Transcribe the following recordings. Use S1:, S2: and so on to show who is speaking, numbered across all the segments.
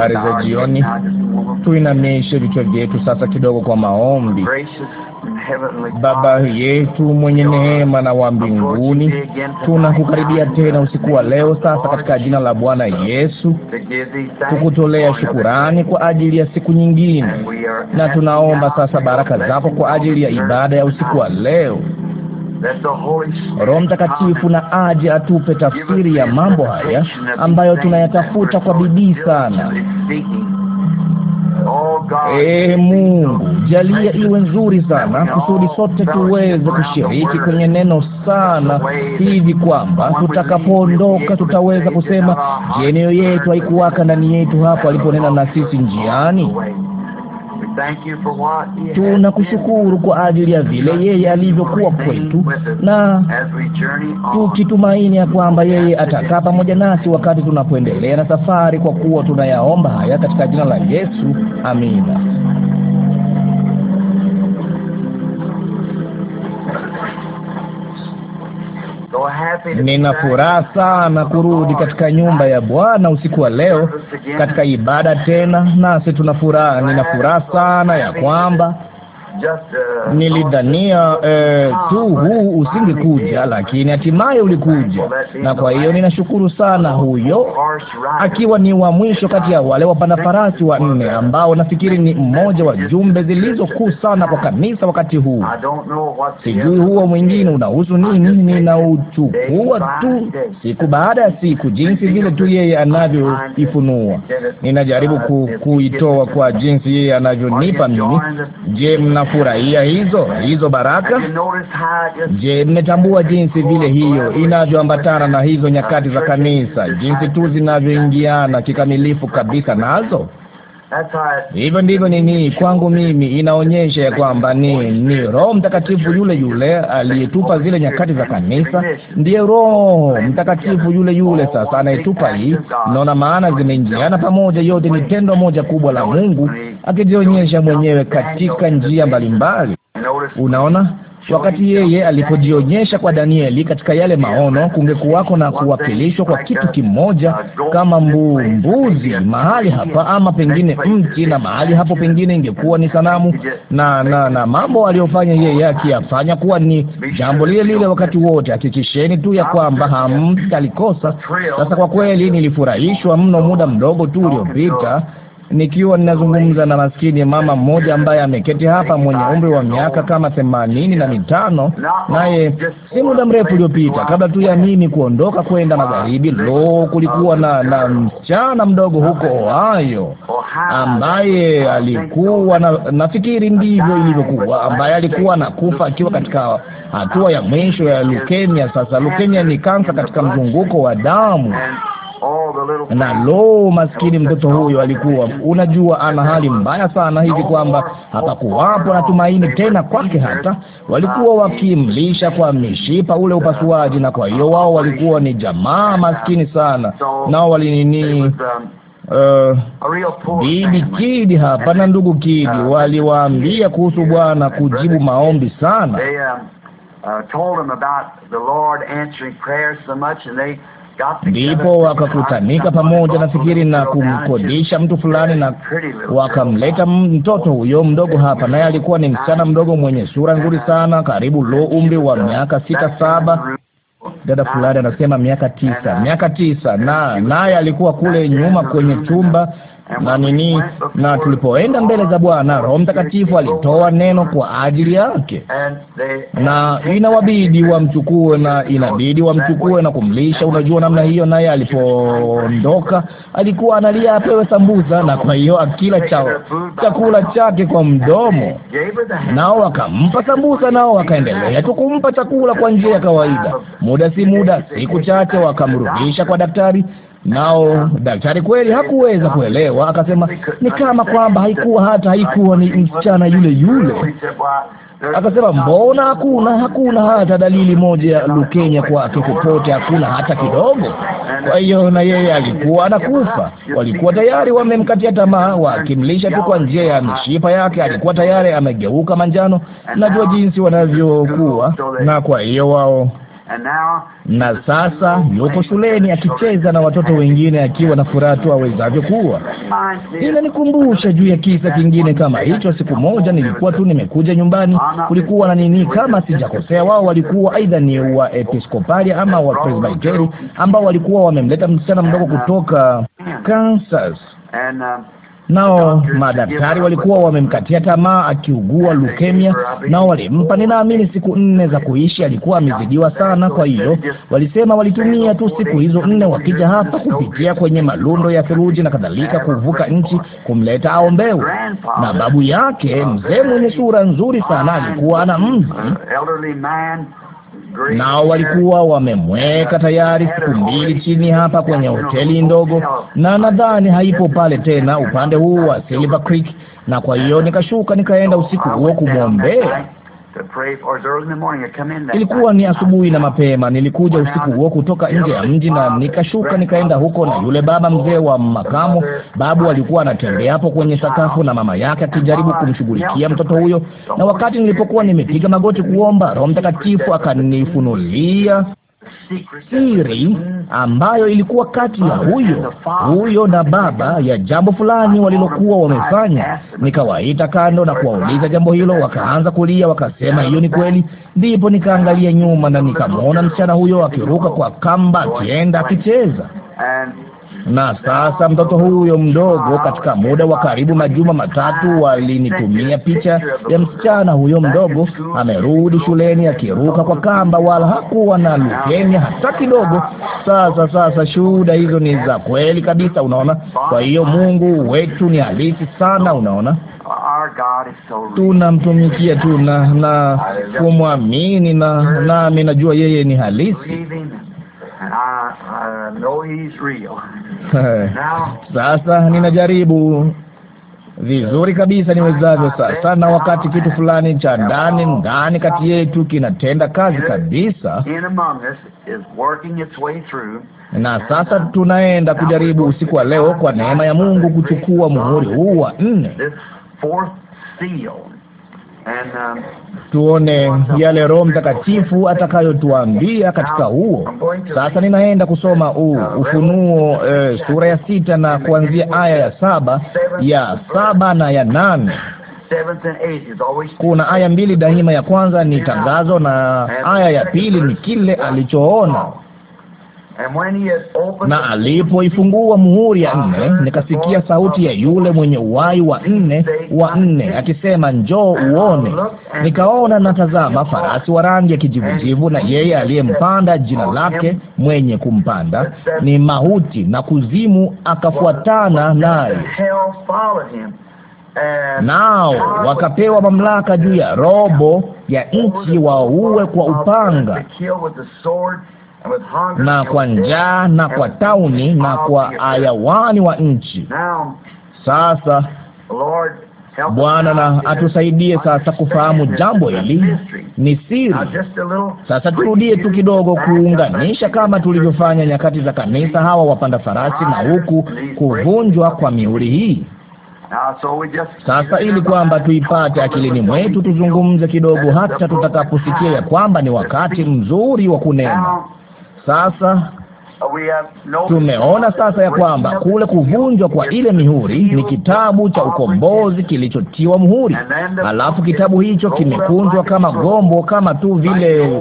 S1: habari za jioni. Tuinamishe vichwa vyetu sasa kidogo kwa maombi. Baba yetu mwenye neema na wa mbinguni, tunakukaribia tena usiku wa leo. Sasa katika jina la Bwana Yesu,
S2: tukutolea shukurani
S1: kwa ajili ya siku nyingine,
S2: na tunaomba
S1: sasa baraka zako kwa ajili ya ibada ya usiku wa leo
S2: Roho Mtakatifu
S1: na aje atupe tafsiri ya mambo haya ambayo tunayatafuta kwa bidii sana. Ee Mungu, jalia iwe nzuri sana, kusudi sote tuweze kushiriki kwenye neno sana, hivi kwamba tutakapoondoka tutaweza kusema, je, neno yetu haikuwaka ndani yetu hapo aliponena na sisi njiani? Tunakushukuru kwa ajili ya vile yeye alivyokuwa kwetu, na tukitumaini ya kwamba yeye atakaa pamoja nasi wakati tunapoendelea na safari, kwa kuwa tunayaomba haya katika jina la Yesu, amina.
S2: Nina furaha
S1: sana kurudi katika nyumba ya Bwana usiku wa leo katika ibada tena, nasi tuna furaha. Nina furaha sana ya kwamba Nilidhania eh, tu huu usingekuja, lakini hatimaye ulikuja, na kwa hiyo ninashukuru sana. Huyo akiwa ni wa mwisho kati ya wale wapanda farasi wa nne, ambao nafikiri ni mmoja wa jumbe zilizokuu sana kwa kanisa wakati huu. Sijui huo mwingine unahusu nini, ninauchukua tu siku baada ya siku, jinsi vile tu yeye anavyoifunua. Ninajaribu ku, kuitoa kwa jinsi yeye anavyonipa mimi. Je, mna kufurahia hizo hizo baraka. Je, mmetambua jinsi vile hiyo inavyoambatana na hizo nyakati za kanisa, jinsi tu zinavyoingiana kikamilifu kabisa nazo? Hivyo ndivyo nini kwangu mimi inaonyesha ya kwamba ni ni Roho Mtakatifu yule yule aliyetupa zile nyakati za kanisa, ndiye Roho Mtakatifu yule yule sasa anayetupa hii. Naona maana zimeingiana pamoja, yote ni tendo moja kubwa la Mungu akijionyesha mwenyewe katika njia mbalimbali. Unaona Wakati yeye alipojionyesha kwa Danieli katika yale maono, kungekuwako na kuwakilishwa kwa kitu kimoja kama mbuzi mahali hapa, ama pengine mti, na mahali hapo pengine ingekuwa ni sanamu na, na, na mambo aliyofanya yeye akiyafanya kuwa ni jambo lile lile wakati wote. Hakikisheni tu ya kwamba hamtalikosa. Sasa kwa kweli nilifurahishwa mno muda mdogo tu uliopita nikiwa ninazungumza na maskini mama mmoja ambaye ameketi hapa mwenye umri wa miaka kama themanini na mitano, naye si muda mrefu uliopita, kabla tu ya mimi kuondoka kwenda magharibi, lo, kulikuwa na, na msichana mdogo huko Ohio ambaye alikuwa na, nafikiri ndivyo ilivyokuwa, ambaye alikuwa kufa akiwa katika hatua ya mwisho ya leukemia. Sasa leukemia ni kansa katika mzunguko wa damu na lo, maskini mtoto huyo alikuwa, unajua, ana hali mbaya sana hivi kwamba hapakuwapo na tumaini tena kwake. Hata walikuwa wakimlisha kwa mishipa ule upasuaji, na kwa hiyo wao walikuwa ni jamaa maskini sana, nao walinini Uh, Kidi hapa na ndugu Kidi waliwaambia kuhusu Bwana kujibu maombi sana.
S2: Um, uh, ndipo wakakutanika
S1: pamoja, nafikiri, na kumkodisha mtu fulani, na wakamleta mtoto huyo mdogo hapa, naye alikuwa ni msichana mdogo mwenye sura nzuri sana, karibu lo, umri wa miaka sita saba dada fulani anasema miaka tisa, miaka tisa, na naye alikuwa kule nyuma kwenye chumba na nini, na tulipoenda mbele za Bwana, Roho Mtakatifu alitoa neno kwa ajili yake, na inawabidi wamchukue, na inabidi wamchukue na kumlisha, unajua namna hiyo. Naye alipoondoka alikuwa analia apewe sambusa, na kwa hiyo akila cha, chakula chake kwa mdomo, nao wakampa sambusa, nao wakaendelea tu kumpa chakula kwa njia ya kawaida. Muda si muda, siku chache, wakamrudisha kwa daktari Nao daktari kweli hakuweza kuelewa, akasema ni kama kwamba haikuwa hata haikuwa ni msichana yule yule. Akasema mbona hakuna hakuna hata dalili moja ya lukenya kwake popote, hakuna hata kidogo. Kwa hiyo na yeye alikuwa anakufa. Walikuwa tayari wamemkatia tamaa, wakimlisha tu kwa njia ya mishipa yake. Alikuwa tayari amegeuka manjano. Najua jinsi wanavyokuwa, na kwa hiyo wao na sasa yuko shuleni akicheza na watoto wengine akiwa na furaha tu awezavyo kuwa. Inanikumbusha juu ya kisa kingine kama hicho. Siku moja nilikuwa tu nimekuja nyumbani, kulikuwa na nini, kama sijakosea, wao walikuwa aidha ni wa Episkopali ama wa Presbiteri ambao walikuwa wamemleta msichana mdogo kutoka Kansas nao madaktari walikuwa wamemkatia tamaa akiugua leukemia, nao walimpa ninaamini siku nne za kuishi. Alikuwa amezidiwa sana, kwa hiyo walisema walitumia tu siku hizo nne wakija hapa kupitia kwenye malundo ya theluji na kadhalika, kuvuka nchi kumleta aombewe. Na babu yake mzee mwenye sura nzuri sana alikuwa ana mvi
S2: nao walikuwa
S1: wamemweka tayari siku mbili chini hapa kwenye hoteli ndogo, na nadhani haipo pale tena upande huu wa Silver Creek, na kwa hiyo nikashuka nikaenda usiku huo kumwombea. Ilikuwa ni asubuhi na mapema, nilikuja usiku huo kutoka nje ya mji na nikashuka nikaenda huko, na yule baba mzee wa makamo babu alikuwa anatembea hapo kwenye sakafu, na mama yake akijaribu kumshughulikia mtoto huyo. Na wakati nilipokuwa nimepiga magoti kuomba, Roho Mtakatifu akanifunulia siri ambayo ilikuwa kati ya huyo huyo na baba ya jambo fulani walilokuwa wamefanya. Nikawaita kando na kuwauliza jambo hilo, wakaanza kulia, wakasema hiyo ni kweli. Ndipo nikaangalia nyuma na nikamwona msichana huyo akiruka kwa kamba, akienda akicheza na sasa mtoto huyo mdogo, katika muda wa karibu majuma matatu, walinitumia picha ya msichana huyo mdogo amerudi shuleni akiruka kwa kamba, wala hakuwa na leukemia hata kidogo. Sasa sasa, shuhuda hizo ni za kweli kabisa, unaona. Kwa hiyo Mungu wetu ni halisi sana, unaona tunamtumikia tu na kumwamini, na nami najua yeye ni halisi. Sasa ninajaribu vizuri kabisa niwezavyo sasa, na wakati kitu fulani cha ndani ndani kati yetu kinatenda kazi kabisa, na sasa tunaenda kujaribu usiku wa leo, kwa neema ya Mungu, kuchukua muhuri huu wa nne Um, tuone yale Roho Mtakatifu atakayotuambia katika huo. Sasa ninaenda kusoma huu Ufunuo e, sura ya sita na kuanzia aya ya saba ya saba na ya nane. Kuna aya mbili daima, ya kwanza ni tangazo na aya ya pili ni kile alichoona na alipoifungua muhuri ya nne, ah, nikasikia sauti ya yule mwenye uhai wa nne wa nne akisema, njoo uone. Nikaona natazama, farasi wa rangi ya kijivujivu, na yeye aliyempanda jina lake mwenye kumpanda ni Mauti, na kuzimu akafuatana naye
S3: nao wakapewa
S1: mamlaka juu ya robo ya nchi, waue kwa upanga
S3: na kwa njaa na kwa
S1: tauni na kwa ayawani wa nchi. Sasa Bwana na atusaidie sasa kufahamu jambo hili, ni siri. Sasa turudie tu kidogo kuunganisha, kama tulivyofanya nyakati za kanisa, hawa wapanda farasi na huku kuvunjwa kwa mihuri hii. Sasa ili kwamba tuipate akilini mwetu, tuzungumze kidogo, hata tutakaposikia ya kwamba ni wakati mzuri wa kunena. Sasa
S2: tumeona sasa ya kwamba kule
S1: kuvunjwa kwa ile mihuri ni kitabu cha ukombozi kilichotiwa muhuri, alafu kitabu hicho kimekunjwa kama gombo, kama tu vile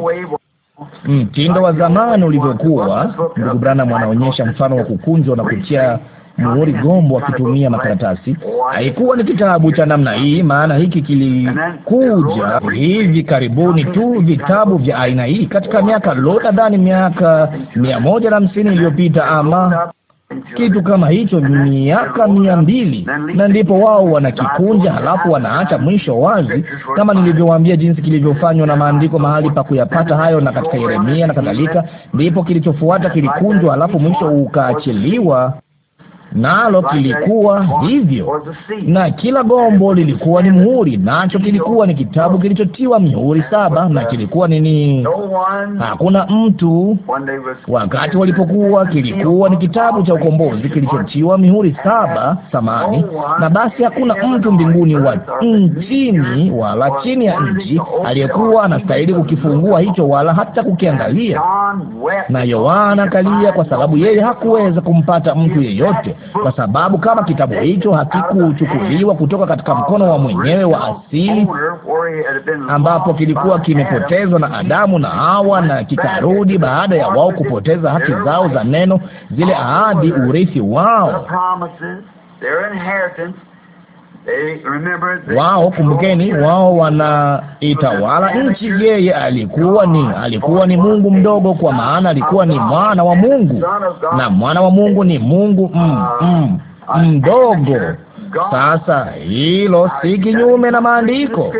S1: mtindo mm, wa zamani ulivyokuwa. Ndugu Branham anaonyesha mfano wa kukunjwa na kutia muhuri gombo wakitumia makaratasi. Haikuwa ni kitabu cha namna hii, maana hiki kilikuja hivi karibuni tu, vitabu vya aina hii katika miaka lo, nadhani miaka mia moja na hamsini iliyopita ama kitu kama hicho, miaka mia mbili, na ndipo wao wanakikunja, halafu wanaacha mwisho wazi, kama nilivyowaambia, jinsi kilivyofanywa na maandiko mahali pa kuyapata hayo, na katika Yeremia na kadhalika. Ndipo kilichofuata kilikunjwa, halafu mwisho ukaachiliwa nalo kilikuwa hivyo, na kila gombo lilikuwa ni muhuri, nacho kilikuwa ni kitabu kilichotiwa mihuri saba, na kilikuwa nini? Hakuna mtu wakati walipokuwa, kilikuwa ni kitabu cha ukombozi kilichotiwa mihuri saba samani, na basi hakuna mtu mbinguni wa nchini wala chini ya nchi aliyekuwa anastahili kukifungua hicho wala hata kukiangalia. Na Yohana kalia, kwa sababu yeye hakuweza kumpata mtu yeyote kwa sababu kama kitabu hicho hakikuchukuliwa kutoka katika mkono wa mwenyewe wa asili,
S3: ambapo kilikuwa kimepotezwa na Adamu na
S1: Hawa, na kikarudi baada ya wao kupoteza haki zao za neno, zile ahadi, urithi wao wao kumbukeni, wao wanaitawala nchi. Yeye alikuwa ni alikuwa ni Mungu mdogo, kwa maana alikuwa ni mwana wa Mungu, na mwana wa Mungu ni Mungu mm, mm, mdogo. Sasa hilo si kinyume na maandiko.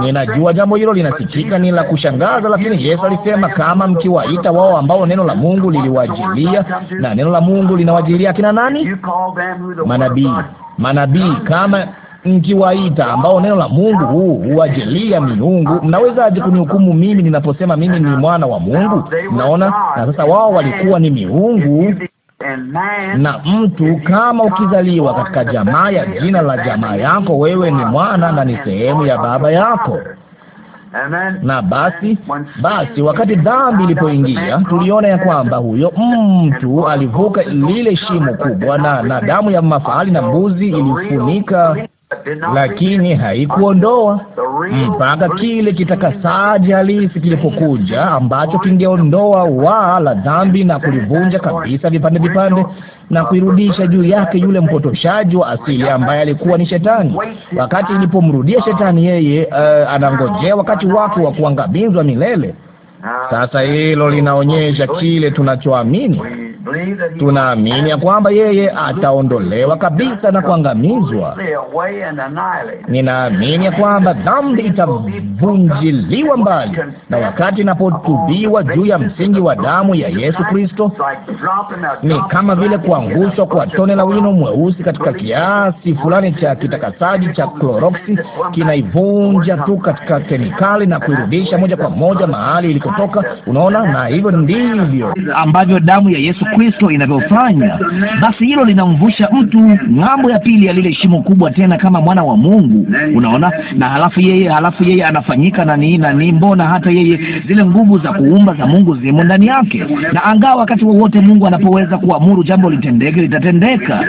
S1: Ninajua jambo hilo linasikika ni la kushangaza, lakini Yesu alisema, kama mkiwaita wao ambao neno la Mungu liliwajilia, na neno la Mungu linawajilia akina nani? Manabii manabii kama mkiwaita, ambao neno la Mungu huu huwajelia miungu, mnawezaje kunihukumu mimi ninaposema mimi ni mwana wa Mungu? naona Na sasa wao walikuwa ni miungu na mtu kama ukizaliwa katika jamaa ya jina la jamaa yako, wewe ni mwana na ni sehemu ya baba yako na basi basi, wakati dhambi ilipoingia, tuliona ya kwamba huyo mtu alivuka lile shimo kubwa, na na damu ya mafahali na mbuzi ilifunika lakini haikuondoa mpaka kile kitakasaji halisi kilipokuja, ambacho kingeondoa wa la dhambi na kulivunja kabisa vipande vipande na kuirudisha juu yake yule mpotoshaji wa asili ambaye alikuwa ni Shetani. Wakati ilipomrudia Shetani, yeye uh, anangojea wakati wake wa kuangamizwa milele. Sasa hilo linaonyesha kile tunachoamini tunaamini ya kwamba yeye ataondolewa kabisa na kuangamizwa.
S2: Ninaamini ya kwamba dhambi
S1: itavunjiliwa mbali, na wakati inapotubiwa juu ya msingi wa damu ya Yesu Kristo, ni kama vile kuangushwa kwa tone la wino mweusi katika kiasi fulani cha kitakasaji cha kloroksi, kinaivunja tu katika kemikali na kuirudisha moja kwa moja mahali ilikotoka. Unaona, na hivyo ndivyo ambavyo damu ya Yesu Kristo inavyofanya, basi hilo linamvusha mtu ng'ambo ya pili ya lile shimo kubwa, tena kama mwana wa Mungu, unaona. Na halafu yeye halafu yeye anafanyika nani nani, mbona hata yeye zile nguvu za kuumba za Mungu zimo ndani yake, na angaa wakati wowote Mungu anapoweza kuamuru jambo litendeke litatendeka.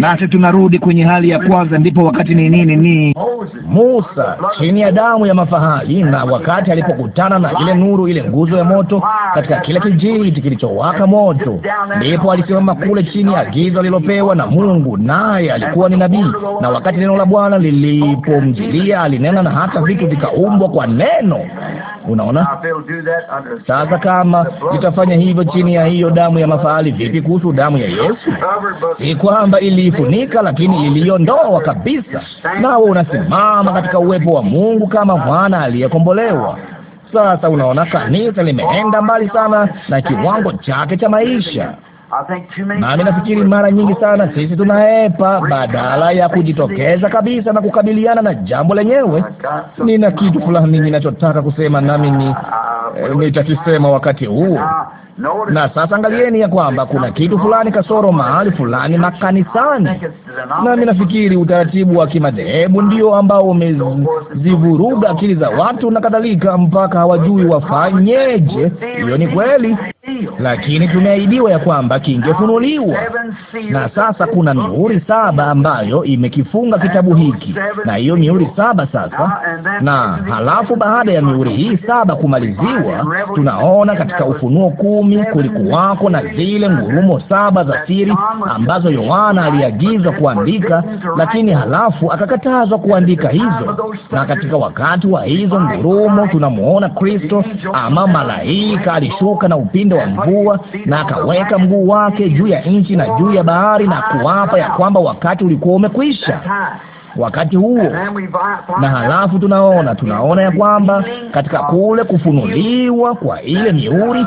S1: Nasi tunarudi kwenye hali ya kwanza. Ndipo wakati ni nini? Ni Musa chini ya damu ya mafahali, na wakati alipokutana na ile nuru, ile nguzo ya moto katika kile kijiti kilichowaka moto, ndipo alisimama kule chini ya giza alilopewa na Mungu, naye alikuwa ni nabii. Na wakati neno la Bwana lilipomjilia, alinena na hata vitu vikaumbwa kwa neno. Unaona
S3: sasa, kama itafanya
S1: hivyo chini ya hiyo damu ya mafahali, vipi kuhusu damu ya Yesu? kwa kwamba iliifunika lakini iliondoa kabisa, nawe unasimama katika uwepo wa Mungu kama mwana aliyekombolewa. Sasa unaona, kanisa limeenda mbali sana na kiwango chake cha maisha. Nami nafikiri mara nyingi sana sisi tunaepa badala ya kujitokeza kabisa na kukabiliana na jambo lenyewe. Nina kitu fulani ninachotaka kusema, nami ni nitakisema wakati huo. Na sasa angalieni ya kwamba kuna kitu fulani kasoro mahali fulani makanisani, nami nafikiri utaratibu wa kimadhehebu ndio ambao umezivuruga akili za watu na kadhalika, mpaka hawajui wafanyeje. Hiyo ni kweli, lakini tumeahidiwa ya kwamba kingefunuliwa,
S3: na sasa kuna
S1: mihuri saba ambayo imekifunga kitabu hiki, na hiyo mihuri saba sasa, na halafu baada ya mihuri hii saba kumaliziwa kuwa tunaona katika Ufunuo kumi kulikuwako na zile ngurumo saba za siri ambazo Yohana aliagizwa kuandika, lakini halafu akakatazwa kuandika hizo. Na katika wakati wa hizo ngurumo tunamwona Kristo ama malaika alishuka na upinde wa mvua, na akaweka mguu wake juu ya nchi na juu ya bahari, na kuapa ya kwamba wakati ulikuwa umekwisha wakati huo, na halafu tunaona tunaona ya kwamba katika kule kufunuliwa kwa ile mihuri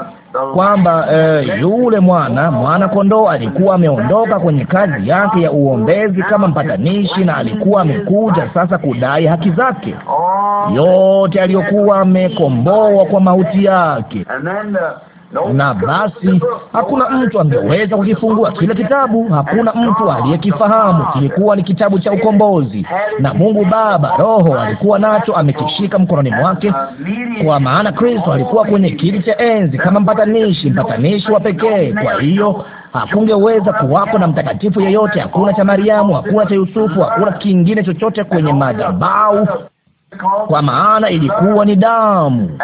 S1: kwamba eh, yule mwana mwana kondoo alikuwa ameondoka kwenye kazi yake ya uombezi kama mpatanishi, na alikuwa amekuja sasa kudai haki zake, yote aliyokuwa amekomboa kwa mauti yake na basi hakuna mtu angeweza kukifungua kile kitabu, hakuna mtu aliyekifahamu. Kilikuwa ni kitabu cha ukombozi, na Mungu Baba Roho alikuwa nacho amekishika mkononi mwake, kwa maana Kristo alikuwa kwenye kiti cha enzi kama mpatanishi, mpatanishi wa pekee. Kwa hiyo hakungeweza kuwapo na mtakatifu yeyote. Hakuna cha Mariamu, hakuna cha Yusufu, hakuna kingine chochote kwenye madhabahu kwa maana ilikuwa ni damu,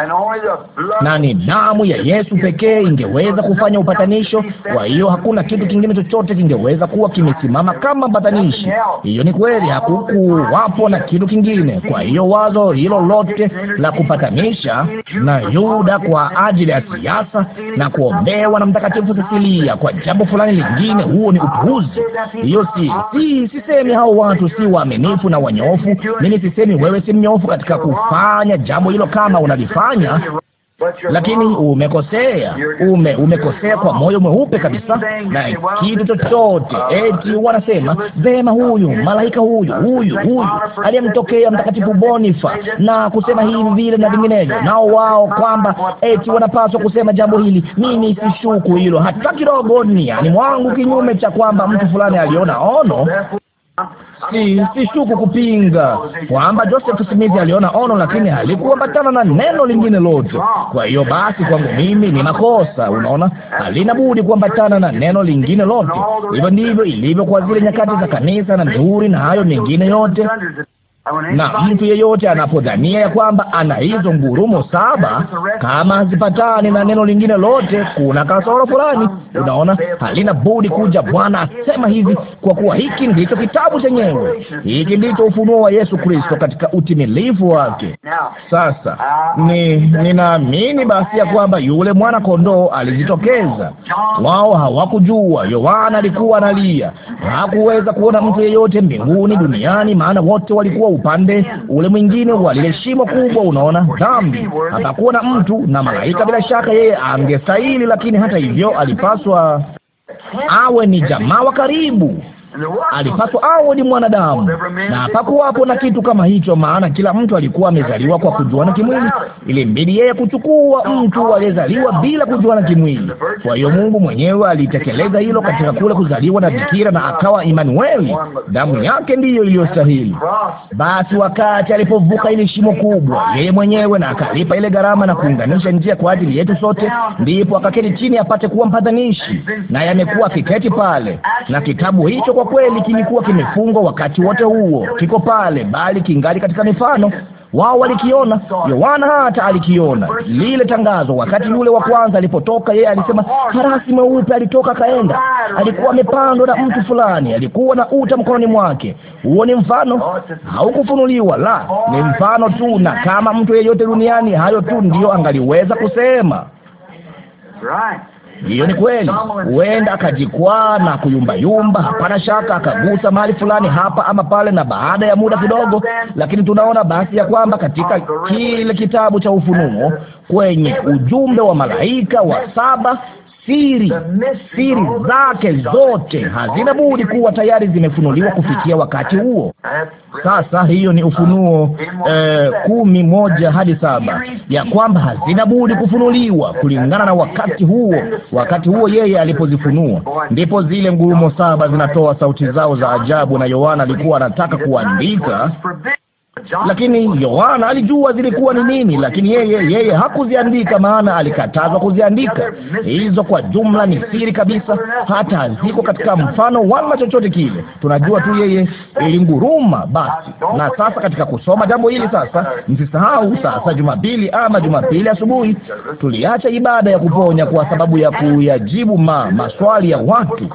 S1: na ni damu ya Yesu pekee ingeweza kufanya upatanisho. Kwa hiyo hakuna kitu kingine chochote kingeweza kuwa kimesimama kama mpatanishi Hiyo ni kweli, hakukuwapo na kitu kingine. Kwa hiyo wazo hilo lote la kupatanisha na Yuda kwa ajili ya siasa na kuombewa na Mtakatifu Sisilia kwa jambo fulani lingine, huo ni upuuzi. Hiyo si, si sisemi hao watu si waaminifu na wanyofu. Mimi sisemi wewe si mnyofu nguvu katika kufanya jambo hilo kama unalifanya lakini umekosea, ume umekosea kwa moyo mweupe kabisa, na kitu chochote eti wanasema vema, huyu malaika huyu huyu huyu aliyemtokea Mtakatifu Bonifa na kusema hivi vile na vinginevyo, nao wao kwamba eti wanapaswa kusema jambo hili. Mimi sishuku hilo hata kidogo, yani mwangu, kinyume cha kwamba mtu fulani aliona ono Si, sisuku kupinga kwamba Joseph Smith aliona ono, lakini halikuambatana na neno lingine lote. Kwa hiyo basi, kwangu mimi ni makosa. Unaona, halina budi kuambatana na neno lingine lote. Hivyo ndivyo ilivyo kwa zile nyakati za kanisa na mihuri na hayo mengine yote na mtu yeyote anapodhania ya kwamba ana hizo ngurumo saba, kama hazipatani na neno lingine lote, kuna kasoro fulani. Unaona, halina budi kuja. Bwana asema hivi, kwa kuwa hiki ndicho kitabu chenyewe, hiki ndicho ufunuo wa Yesu Kristo katika utimilifu wake. Sasa ni ninaamini basi ya kwamba yule mwana kondoo alijitokeza. Wao hawakujua. Yohana alikuwa analia, hakuweza kuona mtu yeyote mbinguni, duniani, maana wote walikuwa upande ule mwingine wa lile shimo kubwa, unaona dhambi. Atakuwa na mtu na malaika, bila shaka yeye angestahili, lakini hata hivyo alipaswa awe ni jamaa wa karibu
S3: alipaswa awe ni mwanadamu, na pakuwapo na kitu kama hicho, maana kila mtu alikuwa amezaliwa kwa kujuana kimwili. Ilimbidi yeye kuchukua mtu aliyezaliwa bila kujuana
S1: kimwili. Kwa hiyo Mungu mwenyewe alitekeleza hilo katika kule kuzaliwa na bikira, na akawa Imanueli. Damu yake ndiyo iliyostahili. Basi wakati alipovuka ile shimo kubwa, yeye mwenyewe na akalipa ile gharama na kuunganisha njia kwa ajili yetu sote, ndipo akaketi chini apate kuwa mpatanishi, naye amekuwa akiketi pale na kitabu hicho kwa kweli kilikuwa kimefungwa wakati wote huo, kiko pale, bali kingali katika mifano wao walikiona. Yohana hata alikiona lile tangazo. Wakati yule wa kwanza alipotoka, yeye alisema farasi mweupe alitoka kaenda, alikuwa amepandwa na mtu fulani, alikuwa na uta mkononi mwake. Huo ni mfano, haukufunuliwa la, ni mfano tu, na kama mtu yeyote duniani, hayo tu ndiyo angaliweza kusema. Hiyo ni kweli, huenda akajikwaa na kuyumbayumba, hapana shaka, akagusa mahali fulani hapa ama pale, na baada ya muda kidogo. Lakini tunaona basi ya kwamba katika kile kitabu cha Ufunuo kwenye ujumbe wa malaika wa saba siri, siri zake zote hazina budi kuwa tayari zimefunuliwa kufikia wakati huo. Sasa hiyo ni Ufunuo uh, eh, kumi moja hadi saba ya kwamba hazina budi kufunuliwa kulingana na wakati huo. Wakati huo yeye alipozifunua, ndipo zile ngurumo saba zinatoa sauti zao za ajabu, na Yohana alikuwa anataka kuandika lakini Yohana alijua zilikuwa ni nini, lakini yeye yeye hakuziandika, maana alikatazwa kuziandika. Hizo kwa jumla ni siri kabisa, hata ziko katika mfano wala chochote kile. Tunajua tu yeye ilinguruma basi. Na sasa katika kusoma jambo hili sasa, msisahau sasa, Jumapili ama Jumapili asubuhi tuliacha ibada ya kuponya kwa sababu ya kuyajibu ma maswali ya watu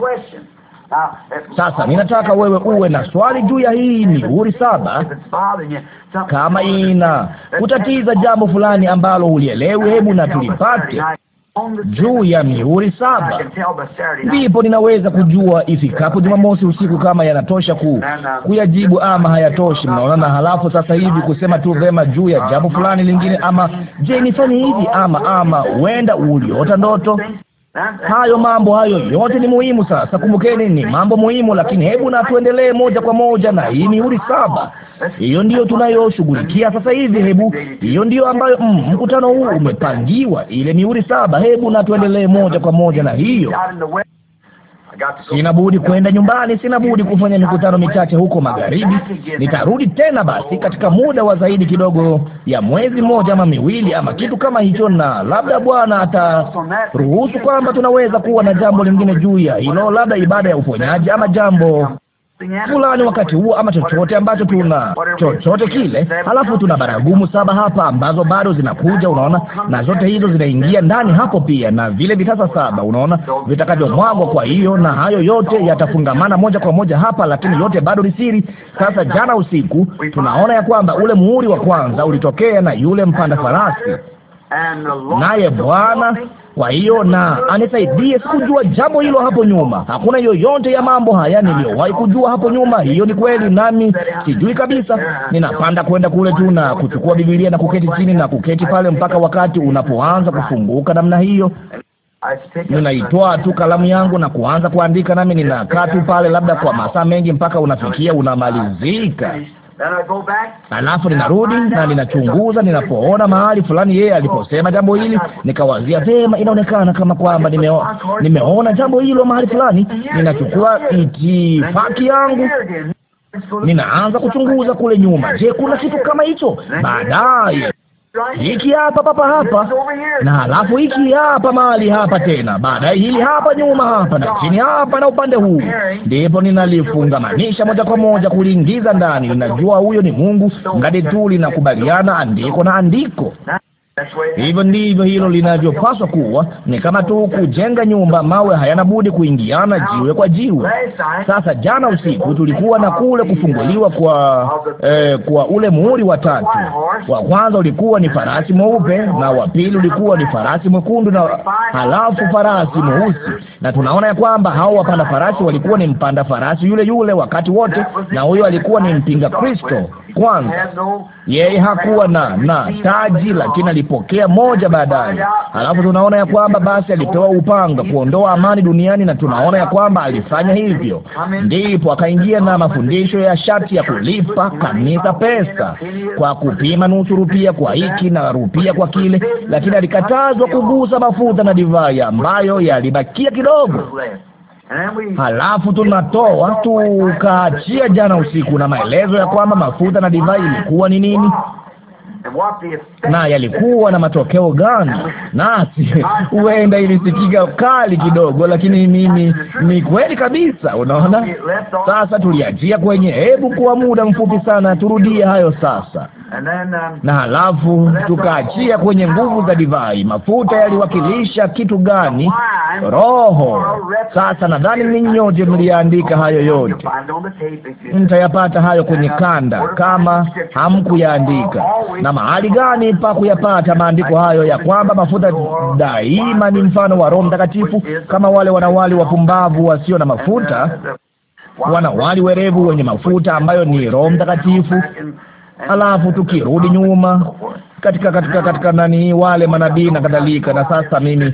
S3: sasa ninataka
S1: wewe uwe na swali juu ya hii mihuri saba. Kama ina kutatiza jambo fulani ambalo hulielewi, hebu na tulipate juu ya mihuri saba, ndipo ninaweza kujua ifikapo Jumamosi usiku kama yanatosha ku, kuyajibu ama hayatoshi. Mnaona? Na halafu sasa hivi kusema tu vema juu ya jambo fulani lingine, ama je, nifanye hivi, ama ama huenda uliota ndoto Hayo mambo hayo yote ni muhimu. Sasa kumbukeni, ni mambo muhimu, lakini hebu na tuendelee moja kwa moja na hii mihuri saba. Hiyo ndiyo tunayoshughulikia sasa hivi. Hebu hiyo ndiyo ambayo mm, mkutano huu umepangiwa, ile mihuri saba. Hebu na tuendelee moja kwa moja na hiyo. Sina budi kwenda nyumbani, sina budi kufanya mikutano michache huko magharibi. Nitarudi tena basi katika muda wa zaidi kidogo ya mwezi mmoja ama miwili ama kitu kama hicho, na labda Bwana
S3: ataruhusu
S1: kwamba tunaweza kuwa na jambo lingine juu ya hilo, labda ibada ya uponyaji ama jambo fulani wakati huo ama chochote ambacho tuna chochote kile. Halafu tuna baragumu saba hapa ambazo bado zinakuja, unaona, na zote hizo zinaingia ndani hapo pia, na vile vitasa saba, unaona, vitakavyomwagwa. Kwa hiyo na hayo yote yatafungamana moja kwa moja hapa, lakini yote bado ni siri. Sasa jana usiku tunaona ya kwamba ule muhuri wa kwanza ulitokea na yule mpanda farasi naye Bwana kwa hiyo na anisaidie, sikujua jambo hilo hapo nyuma. Hakuna yoyote ya mambo haya niliyowahi kujua hapo nyuma. Hiyo ni kweli, nami sijui kabisa. Ninapanda kwenda kule tu na kuchukua Biblia na kuketi chini na kuketi pale mpaka wakati unapoanza kufunguka namna hiyo
S3: ninaitoa
S1: tu kalamu yangu na kuanza kuandika, nami ninakaa tu pale labda kwa masaa mengi, mpaka unafikia unamalizika. Alafu ninarudi na ninachunguza, ninapoona mahali fulani yeye aliposema jambo hili, nikawazia vema, inaonekana kama kwamba nimeo, nimeona jambo hilo mahali fulani. Ninachukua itifaki yangu ninaanza kuchunguza kule nyuma. Je, kuna kitu kama hicho? Baadaye hiki hapa papa hapa na halafu hiki hapa mahali hapa tena, baadaye hili hapa nyuma hapa na chini hapa na upande huu, ndipo ninalifungamanisha moja kwa moja kuliingiza ndani. Ninajua huyo ni Mungu, ngadi tu linakubaliana andiko na andiko. Hivyo ndivyo hilo linavyopaswa kuwa. Ni kama tu kujenga nyumba, mawe hayana budi kuingiana, jiwe kwa jiwe. Sasa jana usiku tulikuwa na kule kufunguliwa uh, kwa eh, kwa ule muhuri wa tatu. Wa kwanza ulikuwa ni farasi mweupe na wa pili ulikuwa ni farasi mwekundu na halafu farasi mweusi, na tunaona ya kwamba hao wapanda farasi walikuwa ni mpanda farasi yule yule wakati wote, na huyo alikuwa ni mpinga Kristo kwanza.
S3: Yeye hakuwa na na
S1: taji, lakini alipokea moja baadaye. Alafu tunaona ya kwamba basi alipewa upanga kuondoa amani duniani, na tunaona ya kwamba alifanya hivyo, ndipo akaingia na mafundisho ya sharti ya kulipa kanisa pesa kwa kupima nusu rupia kwa hiki na rupia kwa kile, lakini alikatazwa kugusa mafuta na divai ambayo yalibakia kidogo halafu tunatoa tukaachia jana usiku na maelezo ya kwamba mafuta na divai ilikuwa ni nini na yalikuwa na matokeo gani. Nasi huenda ilisikika kali kidogo, lakini mimi ni, ni kweli kabisa. Unaona, sasa tuliachia kwenye, hebu kwa muda mfupi sana turudie hayo sasa na halafu tukaachia kwenye nguvu za divai. Mafuta yaliwakilisha kitu gani? Roho. Sasa nadhani nyote mliandika hayo yote,
S3: mtayapata hayo kwenye kanda kama
S1: hamkuyaandika. Na mahali gani pa kuyapata maandiko hayo ya kwamba mafuta daima ni mfano wa Roho Mtakatifu, kama wale wanawali wapumbavu wasio na mafuta, wanawali werevu wenye mafuta ambayo ni Roho Mtakatifu alafu tukirudi nyuma katika katika katika nani wale manabii na kadhalika. Na sasa mimi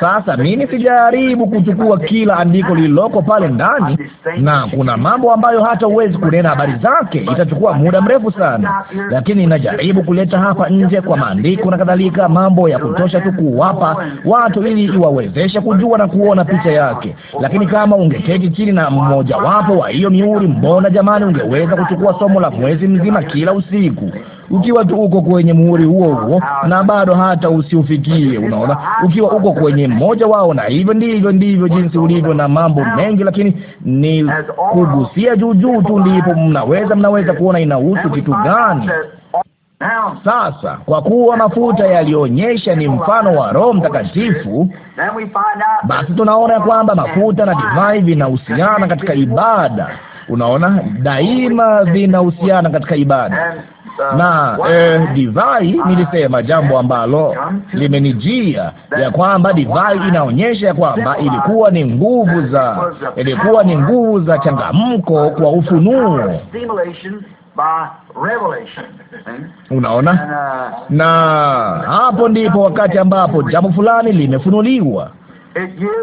S1: sasa mimi sijaribu kuchukua kila andiko lililoko pale ndani, na kuna mambo ambayo hata huwezi kunena habari zake, itachukua muda mrefu sana, lakini najaribu kuleta hapa nje kwa maandiko na kadhalika, mambo ya kutosha tu kuwapa watu ili iwawezeshe kujua na kuona picha yake. Lakini kama ungeketi chini na mmojawapo wa hiyo mihuri, mbona jamani, ungeweza kuchukua somo la mwezi mzima kila usiku ukiwa tu uko kwenye muhuri huo huo, na bado hata usiufikie. Unaona, ukiwa uko kwenye mmoja wao. Na hivyo ndivyo ndivyo jinsi ulivyo na mambo mengi, lakini ni kugusia juu juu tu, ndipo mnaweza mnaweza kuona inahusu kitu gani. Sasa kwa kuwa mafuta yalionyesha ni mfano wa Roho Mtakatifu,
S3: basi tunaona ya kwamba mafuta na divai
S1: vinahusiana katika ibada. Unaona, daima vinahusiana katika ibada
S3: na eh,
S1: divai. Nilisema jambo ambalo limenijia ya kwamba divai inaonyesha ya kwamba ilikuwa ni nguvu za ilikuwa ni nguvu za changamko kwa ufunuo. Unaona, na hapo ndipo wakati ambapo jambo fulani limefunuliwa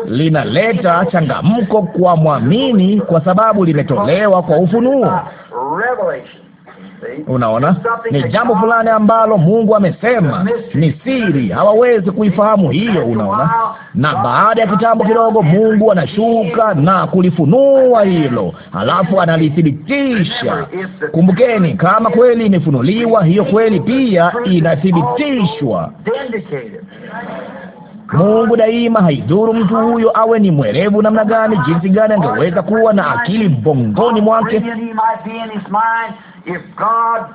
S1: linaleta changamko kwa mwamini, kwa sababu limetolewa kwa ufunuo.
S3: Unaona, ni jambo fulani
S1: ambalo Mungu amesema ni siri, hawawezi kuifahamu hiyo. Unaona, na baada ya kitambo kidogo Mungu anashuka na kulifunua hilo, halafu analithibitisha. Kumbukeni, kama kweli imefunuliwa, hiyo kweli pia inathibitishwa. Mungu daima, haidhuru mtu huyo awe ni mwerevu namna gani, jinsi gani, angeweza kuwa na akili bongoni mwake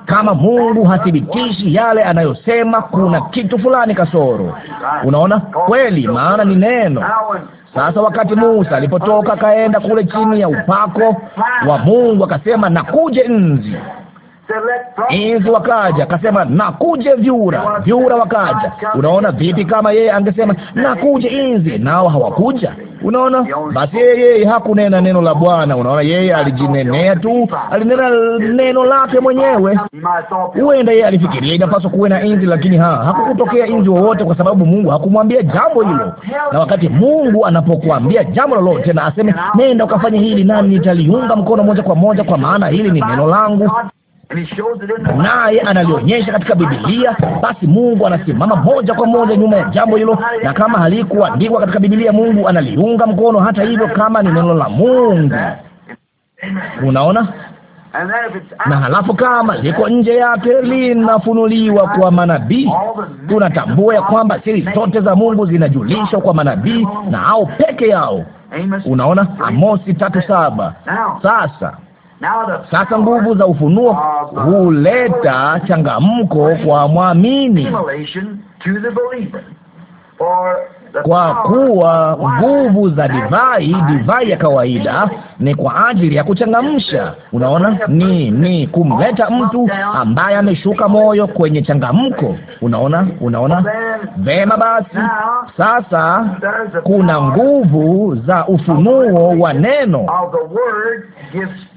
S3: kama Mungu hathibitishi
S1: yale anayosema, kuna kitu fulani kasoro. Unaona kweli, maana ni neno. Sasa wakati Musa alipotoka akaenda kule chini ya upako wa Mungu, akasema nakuje nzi Inzi wakaja, akasema nakuje vyura, vyura wakaja. Unaona vipi kama yeye angesema nakuje inzi, nao hawakuja? Unaona, basi yeye hakunena neno la Bwana. Unaona, yeye alijinenea tu, alinena neno lake mwenyewe.
S3: Huenda yeye alifikiria
S1: inapaswa kuwe na inzi, lakini ha hakukutokea inzi wowote, kwa sababu Mungu hakumwambia jambo hilo. Na wakati Mungu anapokuambia jambo lolote, na aseme nenda ukafanye hili, nami nitaliunga mkono moja kwa moja, kwa maana hili ni neno langu naye analionyesha katika Bibilia, basi Mungu anasimama moja kwa moja nyuma ya jambo hilo, na kama halikuandikwa katika Bibilia, Mungu analiunga mkono hata hivyo, kama ni neno la Mungu. Unaona?
S3: na halafu kama liko nje
S1: yake linafunuliwa kwa manabii. Tunatambua ya kwamba siri zote za Mungu zinajulishwa kwa manabii na hao peke yao. Unaona, Amosi tatu saba. Sasa sasa nguvu za ufunuo huleta changamko kwa mwamini,
S3: kwa kuwa
S1: nguvu za divai, divai ya kawaida ni kwa ajili ya kuchangamsha. Unaona, ni ni kumleta mtu ambaye ameshuka moyo kwenye changamko. Unaona, unaona vema. Basi sasa kuna nguvu za ufunuo wa neno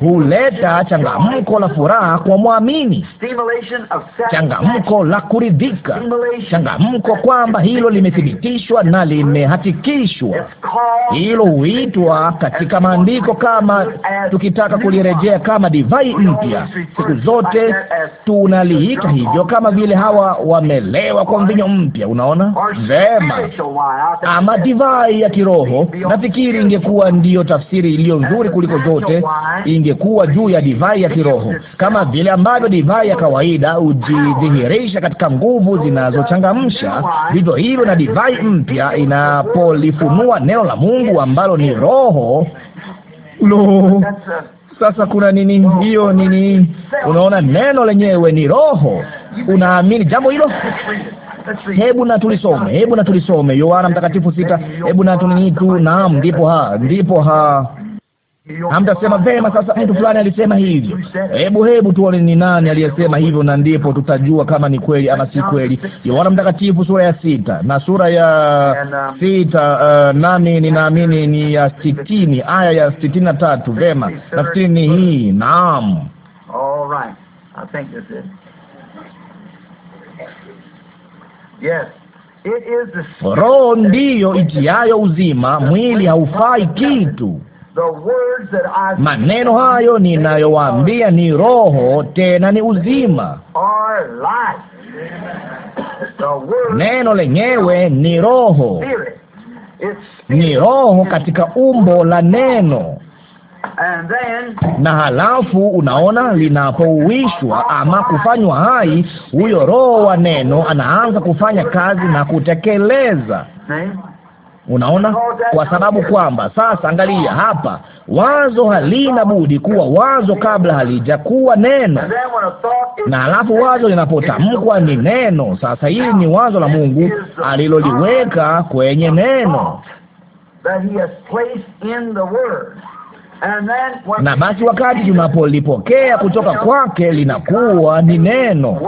S1: huleta changamko la furaha kwa mwamini,
S3: changamko
S1: la kuridhika, changamko kwamba hilo limethibitishwa na limehatikishwa. Hilo huitwa katika maandiko kama tukitaka kulirejea kama divai mpya. Siku zote tunaliita hivyo, kama vile hawa wamelewa kwa mvinyo mpya. Unaona vema, ama divai ya kiroho. Nafikiri ingekuwa ndiyo tafsiri iliyo nzuri kuliko zote, ingekuwa juu ya divai ya kiroho, kama vile ambavyo divai ya kawaida hujidhihirisha katika nguvu zinazochangamsha, vivyo hivyo na divai mpya inapolifunua neno la Mungu ambalo ni roho lo sasa kuna nini hiyo nini? Unaona, neno lenyewe ni roho. Unaamini jambo hilo? Hebu na tulisome, hebu na tulisome Yohana Mtakatifu sita. Hebu na tunini tu, naam, ndipo ha, ndipo ha hamtasema vema, sasa mtu fulani alisema hivyo. Hebu hebu tuone ni nani aliyesema hivyo, na ndipo tutajua kama ni kweli ama si kweli. Yohana Mtakatifu sura ya sita na sura ya sita uh, nami ninaamini ni ya sitini aya ya sitini na tatu. Vema, nafikiri ni hii. Naam. Roho ndiyo itiayo uzima, mwili haufai kitu.
S3: Maneno hayo
S1: ninayowaambia ni roho, tena ni uzima.
S3: Neno lenyewe ni roho,
S1: ni roho katika umbo la neno na halafu unaona, linapouishwa ama kufanywa hai, huyo roho wa neno anaanza kufanya kazi na kutekeleza Unaona, kwa sababu kwamba sasa, angalia hapa, wazo halina budi kuwa wazo kabla halijakuwa neno, na alafu wazo linapotamkwa ni neno. Sasa hili ni wazo la Mungu aliloliweka kwenye neno na basi, wakati tunapolipokea kutoka kwake linakuwa ni neno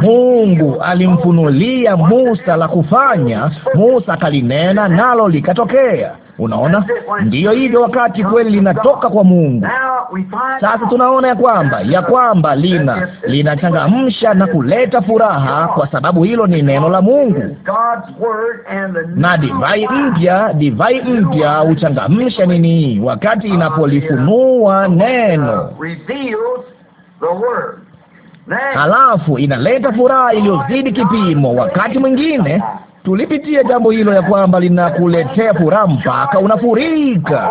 S1: Mungu alimfunulia Musa la kufanya, Musa akalinena nalo likatokea. Unaona, ndiyo hivyo, wakati kweli linatoka kwa Mungu.
S3: Sasa tunaona ya kwamba ya kwamba lina
S1: linachangamsha na kuleta furaha, kwa sababu hilo ni neno la Mungu, na divai mpya, divai mpya huchangamsha nini? Wakati inapolifunua neno halafu inaleta furaha iliyozidi kipimo. Wakati mwingine tulipitia jambo hilo ya kwamba linakuletea furaha mpaka unafurika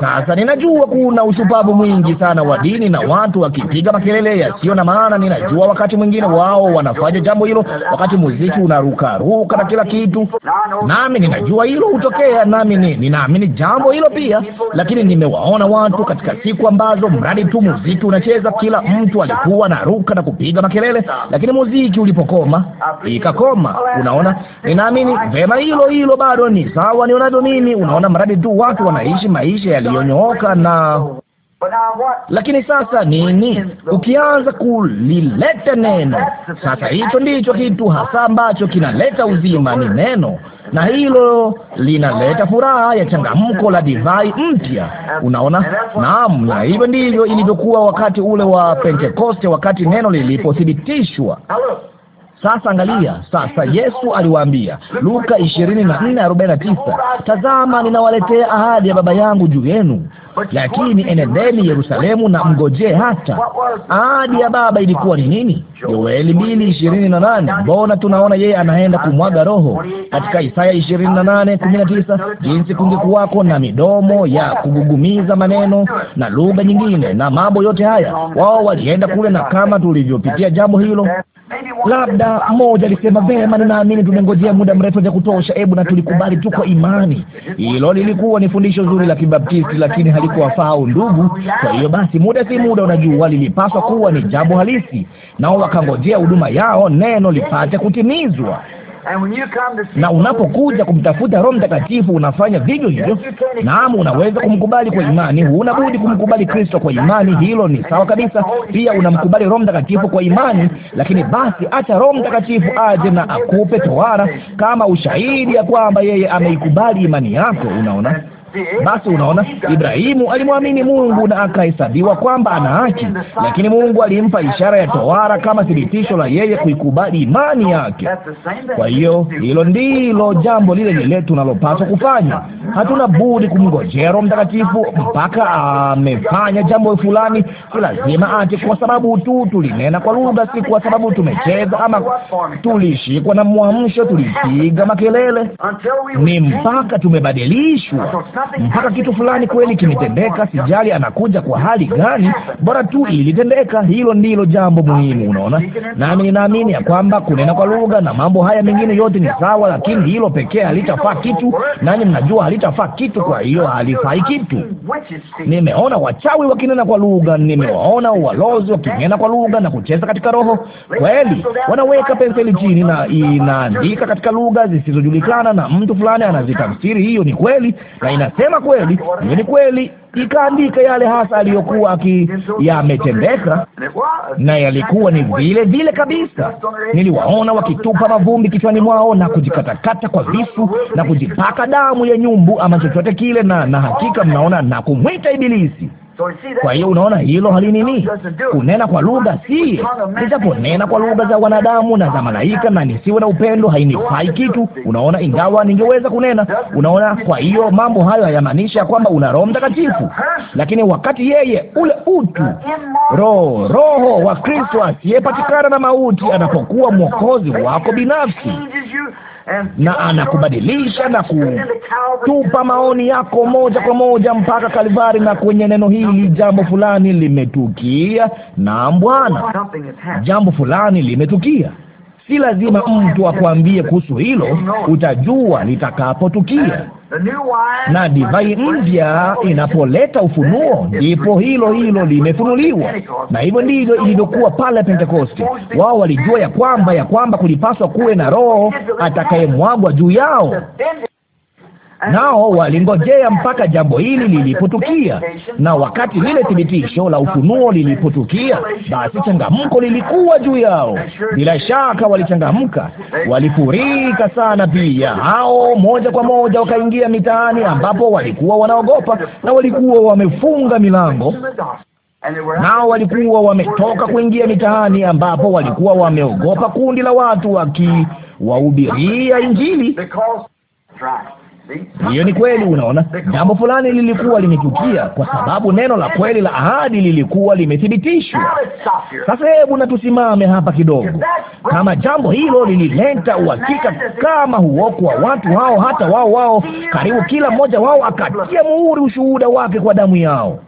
S1: sasa ninajua kuna ushupavu mwingi sana wa dini na watu wakipiga makelele yasiyo na maana. Ninajua wakati mwingine wao wanafanya jambo hilo, wakati muziki unarukaruka na kila kitu, nami ninajua hilo hutokea, nami ninaamini jambo hilo pia. Lakini nimewaona watu katika siku ambazo mradi tu muziki unacheza, kila mtu alikuwa naruka na kupiga makelele, lakini muziki ulipokoma,
S3: ikakoma. Unaona,
S1: ninaamini vema, hilo hilo bado ni sawa nionavyo mimi. Unaona, mradi tu watu wana wakaishi maisha yaliyonyooka na lakini sasa nini? Ukianza kulileta neno sasa, hicho ndicho kitu hasa ambacho kinaleta uzima, ni neno, na hilo linaleta furaha ya changamko la divai mpya. Unaona? Naam, na hivyo ndivyo ilivyokuwa wakati ule wa Pentekoste, wakati neno lilipothibitishwa. Sasa angalia sasa, Yesu aliwaambia Luka 24:49, tazama ninawaletea ahadi ya Baba yangu juu yenu lakini enendeni Yerusalemu na mngojee hata. Ahadi ya Baba ilikuwa ni nini? Yoeli mbili ishirini na nane. Mbona tunaona yeye anaenda kumwaga Roho katika Isaya ishirini na nane kumi na tisa jinsi kungekuwako na midomo ya kugugumiza maneno na lugha nyingine na mambo yote haya. Wao walienda kule, na kama tulivyopitia jambo hilo labda mmoja alisema vema, ninaamini tumengojea muda mrefu vya kutosha, hebu na tulikubali tu kwa imani. Hilo lilikuwa ni fundisho zuri la Kibaptisti, lakini hali walikuwafaa ndugu Kwa hiyo basi, muda si muda, unajua lilipaswa kuwa ni jambo halisi, nao wakangojea huduma yao, neno lipate kutimizwa na unapokuja kumtafuta Roho Mtakatifu unafanya vivyo hivyo. Naam, unaweza kumkubali kwa imani, huna budi kumkubali Kristo kwa imani, hilo ni sawa kabisa. Pia unamkubali Roho Mtakatifu kwa imani, lakini basi acha Roho Mtakatifu aje na akupe tohara kama ushahidi ya kwamba yeye ameikubali imani yako. Unaona?
S3: Basi unaona,
S1: Ibrahimu alimwamini Mungu na akahesabiwa kwamba ana haki, lakini Mungu alimpa ishara ya tohara kama thibitisho la yeye kuikubali imani yake. Kwa hiyo hilo ndilo jambo lile lile tunalopaswa kufanya. Hatuna budi kumngojea Roho Mtakatifu mpaka amefanya jambo fulani. Si lazima ati kwa sababu tu tulinena kwa lugha, si kwa sababu tumecheza ama tulishikwa na mwamsho, tulipiga makelele, ni mpaka tumebadilishwa mpaka kitu fulani kweli kimetendeka. Sijali anakuja kwa hali gani, bora tu ilitendeka. Hilo ndilo jambo muhimu, unaona. Nami ninaamini ya kwamba kunena kwa lugha na mambo haya mengine yote ni sawa, lakini hilo pekee halitafaa kitu, nani mnajua halitafaa kitu. Kwa hiyo halifai kitu. Nimeona wachawi wakinena kwa lugha, nimewaona walozi wakinena kwa lugha na kucheza katika roho. Kweli wanaweka penseli chini na inaandika katika lugha zisizojulikana, na mtu fulani anazitafsiri. Hiyo ni kweli na ina Anasema kweli, hiyo ni kweli ikaandika yale hasa aliyokuwa akiyametendeka, na yalikuwa ni vile vile kabisa. Niliwaona wakitupa mavumbi kichwani mwao na kujikatakata kwa visu na kujipaka damu ya nyumbu ama chochote kile, na na hakika mnaona na kumwita Ibilisi. Kwa hiyo unaona hilo halinini kunena kwa lugha, siye nitaponena kwa lugha za wanadamu na za malaika na nisiwe na upendo, hainifai kitu. Unaona, ingawa ningeweza kunena. Unaona, kwa hiyo mambo hayo hayamaanisha kwamba una Roho Mtakatifu mtu, lakini wakati yeye ule utu roho roho wa Kristo asiyepatikana na mauti anapokuwa mwokozi wako binafsi na anakubadilisha na kutupa maoni yako moja kwa moja mpaka Kalvari. Na kwenye neno hili jambo fulani limetukia, na Bwana, jambo fulani limetukia. Si lazima mtu akwambie kuhusu hilo, utajua litakapotukia
S3: na divai
S1: mpya inapoleta ufunuo, ndipo hilo hilo limefunuliwa. Na hivyo ndivyo ilivyokuwa pale Pentekoste. Wao walijua ya kwamba ya kwamba kulipaswa kuwe na Roho atakayemwagwa juu yao nao walingojea mpaka jambo hili lilipotukia. Na wakati lile thibitisho la ufunuo lilipotukia, basi changamko lilikuwa juu yao. Bila shaka walichangamka, walifurika sana pia. Hao moja kwa moja wakaingia mitaani ambapo walikuwa wanaogopa na walikuwa wamefunga milango nao walikuwa wametoka kuingia mitaani ambapo walikuwa wameogopa kundi la watu wakiwahubiria Injili, hiyo ni kweli. Unaona, jambo fulani lilikuwa limetukia kwa sababu neno la kweli la ahadi lilikuwa limethibitishwa. Sasa hebu na tusimame hapa kidogo. Kama jambo hilo lilileta uhakika kama huo kwa watu hao, hata wao wao, karibu kila mmoja wao akatia muhuri ushuhuda wake kwa damu yao.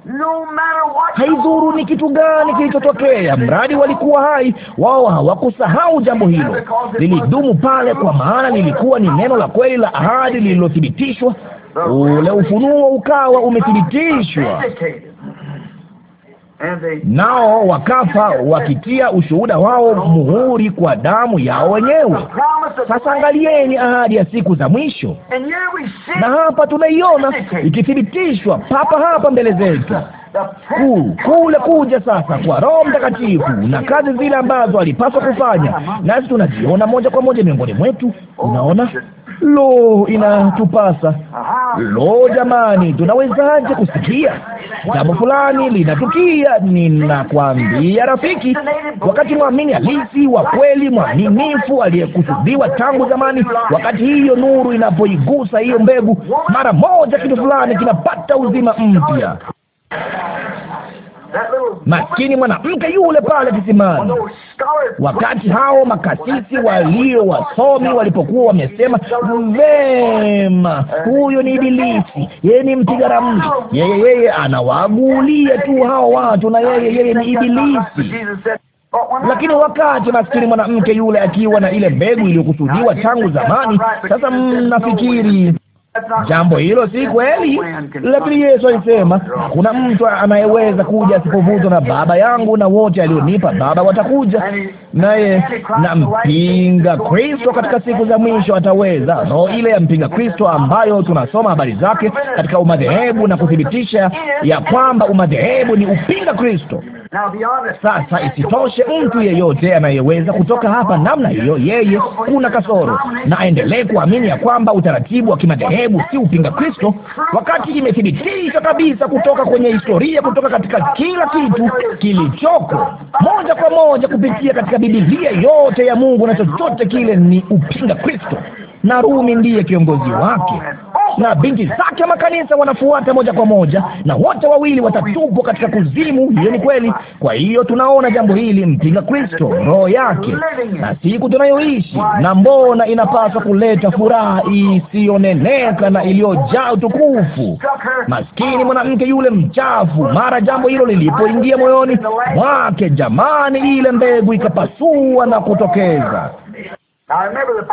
S3: Haidhuru ni kitu gani
S1: kilichotokea, mradi walikuwa hai, wao hawakusahau jambo hilo. Lilidumu pale, kwa maana lilikuwa ni neno la kweli la ahadi lililothibitishwa. Ule ufunuo ukawa umethibitishwa nao wakafa wakitia ushuhuda wao muhuri kwa damu yao wenyewe. Sasa angalieni ahadi ya siku za mwisho, na hapa tunaiona ikithibitishwa papa hapa mbele zetu kuu kule kuja sasa kwa Roho Mtakatifu na kazi zile ambazo alipaswa kufanya, nasi tunaziona moja kwa moja miongoni mwetu. Unaona, Lo, inatupasa. Lo, jamani, tunawezaje kusikia jambo fulani linatukia? Ninakwambia rafiki, wakati mwamini halisi wa kweli, mwaminifu, aliyekusudiwa tangu zamani, wakati hiyo nuru inapoigusa hiyo mbegu, mara moja kitu fulani kinapata uzima mpya maskini mwanamke yule pale kisimani. Wakati hao makasisi walio wasomi walipokuwa wamesema, vema, huyo ni Ibilisi, yeye ni mpiga ramli, yeye yeye anawagulia tu hao watu, na yeye yeye ni Ibilisi
S3: lakini wakati maskini mwanamke
S1: yule akiwa na ile mbegu iliyokusudiwa tangu zamani, sasa mnafikiri
S3: Jambo hilo si kweli. Lakini
S1: Yesu alisema kuna mtu anayeweza kuja asipovutwa na Baba yangu, na wote alionipa Baba watakuja naye. Na mpinga Kristo katika siku za mwisho ataweza roho ile ya mpinga Kristo ambayo tunasoma habari zake katika umadhehebu na kuthibitisha ya kwamba umadhehebu ni upinga Kristo. Sasa isitoshe, mtu yeyote anayeweza kutoka hapa namna hiyo, yeye kuna kasoro, na aendelee kuamini ya kwamba utaratibu wa kimadhehebu si upinga Kristo, wakati imethibitika kabisa kutoka kwenye historia, kutoka katika kila kitu kilichoko moja kwa moja kupitia katika Biblia yote ya Mungu, na chochote kile ni upinga Kristo na Rumi ndiye kiongozi wake na binti zake makanisa wanafuata moja kwa moja, na wote wawili watatupwa katika kuzimu. Hiyo ni kweli. Kwa hiyo tunaona jambo hili, mpinga Kristo, roho yake na siku tunayoishi, na mbona inapaswa kuleta furaha isiyoneneka na iliyojaa utukufu. Maskini mwanamke yule mchafu, mara jambo hilo lilipoingia moyoni mwake, jamani, ile mbegu ikapasua na kutokeza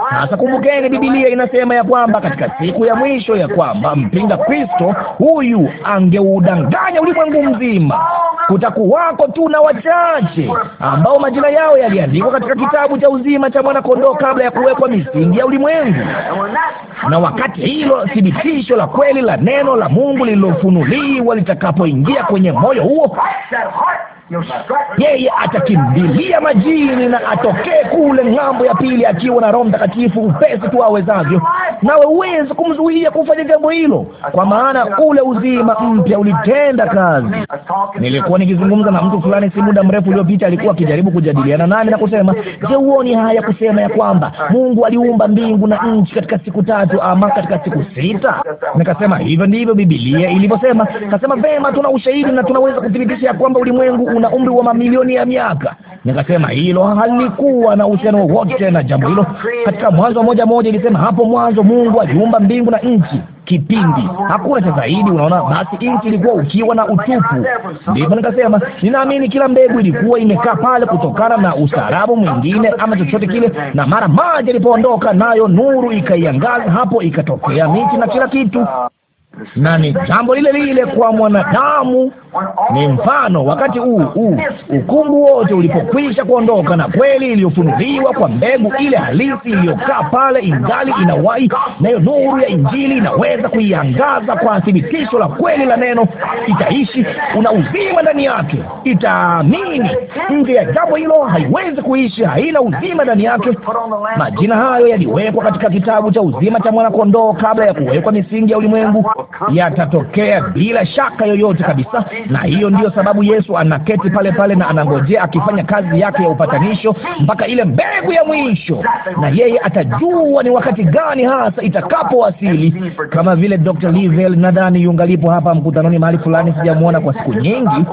S1: sasa kumbukeni, Bibilia inasema ya kwamba katika siku ya mwisho, ya kwamba mpinga Kristo huyu angeudanganya ulimwengu mzima. Kutakuwako tu na wachache ambao majina yao yaliandikwa katika kitabu cha uzima cha mwanakondoo kabla ya kuwekwa misingi ya ulimwengu. Na wakati hilo thibitisho la kweli la neno la Mungu lililofunuliwa litakapoingia kwenye moyo huo yeye atakimbilia majini na atokee kule ng'ambo ya pili akiwa na Roho Mtakatifu upesi tu awezavyo, nawe huwezi kumzuia kufanya jambo hilo, kwa maana ule uzima mpya ulitenda kazi. Nilikuwa nikizungumza na mtu fulani si muda mrefu uliopita, alikuwa akijaribu kujadiliana nami na kusema, je, huoni haya kusema ya kwamba Mungu aliumba mbingu na nchi katika siku tatu ama katika siku sita? Nikasema hivyo ndivyo Biblia ilivyosema. Kasema vema, tuna ushahidi na tunaweza kuthibitisha ya kwamba ulimwengu una umri wa mamilioni ya miaka. Nikasema hilo halikuwa na uhusiano wowote na jambo hilo. Katika Mwanzo moja moja ilisema hapo mwanzo Mungu aliumba mbingu na nchi kipindi hakuna cha zaidi. Unaona, basi nchi ilikuwa ukiwa na utupu. Ndipo nikasema ninaamini kila mbegu ilikuwa imekaa pale kutokana na ustaarabu mwingine ama chochote kile, na mara maji ilipoondoka nayo nuru ikaiangaza hapo, ikatokea miti na kila kitu na ni jambo lile lile kwa mwanadamu. Ni mfano wakati huu huu ukungu wote ulipokwisha kuondoka, na kweli iliyofunuliwa kwa mbegu ile halisi iliyokaa pale ingali inawahi, nayo nuru ya Injili inaweza kuiangaza kwa thibitisho la kweli la neno. Itaishi, una uzima ndani yake, itaamini. Nje ya jambo hilo haiwezi kuishi, haina uzima ndani yake. Majina hayo yaliwekwa katika kitabu cha uzima cha mwanakondoo kabla ya kuwekwa misingi ya ulimwengu yatatokea bila shaka yoyote kabisa, na hiyo ndiyo sababu Yesu anaketi pale pale na anangojea akifanya kazi yake ya upatanisho mpaka ile mbegu ya mwisho, na yeye atajua ni wakati gani hasa itakapowasili. Kama vile Dr. livel nadhani yungalipo hapa mkutanoni mahali fulani, sijamwona kwa siku nyingi.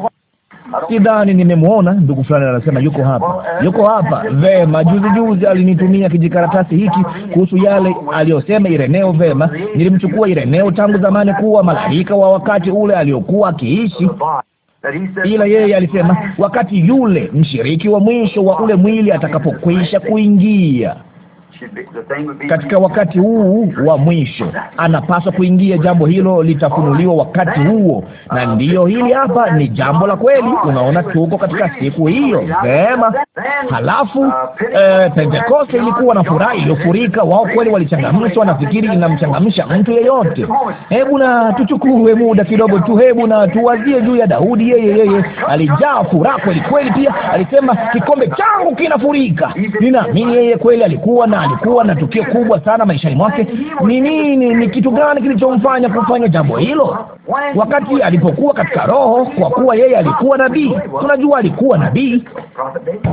S1: Sidhani nimemwona. Ndugu fulani anasema yuko hapa, yuko hapa. Vema, juzi juzi alinitumia kijikaratasi hiki kuhusu yale aliyosema Ireneo. Vema, nilimchukua Ireneo tangu zamani kuwa malaika wa wakati ule aliyokuwa akiishi ila yeye alisema wakati yule mshiriki wa mwisho wa ule mwili atakapokwisha kuingia katika wakati huu wa mwisho. Anapaswa kuingia, jambo hilo litafunuliwa wakati huo, na ndiyo hili hapa. Ni jambo la kweli. Unaona, tuko katika siku hiyo vema. Halafu eh, Pentekoste ilikuwa na furaha iliyofurika. Wao kweli walichangamshwa, nafikiri inamchangamsha mtu yeyote. Hebu na tuchukue muda kidogo tu, hebu na tuwazie juu ya Daudi. Yeye yeye alijaa furaha kweli kweli, pia alisema kikombe changu kinafurika. Ninaamini yeye kweli alikuwa na alikuwa na tukio kubwa sana maishani mwake. Ni nini? Ni kitu gani kilichomfanya kufanya jambo hilo? Wakati alipokuwa katika Roho, kwa kuwa yeye alikuwa nabii. Tunajua alikuwa nabii,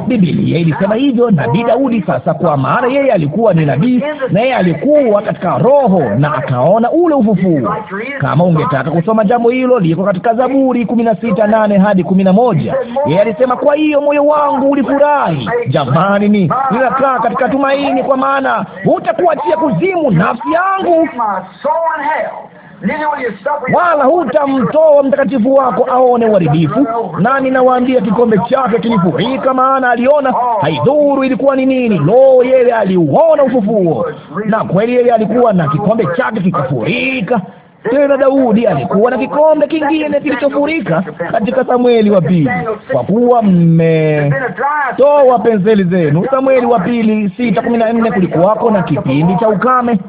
S1: Biblia ilisema hivyo, nabii Daudi. Sasa kwa maana yeye alikuwa ni nabii na yeye alikuwa katika Roho na akaona ule ufufuo. Kama ungetaka kusoma jambo hilo, liko katika Zaburi kumi na sita nane hadi kumi na moja. Yeye alisema, kwa hiyo moyo wangu ulifurahi. Jamani, ni ninakaa katika tumaini kwa maana hutakuachia kuzimu nafsi yangu wala hutamtoa mtakatifu wako aone uharibifu. nani nawaambia kikombe chake kilifurika, maana aliona haidhuru ilikuwa ni nini. Lo, yeye aliuona ufufuo, na kweli yeye alikuwa na kikombe chake kikafurika. Tena Daudi alikuwa na kikombe kingine kilichofurika katika Samueli wa pili. Kwa kuwa mmetoa penseli zenu, Samueli wa pili sita kumi na nne, kulikuwako na kipindi cha ukame,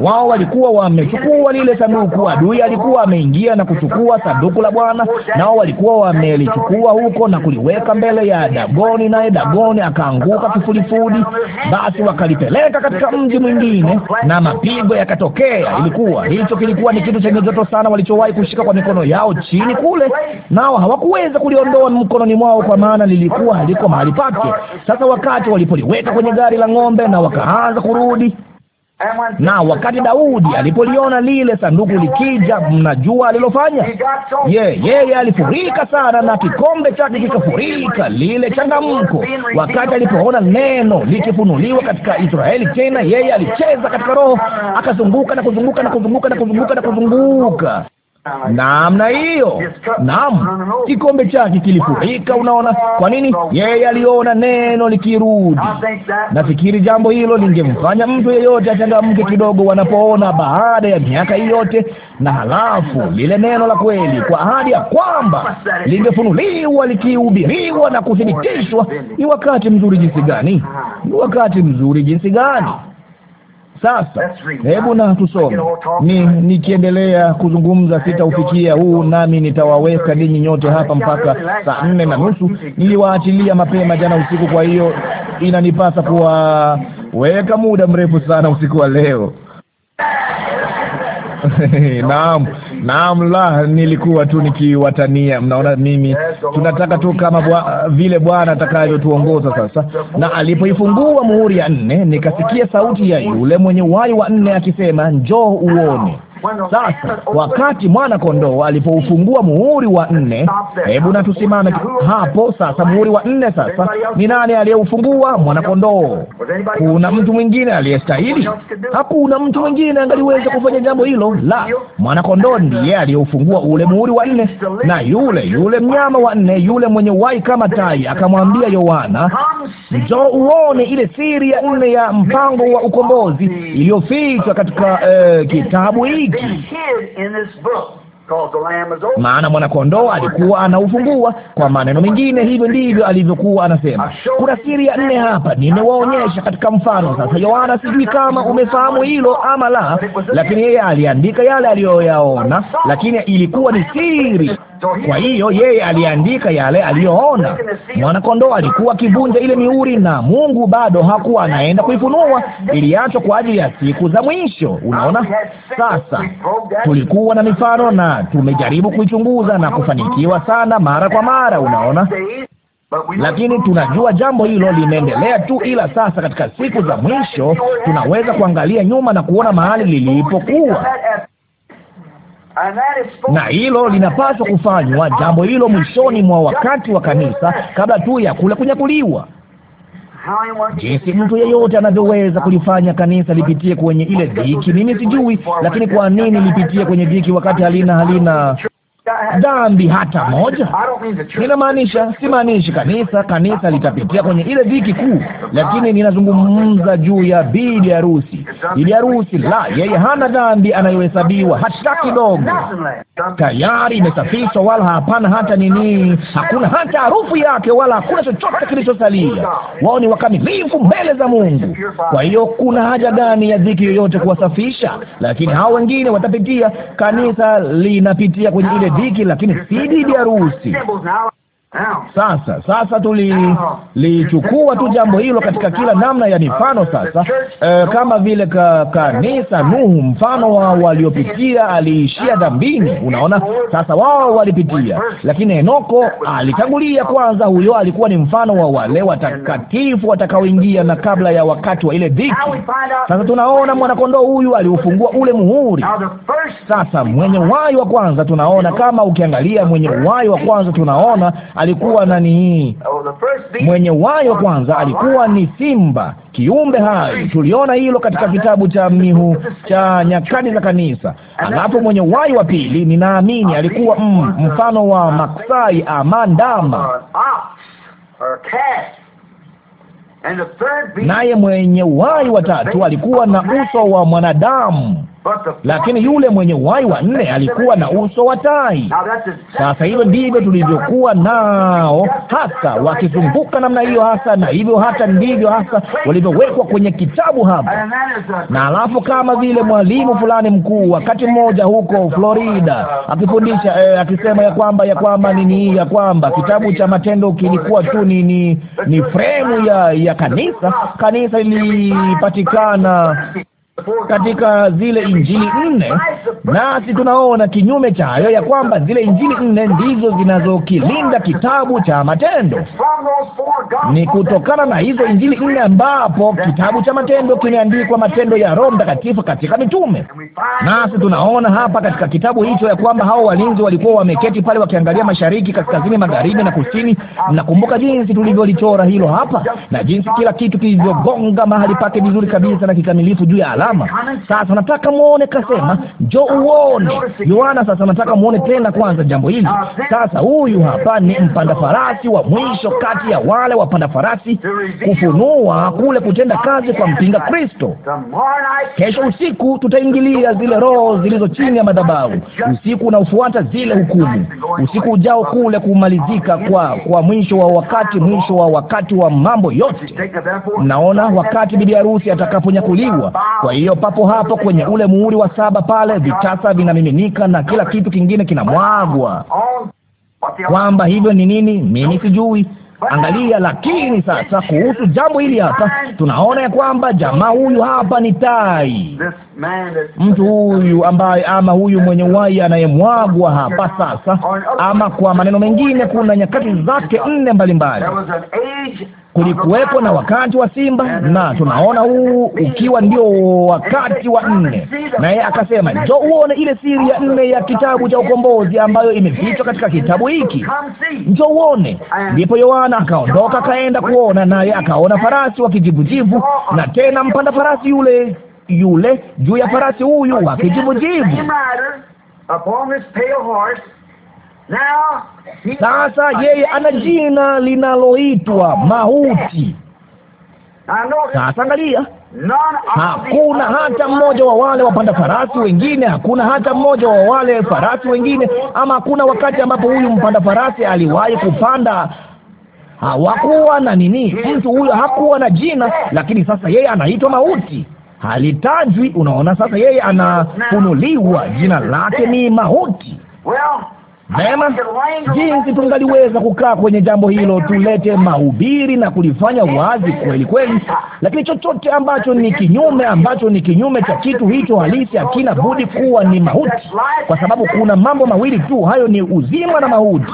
S1: wao walikuwa wamechukua lile sanduku, adui alikuwa ameingia na kuchukua sanduku la Bwana, nao walikuwa wamelichukua huko na kuliweka mbele ya Dagoni, naye Dagoni akaanguka kifudifudi. Basi wakalipeleka katika mji mwingine na mapigo yakatokea. Ilikuwa hicho, kilikuwa ni kitu chenye joto sana walichowahi kushika kwa mikono yao chini kule, nao hawakuweza kuliondoa mkononi mwao, kwa maana lilikuwa haliko mahali pake. Sasa wakati walipoliweka kwenye gari la ng'ombe na wakaanza kurudi
S3: na wakati
S1: Daudi alipoliona lile sanduku likija, mnajua alilofanya yeye? yeah, alifurika sana na kikombe chake kikafurika, lile changamko. Wakati alipoona neno likifunuliwa katika Israeli tena, yeye alicheza katika roho, akazunguka na kuzunguka na kuzunguka na kuzunguka na kuzunguka namna hiyo. Naam, kikombe chake kilifurika. Unaona kwa nini? Yeye aliona neno likirudi. Nafikiri jambo hilo lingemfanya mtu yeyote achangamke kidogo, wanapoona baada ya miaka hii yote, na halafu lile neno la kweli, kwa ahadi ya kwamba lingefunuliwa, likihubiriwa na kuthibitishwa. Ni wakati mzuri jinsi gani! Ni wakati mzuri jinsi gani!
S3: Sasa hebu na
S1: tusome. Ni nikiendelea kuzungumza sitaufikia huu, nami nitawaweka ninyi nyote hapa mpaka saa nne na nusu. Niliwaachilia mapema jana usiku, kwa hiyo inanipasa kuwaweka muda mrefu sana usiku wa leo. Naam. Naam, la, nilikuwa tu nikiwatania. Mnaona, mimi tunataka tu kama bua, vile Bwana atakavyotuongoza sasa. Na alipoifungua muhuri ya nne, nikasikia sauti ya yule mwenye uhai wa nne akisema, njoo uone. Sasa wakati mwana kondoo alipoufungua muhuri wa nne, hebu na tusimame hapo sasa. Muhuri wa nne sasa ni nani aliyeufungua? Mwana kondoo. Kuna mtu mwingine aliyestahili? Hakuna mtu mwingine angaliweza kufanya jambo hilo la mwana kondoo. Uh, ndiye aliyeufungua ule muhuri wa nne, na yule yule mnyama wa nne, yule mwenye wai kama tai, akamwambia Yohana, njoo uone ile siri ya nne ya mpango wa ukombozi iliyofichwa katika eh, kitabu hiki been
S3: hid in this book. maana mwanakondoo alikuwa
S1: anaufungua. Kwa maneno mengine, hivyo ndivyo alivyokuwa anasema. Kuna siri ya nne hapa, nimewaonyesha katika mfano. Sasa Yohana, sijui kama umefahamu hilo ama la, lakini yeye aliandika yale aliyoyaona, lakini ilikuwa ni siri. Kwa hiyo yeye aliandika yale aliyoona. Mwanakondoo alikuwa akivunja ile mihuri, na Mungu bado hakuwa anaenda kuifunua, iliachwa kwa ajili ya siku za mwisho. Unaona, sasa tulikuwa na mifano na tumejaribu kuichunguza na kufanikiwa sana mara kwa mara, unaona lakini tunajua jambo hilo limeendelea tu, ila sasa katika siku za mwisho tunaweza kuangalia nyuma na kuona mahali lilipokuwa, na hilo linapaswa kufanywa jambo hilo mwishoni mwa wakati wa kanisa, kabla tu ya kule kunyakuliwa jinsi mtu yeyote anavyoweza kulifanya kanisa lipitie kwenye ile dhiki. Mimi sijui, lakini kwa nini lipitie kwenye dhiki wakati halina halina dhambi hata moja. Ninamaanisha, simaanishi kanisa. Kanisa litapitia kwenye ile dhiki kuu, lakini ninazungumza juu ya bibi harusi. Bibi harusi, la, yeye hana dhambi anayohesabiwa hata kidogo,
S3: tayari imesafishwa,
S1: wala hapana hata nini, hakuna hata harufu yake, wala hakuna chochote kilichosalia. Wao ni wakamilifu mbele za Mungu. Kwa hiyo kuna haja gani ya dhiki yoyote kuwasafisha? Lakini hao wengine watapitia, kanisa linapitia kwenye ile dhiki, lakini si bibi harusi. Sasa sasa tulichukua tu jambo hilo katika kila namna ya mifano sasa, e, kama vile ka, kanisa Nuhu, mfano wa waliopitia, aliishia dhambini. Unaona, sasa wao walipitia, lakini Henoko alitangulia kwanza. Huyo alikuwa ni mfano wa wale watakatifu watakaoingia na kabla ya wakati wa ile dhiki. Sasa tunaona mwanakondoo huyu aliufungua ule muhuri. Sasa mwenye uhai wa kwanza tunaona, kama ukiangalia mwenye uhai wa kwanza tunaona alikuwa nani? Mwenye wayo kwanza alikuwa ni simba, kiumbe hai. Tuliona hilo katika kitabu cha mihu cha nyakati za kanisa. Alafu mwenye wayo wa pili, ninaamini alikuwa mm, mfano wa maksai ama ndama naye mwenye uhai tatu alikuwa na uso wa mwanadamu lakini yule mwenye uhai wa nne alikuwa na uso wa tai. Sasa hivyo ndivyo tulivyokuwa nao hasa, wakizunguka namna hiyo hasa, na hivyo hata ndivyo hasa walivyowekwa kwenye kitabu hapa. Na alafu kama vile mwalimu fulani mkuu wakati mmoja huko Florida akifundisha eh, akisema ya kwamba ya kwamba nini, ya kwamba kitabu cha Matendo kilikuwa tu ni ni, ni fremu ya ya kanisa. Kanisa lilipatikana katika zile injili nne, nasi tunaona kinyume cha hayo ya kwamba zile injili nne ndizo zinazokilinda kitabu cha Matendo. Ni kutokana na hizo injili nne ambapo kitabu cha Matendo kimeandikwa matendo ya Roho Mtakatifu katika mitume. Nasi tunaona hapa katika kitabu hicho ya kwamba hao walinzi walikuwa wameketi pale wakiangalia mashariki, kaskazini, magharibi na kusini. Mnakumbuka jinsi tulivyolichora hilo hapa na jinsi kila kitu kilivyogonga mahali pake vizuri kabisa na kikamilifu juu ya alama. Sasa nataka muone, kasema njo uone Yohana. Sasa nataka muone tena kwanza jambo hili. Sasa huyu hapa ni mpanda farasi wa mwisho kati ya wale wapanda farasi, kufunua kule kutenda kazi kwa mpinga Kristo. Kesho usiku tutaingilia zile roho zilizo chini ya madhabahu, usiku unaofuata zile hukumu, usiku ujao kule kumalizika kwa kwa mwisho wa wakati, mwisho wa wakati wa mambo yote. naona wakati bibi harusi atakaponyakuliwa kwa hiyo papo hapo kwenye ule muhuri wa saba pale vitasa vinamiminika na kila kitu kingine kinamwagwa. Kwamba hivyo ni nini, mimi sijui. Angalia, lakini sasa kuhusu jambo hili hapa, tunaona ya kwamba jamaa huyu hapa ni tai, mtu huyu ambaye, ama huyu mwenye uhai anayemwagwa hapa sasa, ama kwa maneno mengine, kuna nyakati zake nne mbalimbali
S3: mbali kulikuwepo na wakati
S1: wa simba, na tunaona huu ukiwa ndio wakati wa nne. Naye akasema, njoo uone ile siri ya nne ya kitabu cha ukombozi ambayo imefichwa katika kitabu hiki, njoo uone. Ndipo Yohana akaondoka akaenda kuona, naye akaona farasi wa kijivujivu na tena mpanda farasi yule yule juu ya farasi huyu wa kijivujivu sasa yeye ana jina linaloitwa mauti.
S3: Sasa angalia,
S1: hakuna hata mmoja wa wale wapanda farasi wengine, hakuna hata mmoja wa wale farasi wengine, ama hakuna wakati ambapo huyu mpanda farasi aliwahi kupanda hawakuwa na nini. Mtu huyo hakuwa na jina, lakini sasa yeye anaitwa mauti, halitajwi. Unaona, sasa yeye anafunuliwa, jina lake ni mauti. Vema, jinsi tungaliweza kukaa kwenye jambo hilo, tulete mahubiri na kulifanya wazi kweli kweli, lakini chochote ambacho ni kinyume, ambacho ni kinyume cha kitu hicho halisi, hakina budi kuwa ni mauti, kwa sababu kuna mambo mawili tu, hayo ni uzima na mauti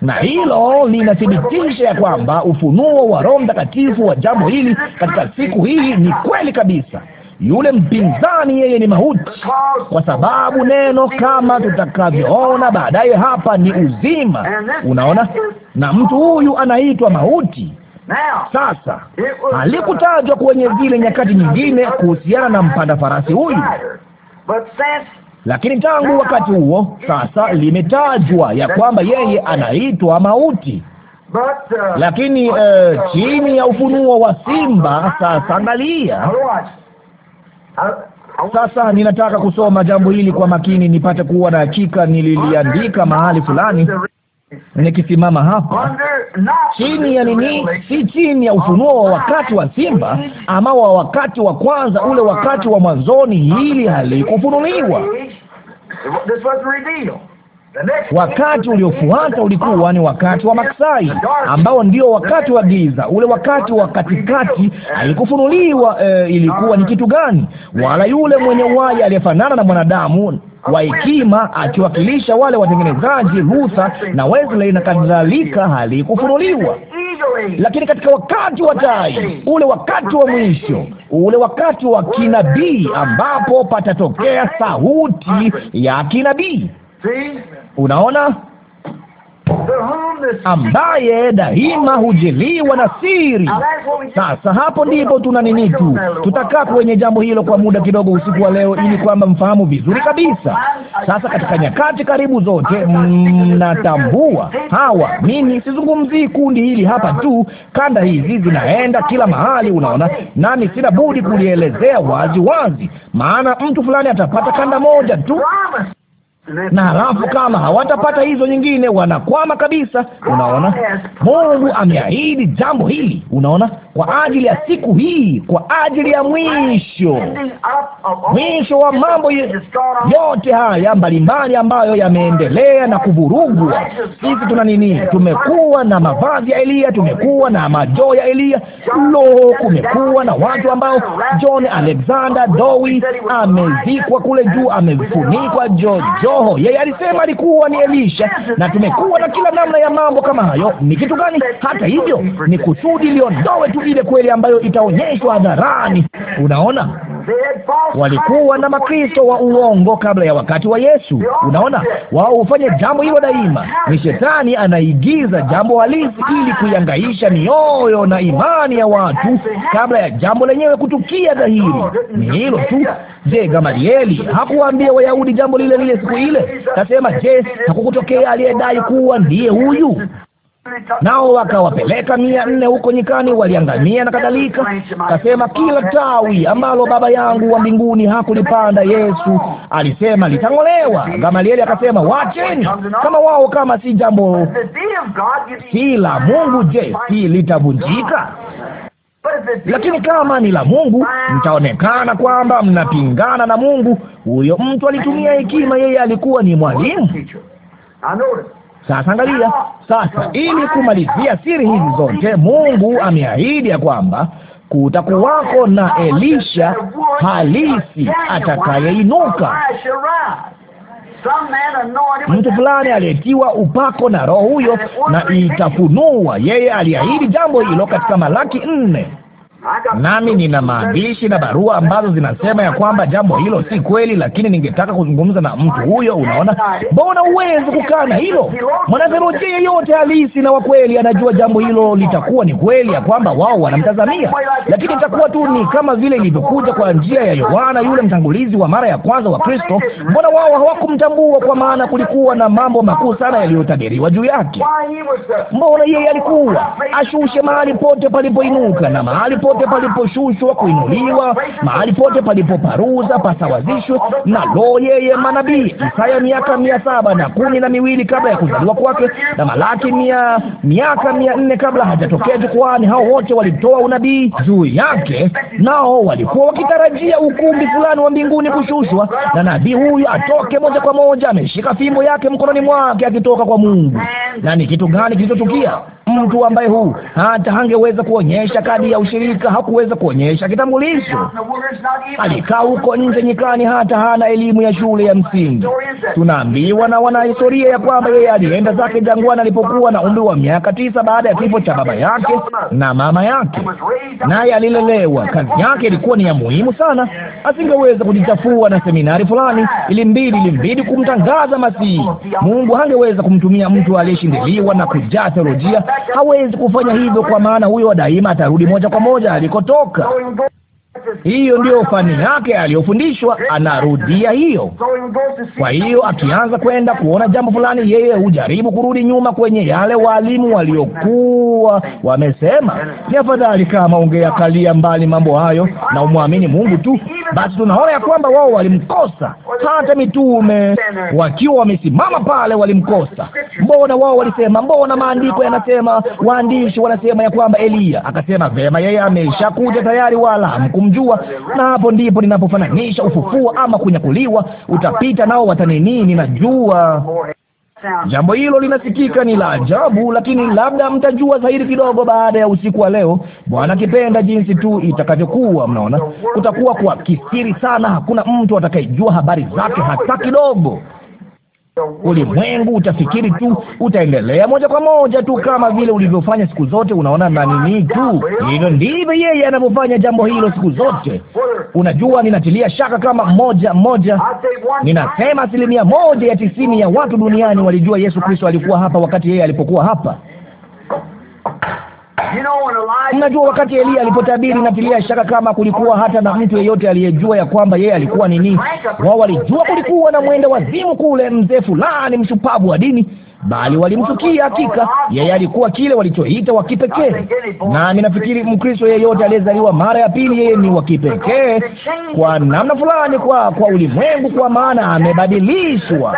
S1: na hilo linathibitisha ya kwamba ufunuo wa Roho Mtakatifu wa jambo hili katika siku hii ni kweli kabisa. Yule mpinzani yeye ni mauti, kwa sababu neno kama tutakavyoona baadaye hapa ni uzima. Unaona, na mtu huyu anaitwa mauti. Sasa
S3: alikutajwa
S1: kwenye zile nyakati nyingine kuhusiana na mpanda farasi huyu, lakini tangu wakati huo sasa limetajwa ya kwamba yeye anaitwa mauti. Lakini uh, chini ya ufunuo wa simba sasa, angalia sasa ninataka kusoma jambo hili kwa makini, nipate kuwa na hakika nililiandika mahali fulani. Nikisimama hapa chini ya nini, si chini ya ufunuo wa wakati wa simba ama wa wakati wa kwanza, ule wakati wa mwanzoni, hili halikufunuliwa Wakati uliofuata ulikuwa ni wakati wa Maksai, ambao ndio wakati wa giza. Ule wakati wa katikati haikufunuliwa e, eh, ilikuwa ni kitu gani, wala yule mwenye uhai aliyefanana na mwanadamu wa hekima akiwakilisha wale watengenezaji Luther na Wesley na kadhalika, halikufunuliwa. Lakini katika wakati wa tai, ule wakati wa mwisho, ule wakati wa kinabii, ambapo patatokea sauti ya kinabii. Unaona, ambaye daima hujiliwa na siri. Sasa hapo ndipo tuna nini tu, tutakaa kwenye jambo hilo kwa muda kidogo usiku wa leo, ili kwamba mfahamu vizuri kabisa. Sasa katika nyakati karibu zote mnatambua, hawa mimi sizungumzii kundi hili hapa tu, kanda hizi zinaenda kila mahali, unaona, nami sina budi kulielezea wazi wazi, maana mtu fulani atapata kanda moja tu
S3: na halafu kama hawatapata hizo
S1: nyingine wanakwama kabisa. Unaona, Mungu ameahidi jambo hili, unaona, kwa ajili ya siku hii, kwa ajili ya mwisho,
S3: mwisho wa mambo yote
S1: haya mbalimbali ambayo yameendelea na kuvurugwa. Sisi tuna nini? Tumekuwa na mavazi ya Eliya, tumekuwa na majoo ya Eliya. Lo, kumekuwa na watu ambao John Alexander Dowie amezikwa kule juu, amefunikwa jojo Roho. Yeye alisema alikuwa ni Elisha, na tumekuwa na kila namna ya mambo kama hayo. Ni kitu gani? Hata hivyo, ni kusudi liondowe tu ile kweli ambayo itaonyeshwa hadharani. Unaona, walikuwa na makristo wa uongo kabla ya wakati wa Yesu. Unaona, wao hufanye jambo hilo daima. Ni shetani anaigiza jambo halisi ili kuiangaisha mioyo na imani ya watu kabla ya jambo lenyewe kutukia dhahiri. Ni hilo tu. Je, Gamalieli hakuwaambia Wayahudi jambo lile lile siku ile? Nasema, je, hakukutokea aliyedai kuwa ndiye huyu? Nao wakawapeleka mia nne huko nyikani, waliangamia na kadhalika. Kasema, kila tawi ambalo Baba yangu wa mbinguni hakulipanda, Yesu alisema litang'olewa. Gamalieli akasema, wacheni kama wao, kama si jambo si la Mungu, je, si litavunjika?
S3: Lakini kama ni la Mungu,
S1: mtaonekana kwamba mnapingana na Mungu. Huyo mtu alitumia hekima, yeye alikuwa ni mwalimu. Sasa angalia sasa, ili kumalizia siri hizi zote, Mungu ameahidi ya kwamba kutakuwako na Elisha halisi atakayeinuka mtu fulani aliyetiwa upako na Roho huyo, na itafunua. Yeye aliahidi jambo hilo katika Malaki nne
S3: nami nina maandishi
S1: na barua ambazo zinasema ya kwamba jambo hilo si kweli, lakini ningetaka kuzungumza na mtu huyo. Unaona, mbona huwezi kukana hilo? Mwanatheolojia yeyote halisi na wakweli anajua jambo hilo litakuwa ni kweli, ya kwamba wao wanamtazamia, lakini itakuwa tu ni kama vile ilivyokuja kwa njia ya Yohana yule mtangulizi wa mara ya kwanza wa Kristo. Mbona wao hawakumtambua? Kwa maana kulikuwa na mambo makuu sana yaliyotabiriwa juu yake. Mbona yeye alikuwa ashushe mahali pote palipoinuka na mahali pote pote paliposhushwa, kuinuliwa, mahali pote palipoparuza pasawazishwe. Na lo, yeye manabii Isaya miaka mia saba na kumi na miwili kabla ya kuzaliwa kwake na Malaki mia miaka mia nne kabla hajatokea jukwani, hao wote walitoa unabii juu yake, nao walikuwa wakitarajia ukumbi fulani wa mbinguni kushushwa na nabii huyu atoke moja kwa moja ameshika fimbo yake mkononi mwake akitoka kwa Mungu. Na ni kitu gani kilichotukia? mtu ambaye huu hata hangeweza kuonyesha kadi ya ushirika, hakuweza kuonyesha kitambulisho,
S3: alikaa huko
S1: nje nyikani, hata hana elimu ya shule ya msingi. Tunaambiwa na wanahistoria ya kwamba yeye alienda zake jangwani alipokuwa na umri wa miaka tisa baada ya kifo cha baba yake na mama yake, naye alilelewa. Kazi yake ilikuwa ni ya muhimu sana, asingeweza kujichafua na seminari fulani. Ilimbidi, ilimbidi kumtangaza Masihi. Mungu hangeweza kumtumia mtu aliyeshindiliwa na kujaa theolojia hawezi kufanya hivyo, kwa maana huyo daima atarudi moja kwa moja alikotoka. Hiyo ndiyo fani yake aliyofundishwa, anarudia hiyo. Kwa hiyo akianza kwenda kuona jambo fulani, yeye hujaribu kurudi nyuma kwenye yale walimu waliokuwa wamesema. Ni afadhali kama ungeyakalia mbali mambo hayo na umwamini Mungu tu. Basi tunaona ya kwamba wao walimkosa, hata mitume wakiwa wamesimama pale walimkosa. Mbona wao walisema, mbona maandiko yanasema, waandishi wanasema ya kwamba Eliya akasema, vema, yeye ameshakuja tayari, wala hamkumjua jua, na hapo ndipo ninapofananisha ufufuo ama kunyakuliwa. Utapita nao watanini, ninajua jambo hilo linasikika ni la ajabu, lakini labda mtajua zaidi kidogo baada ya usiku wa leo, Bwana kipenda, jinsi tu itakavyokuwa. Mnaona, kutakuwa kwa kisiri sana, hakuna mtu atakayejua habari zake hata kidogo ulimwengu utafikiri tu, utaendelea moja kwa moja tu kama vile ulivyofanya siku zote. Unaona na nini tu, hivyo ndivyo yeye anavyofanya jambo hilo siku zote. Unajua, ninatilia shaka kama moja moja, ninasema asilimia moja ya tisini ya watu duniani walijua Yesu Kristo alikuwa hapa wakati yeye alipokuwa hapa. Mnajua, wakati Eliya alipotabiri, natilia shaka kama kulikuwa hata na mtu yeyote aliyejua ya kwamba yeye alikuwa nini. Wao walijua kulikuwa na mwenda wazimu kule, mzee fulani mshupavu wa dini, bali walimchukia. Hakika yeye alikuwa kile walichoita wa kipekee, nami nafikiri Mkristo yeyote aliyezaliwa mara ya pili, yeye ni wa kipekee kwa namna fulani, kwa kwa ulimwengu, kwa maana amebadilishwa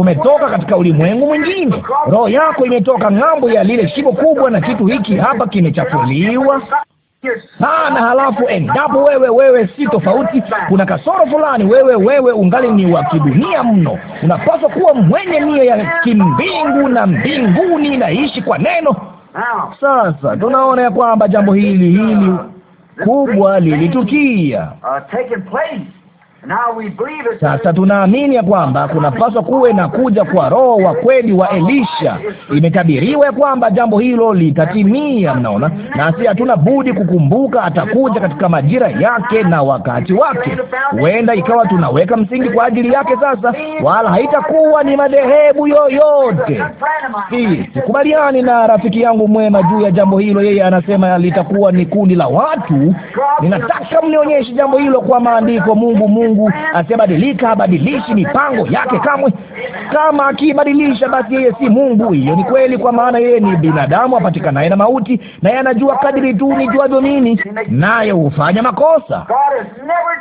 S1: Umetoka katika ulimwengu mwingine, roho yako imetoka ng'ambo ya lile shimo kubwa, na kitu hiki hapa kimechafuliwa
S3: sana. Halafu endapo wewe
S1: wewe si tofauti, kuna kasoro fulani, wewe wewe ungali ni wa kidunia mno. Unapaswa kuwa mwenye nia ya kimbingu na mbinguni, naishi kwa neno. Sasa tunaona ya kwamba jambo hili hili kubwa lilitukia sasa tunaamini ya kwamba kunapaswa kuwe na kuja kwa roho wa kweli wa Elisha. Imetabiriwa ya kwamba jambo hilo litatimia, mnaona, nasi hatuna budi kukumbuka atakuja katika majira yake na wakati wake. Huenda ikawa tunaweka msingi kwa ajili yake sasa, wala haitakuwa ni madhehebu yoyote. Si sikubaliani na rafiki yangu mwema juu ya jambo hilo. Yeye anasema litakuwa ni kundi la watu. Ninataka mnionyeshe jambo hilo kwa maandiko. Mungu, Mungu Mungu asiyebadilika habadilishi mipango yake kamwe. Kama akibadilisha, basi yeye si Mungu. Hiyo ni kweli, kwa maana yeye ni binadamu apatikanaye na mauti, naye anajua kadiri tu nijuavyo mimi, naye hufanya makosa.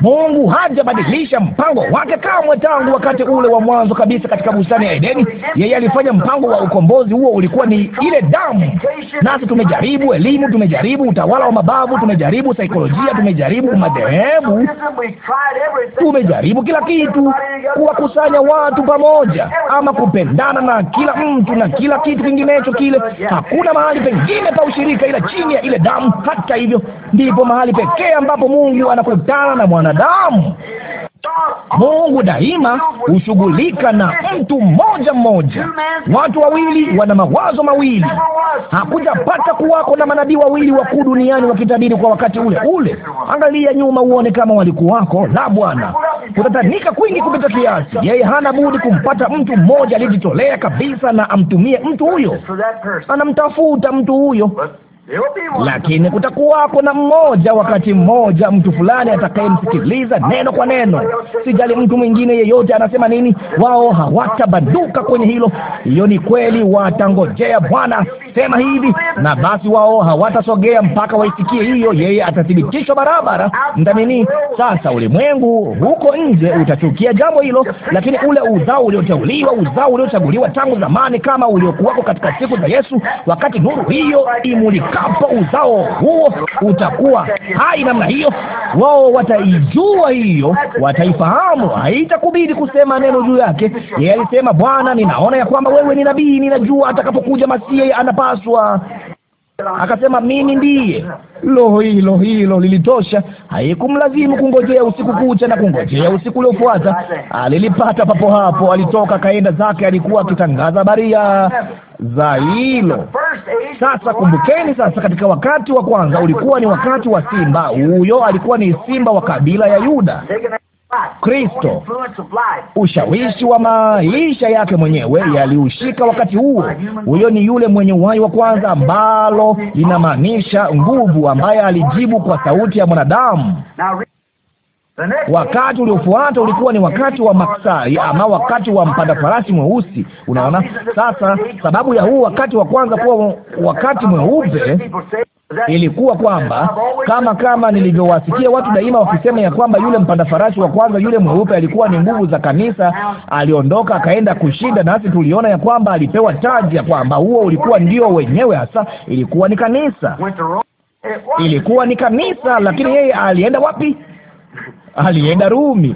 S1: Mungu hajabadilisha mpango wake kamwe. Tangu wakati ule wa mwanzo kabisa katika bustani ya Edeni, yeye alifanya mpango wa ukombozi. Huo ulikuwa ni ile damu. Nasi tumejaribu elimu, tumejaribu utawala wa mabavu, tumejaribu saikolojia, tumejaribu madhehebu, Tumejaribu kila kitu, kuwakusanya watu pamoja, ama kupendana na kila mtu na kila kitu kinginecho kile. Hakuna mahali pengine pa ushirika ila chini ya ile damu. Hata hivyo, ndipo mahali pekee ambapo Mungu anakutana na mwanadamu. Mungu daima hushughulika na mtu mmoja mmoja. Watu wawili wana mawazo mawili.
S3: Hakujapata
S1: kuwako na manabii wawili wakuu duniani wakitabiri kwa wakati ule ule. Angalia nyuma uone kama walikuwako. La, Bwana, kutatanika kwingi kupita kiasi. Yeye hana budi kumpata mtu mmoja aliyejitolea kabisa, na amtumie mtu huyo. Anamtafuta mtu huyo lakini kutakuwako na mmoja wakati mmoja, mtu fulani atakayemsikiliza neno kwa neno. Sijali mtu mwingine yeyote anasema nini, wao hawatabanduka kwenye hilo. Hiyo ni kweli, watangojea Bwana sema hivi, na basi wao hawatasogea mpaka waisikie hiyo. Yeye atathibitishwa barabara. ndamini sasa, ulimwengu huko nje utachukia jambo hilo, lakini ule uzao ulioteuliwa, uzao uliochaguliwa tangu zamani, kama uliokuwako katika siku za Yesu, wakati nuru hiyo imulika utakapo uzao huo utakuwa hai namna hiyo, wao wataijua hiyo, wataifahamu. Haitakubidi kusema neno juu yake. Yeye alisema, Bwana, ninaona ya kwamba wewe ni nabii, ninajua atakapokuja Masihi anapaswa Akasema mimi ndiye. Lo, hilo hilo lilitosha. Haikumlazimu kungojea usiku kucha na kungojea usiku uliofuata. Alilipata papo hapo, alitoka kaenda zake, alikuwa akitangaza habari ya za hilo. Sasa kumbukeni, sasa katika wakati wa kwanza ulikuwa ni wakati wa simba. Huyo alikuwa ni simba wa kabila ya Yuda.
S3: Kristo.
S1: Ushawishi wa maisha yake mwenyewe yaliushika wakati huo. Huyo ni yule mwenye uhai wa kwanza, ambalo linamaanisha nguvu, ambaye alijibu kwa sauti ya mwanadamu. Wakati uliofuata ulikuwa ni wakati wa maksai ama wakati wa mpanda farasi mweusi. Unaona sasa, sababu ya huu wakati wa kwanza kuwa wakati mweupe ilikuwa kwamba kama kama nilivyowasikia watu daima wakisema ya kwamba yule mpanda farasi wa kwanza yule mweupe alikuwa ni nguvu za kanisa, aliondoka akaenda kushinda, nasi tuliona ya kwamba alipewa taji, ya kwamba huo ulikuwa ndio wenyewe hasa, ilikuwa ni kanisa, ilikuwa ni kanisa. Lakini yeye alienda wapi? alienda Rumi.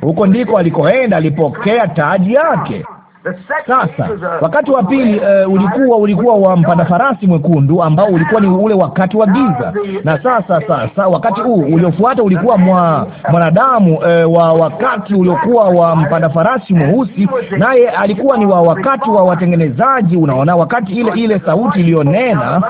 S1: Huko ndiko alikoenda, alipokea taji yake.
S3: Sasa uh, wakati
S1: wa pili uh, ulikuwa ulikuwa wa mpanda farasi mwekundu ambao ulikuwa ni ule wakati wa giza, na sasa sasa wakati huu uliofuata ulikuwa mwa mwanadamu uh, wa wakati uliokuwa wa mpanda farasi mweusi, naye alikuwa ni wa wakati wa watengenezaji. Unaona, wakati ile ile sauti iliyonena.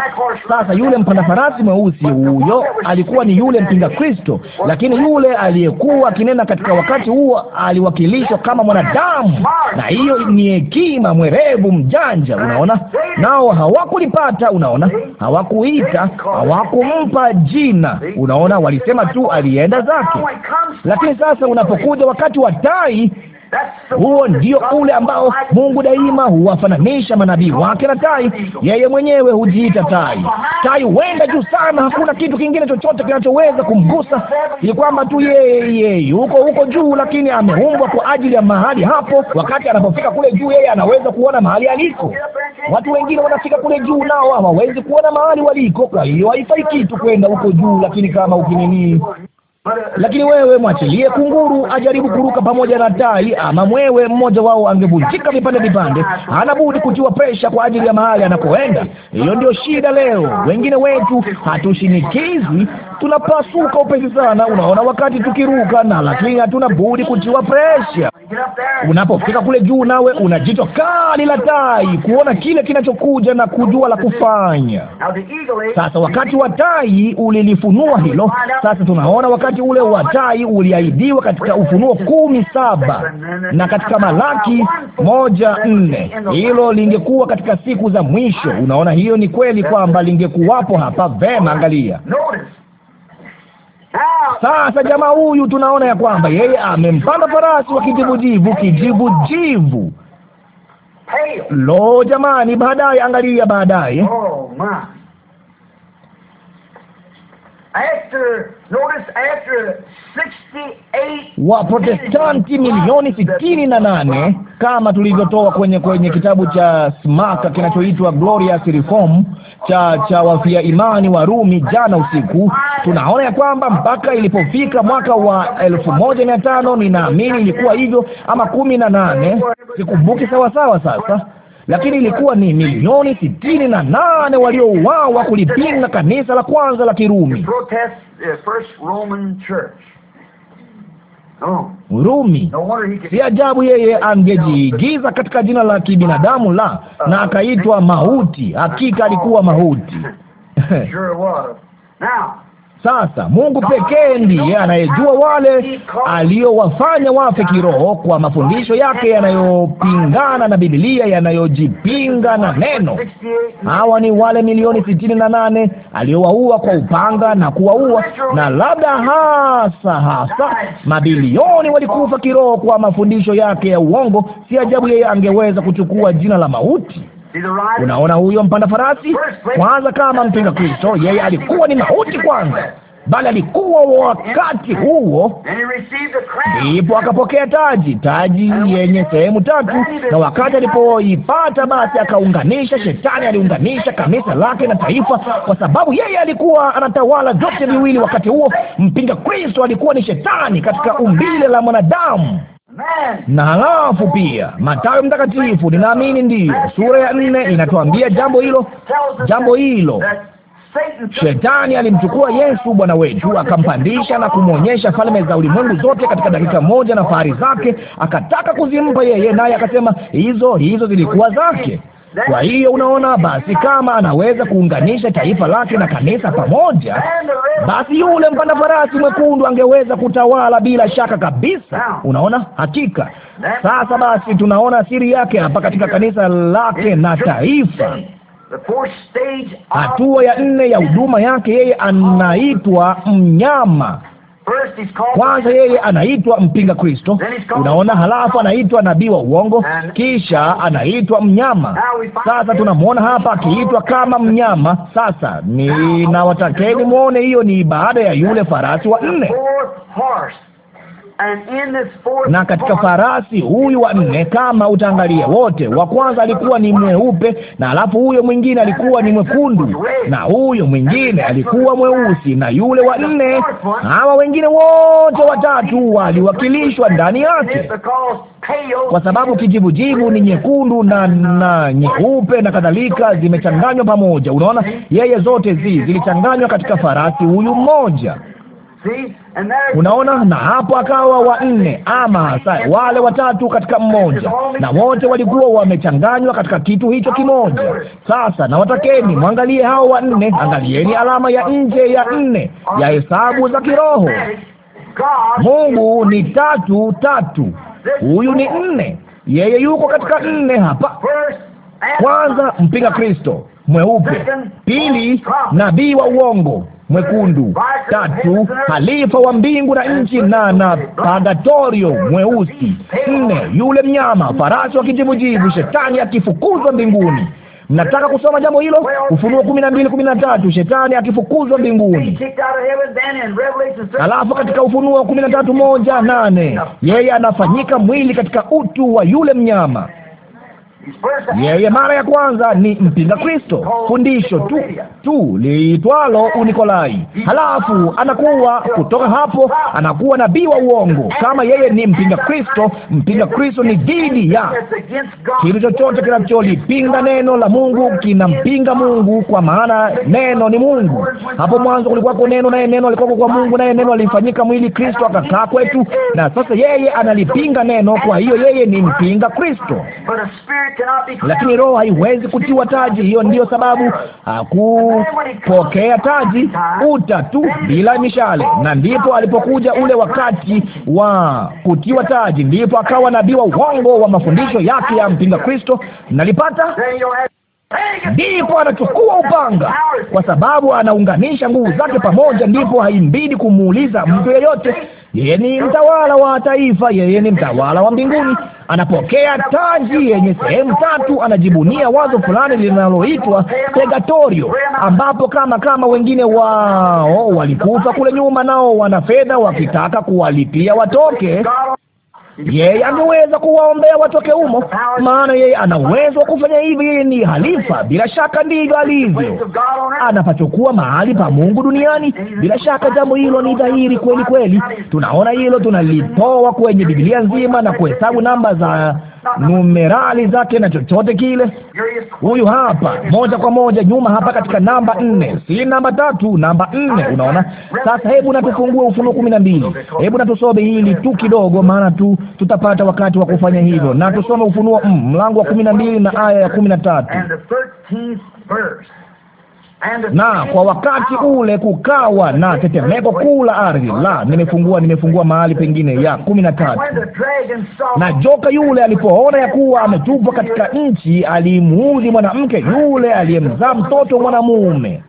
S1: Sasa yule mpanda farasi mweusi huyo alikuwa ni yule mpinga Kristo, lakini yule aliyekuwa akinena katika wakati huo aliwakilishwa kama mwanadamu, na hiyo mwenye hekima, mwerevu, mjanja. Unaona, nao hawakulipata. Unaona, hawakuita, hawakumpa jina. Unaona, walisema tu alienda zake.
S3: Lakini sasa unapokuja
S1: wakati wa tai huo ndio ule ambao Mungu daima huwafananisha manabii wake na tai. Yeye mwenyewe hujiita tai. Tai huenda juu sana, hakuna kitu kingine chochote kinachoweza kumgusa, Ni kwamba tu yeye yuko huko juu, lakini ameumbwa kwa ajili ya mahali hapo. Wakati anapofika kule juu, yeye anaweza kuona mahali aliko.
S4: Watu wengine wanafika
S1: kule juu, nao hawawezi kuona mahali waliko, kwa hiyo haifai kitu kwenda huko juu, lakini kama ukinini lakini wewe mwachilie kunguru ajaribu kuruka pamoja na tai, ama mwewe, mmoja wao angevunjika vipande vipande. Hana budi kutiwa presha kwa ajili ya mahali anakoenda. Hiyo ndio shida leo. Wengine wetu hatushinikizi, tunapasuka upesi sana, unaona, wakati tukiruka, na lakini hatuna budi kutiwa presha. Unapofika kule juu, nawe una jicho kali la tai kuona kile kinachokuja na kujua la kufanya. Sasa wakati wa tai ulilifunua hilo. Sasa tunaona wakati ule wa tai uliahidiwa katika Ufunuo kumi saba na katika Malaki moja nne. Hilo lingekuwa katika siku za mwisho. Unaona, hiyo ni kweli kwamba lingekuwapo hapa. Vema, angalia sasa jamaa huyu tunaona ya kwamba yeye amempanda farasi wa kijivujivu, kijivujivu. Lo, jamani! Baadaye angalia, baadaye Waprotestanti milioni sitini na nane kama tulivyotoa kwenye kwenye kitabu cha Smaka kinachoitwa Glorious Reform cha, cha wafia imani wa Rumi jana usiku, tunaona ya kwamba mpaka ilipofika mwaka wa elfu moja mia tano ninaamini ilikuwa hivyo ama kumi na nane sikumbuki sawasawa sasa lakini ilikuwa ni milioni sitini na nane waliouawa kulipinga kanisa la kwanza la Kirumi. Rumi. Si ajabu yeye angejiigiza katika jina la kibinadamu la na uh, akaitwa mauti. Hakika alikuwa mauti sasa Mungu pekee ndiye anayejua wale aliyowafanya wafe kiroho kwa mafundisho yake yanayopingana na Biblia, yanayojipinga na neno. Hawa ni wale milioni sitini na nane aliyowaua kwa upanga na kuwaua, na labda hasa hasa mabilioni walikufa kiroho kwa mafundisho yake ya uongo. Si ajabu yeye angeweza kuchukua jina la mauti. Unaona huyo mpanda farasi kwanza, kama mpinga Kristo, yeye alikuwa ni mauti kwanza, bali alikuwa wakati huo,
S3: ndipo akapokea
S1: taji, taji yenye sehemu tatu. Na wakati alipoipata basi, akaunganisha, shetani aliunganisha kanisa lake na taifa, kwa sababu yeye alikuwa anatawala vyote viwili wakati huo. Mpinga Kristo alikuwa ni shetani katika umbile la mwanadamu na halafu pia matayo Mtakatifu, ninaamini ndiyo sura ya nne, inatuambia jambo hilo,
S3: jambo hilo
S1: Shetani alimchukua Yesu Bwana wetu akampandisha na kumwonyesha falme za ulimwengu zote katika dakika moja na fahari zake, akataka kuzimpa yeye, naye akasema hizo hizo zilikuwa zake. Kwa hiyo unaona, basi kama anaweza kuunganisha taifa lake na kanisa pamoja, basi yule mpanda farasi mwekundu angeweza kutawala bila shaka kabisa. Unaona, hakika. Sasa basi tunaona siri yake hapa katika kanisa lake na taifa. Hatua ya nne ya huduma yake, yeye anaitwa mnyama.
S3: Kwanza yeye anaitwa
S1: mpinga Kristo, unaona, halafu anaitwa nabii wa uongo, kisha anaitwa mnyama. Sasa tunamwona hapa akiitwa kama mnyama. Sasa ninawatakeni mwone, hiyo ni baada ya yule farasi wa nne
S3: na katika farasi
S1: huyu wa nne, kama utaangalia wote, wa kwanza alikuwa ni mweupe, na alafu huyo mwingine alikuwa ni mwekundu, na huyo mwingine alikuwa mweusi, na yule wa nne. Hawa wengine wote watatu waliwakilishwa ndani yake, kwa sababu kijivujivu ni nyekundu na na nyeupe na kadhalika, zimechanganywa pamoja. Unaona, yeye zote zi zilichanganywa katika farasi huyu mmoja. Unaona, na hapo akawa wanne ama hasa wale watatu katika mmoja, na wote walikuwa wamechanganywa katika kitu hicho kimoja. Sasa nawatakeni mwangalie hao wanne, angalieni alama ya nje ya nne ya hesabu za kiroho. Mungu ni tatu tatu, huyu ni nne, yeye yuko katika nne hapa.
S3: Kwanza mpinga Kristo
S1: mweupe, pili nabii wa uongo mwekundu, tatu halifa wa mbingu na nchi, na na pagatorio mweusi, nne yule mnyama farasi wa kijivujivu, shetani akifukuzwa mbinguni. Mnataka kusoma jambo hilo? Ufunuo kumi na mbili kumi na tatu shetani akifukuzwa mbinguni. Alafu katika Ufunuo kumi na tatu moja nane yeye anafanyika mwili katika utu wa yule mnyama. Yeye mara ya kwanza ni mpinga Kristo, fundisho tu tu liitwalo Unikolai. Halafu anakuwa kutoka hapo, anakuwa nabii wa uongo. Kama yeye ni mpinga Kristo, mpinga Kristo ni dhidi ya kitu chochote kinacholipinga neno la Mungu, kinampinga Mungu, kwa maana neno ni Mungu. Hapo mwanzo kwa neno, naye neno alikuwa kwa Mungu, naye neno alifanyika mwili, Kristo akakaa kwetu, na sasa yeye analipinga neno. Kwa hiyo yeye ni mpinga Kristo lakini roho haiwezi kutiwa taji. Hiyo ndiyo sababu hakupokea taji, uta tu bila mishale. Na ndipo alipokuja ule wakati wa kutiwa taji, ndipo akawa nabii wa uongo wa mafundisho yake ya mpinga Kristo. Nalipata ndipo anachukua upanga, kwa sababu anaunganisha nguvu zake pamoja. Ndipo haimbidi kumuuliza mtu yeyote yeye ni mtawala wa taifa, yeye ni mtawala wa mbinguni. Anapokea taji yenye sehemu tatu. Anajibunia wazo fulani linaloitwa pegatorio, ambapo kama kama wengine wao walikufa kule nyuma, nao wana fedha wakitaka kuwalipia watoke yeye angeweza kuwaombea watoke humo, maana yeye ana uwezo wa kufanya hivi. Yeye ni halifa, bila shaka ndivyo alivyo, anapachokuwa mahali pa Mungu duniani. Bila shaka jambo hilo ni dhahiri kweli kweli, tunaona hilo, tunalitoa kwenye Biblia nzima na kuhesabu namba za numerali zake na chochote kile. Huyu hapa moja kwa moja nyuma hapa katika namba nne, si namba tatu, namba nne. Unaona sasa, hebu natufungue Ufunuo kumi na mbili, hebu natusome hili tu kidogo, maana tu tutapata wakati wa kufanya hivyo, na tusome Ufunuo mm, mlango wa kumi na mbili na aya ya kumi na tatu
S3: na kwa wakati ule
S1: kukawa na tetemeko kuu la ardhi. La, nimefungua nimefungua mahali pengine ya kumi na tatu. Na joka yule alipoona ya kuwa ametupwa katika nchi, alimuudhi mwanamke yule aliyemzaa mtoto mwanamume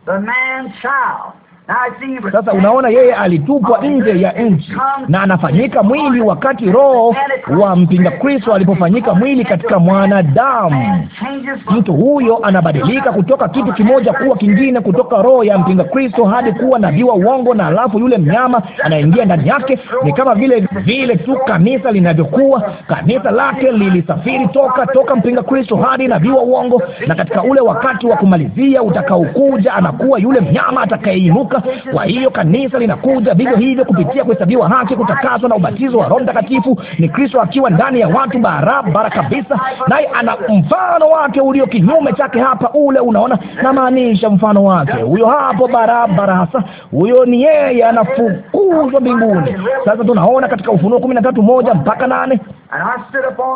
S3: sasa unaona, yeye alitupwa nje ya nchi na anafanyika mwili, wakati roho wa mpinga Kristo alipofanyika mwili katika mwanadamu. Mtu huyo anabadilika kutoka kitu kimoja kuwa
S1: kingine, kutoka roho ya mpinga Kristo hadi kuwa nabii wa uongo, na alafu yule mnyama anaingia ndani yake. Ni kama vile vile tu kanisa linavyokuwa. Kanisa lake lilisafiri toka toka mpinga Kristo hadi nabii wa uongo, na katika ule wakati wa kumalizia utakaokuja, anakuwa yule mnyama atakayeinuka kwa hiyo kanisa linakuja vivyo hivyo kupitia kuhesabiwa haki, kutakaswa na ubatizo wa Roho Mtakatifu. Ni Kristo akiwa ndani ya watu barabara kabisa, naye ana mfano wake ulio kinyume chake hapa. Ule unaona, namaanisha mfano wake huyo hapo barabara hasa, huyo ni yeye, anafukuzwa mbinguni. Sasa tunaona katika Ufunuo kumi na tatu moja mpaka nane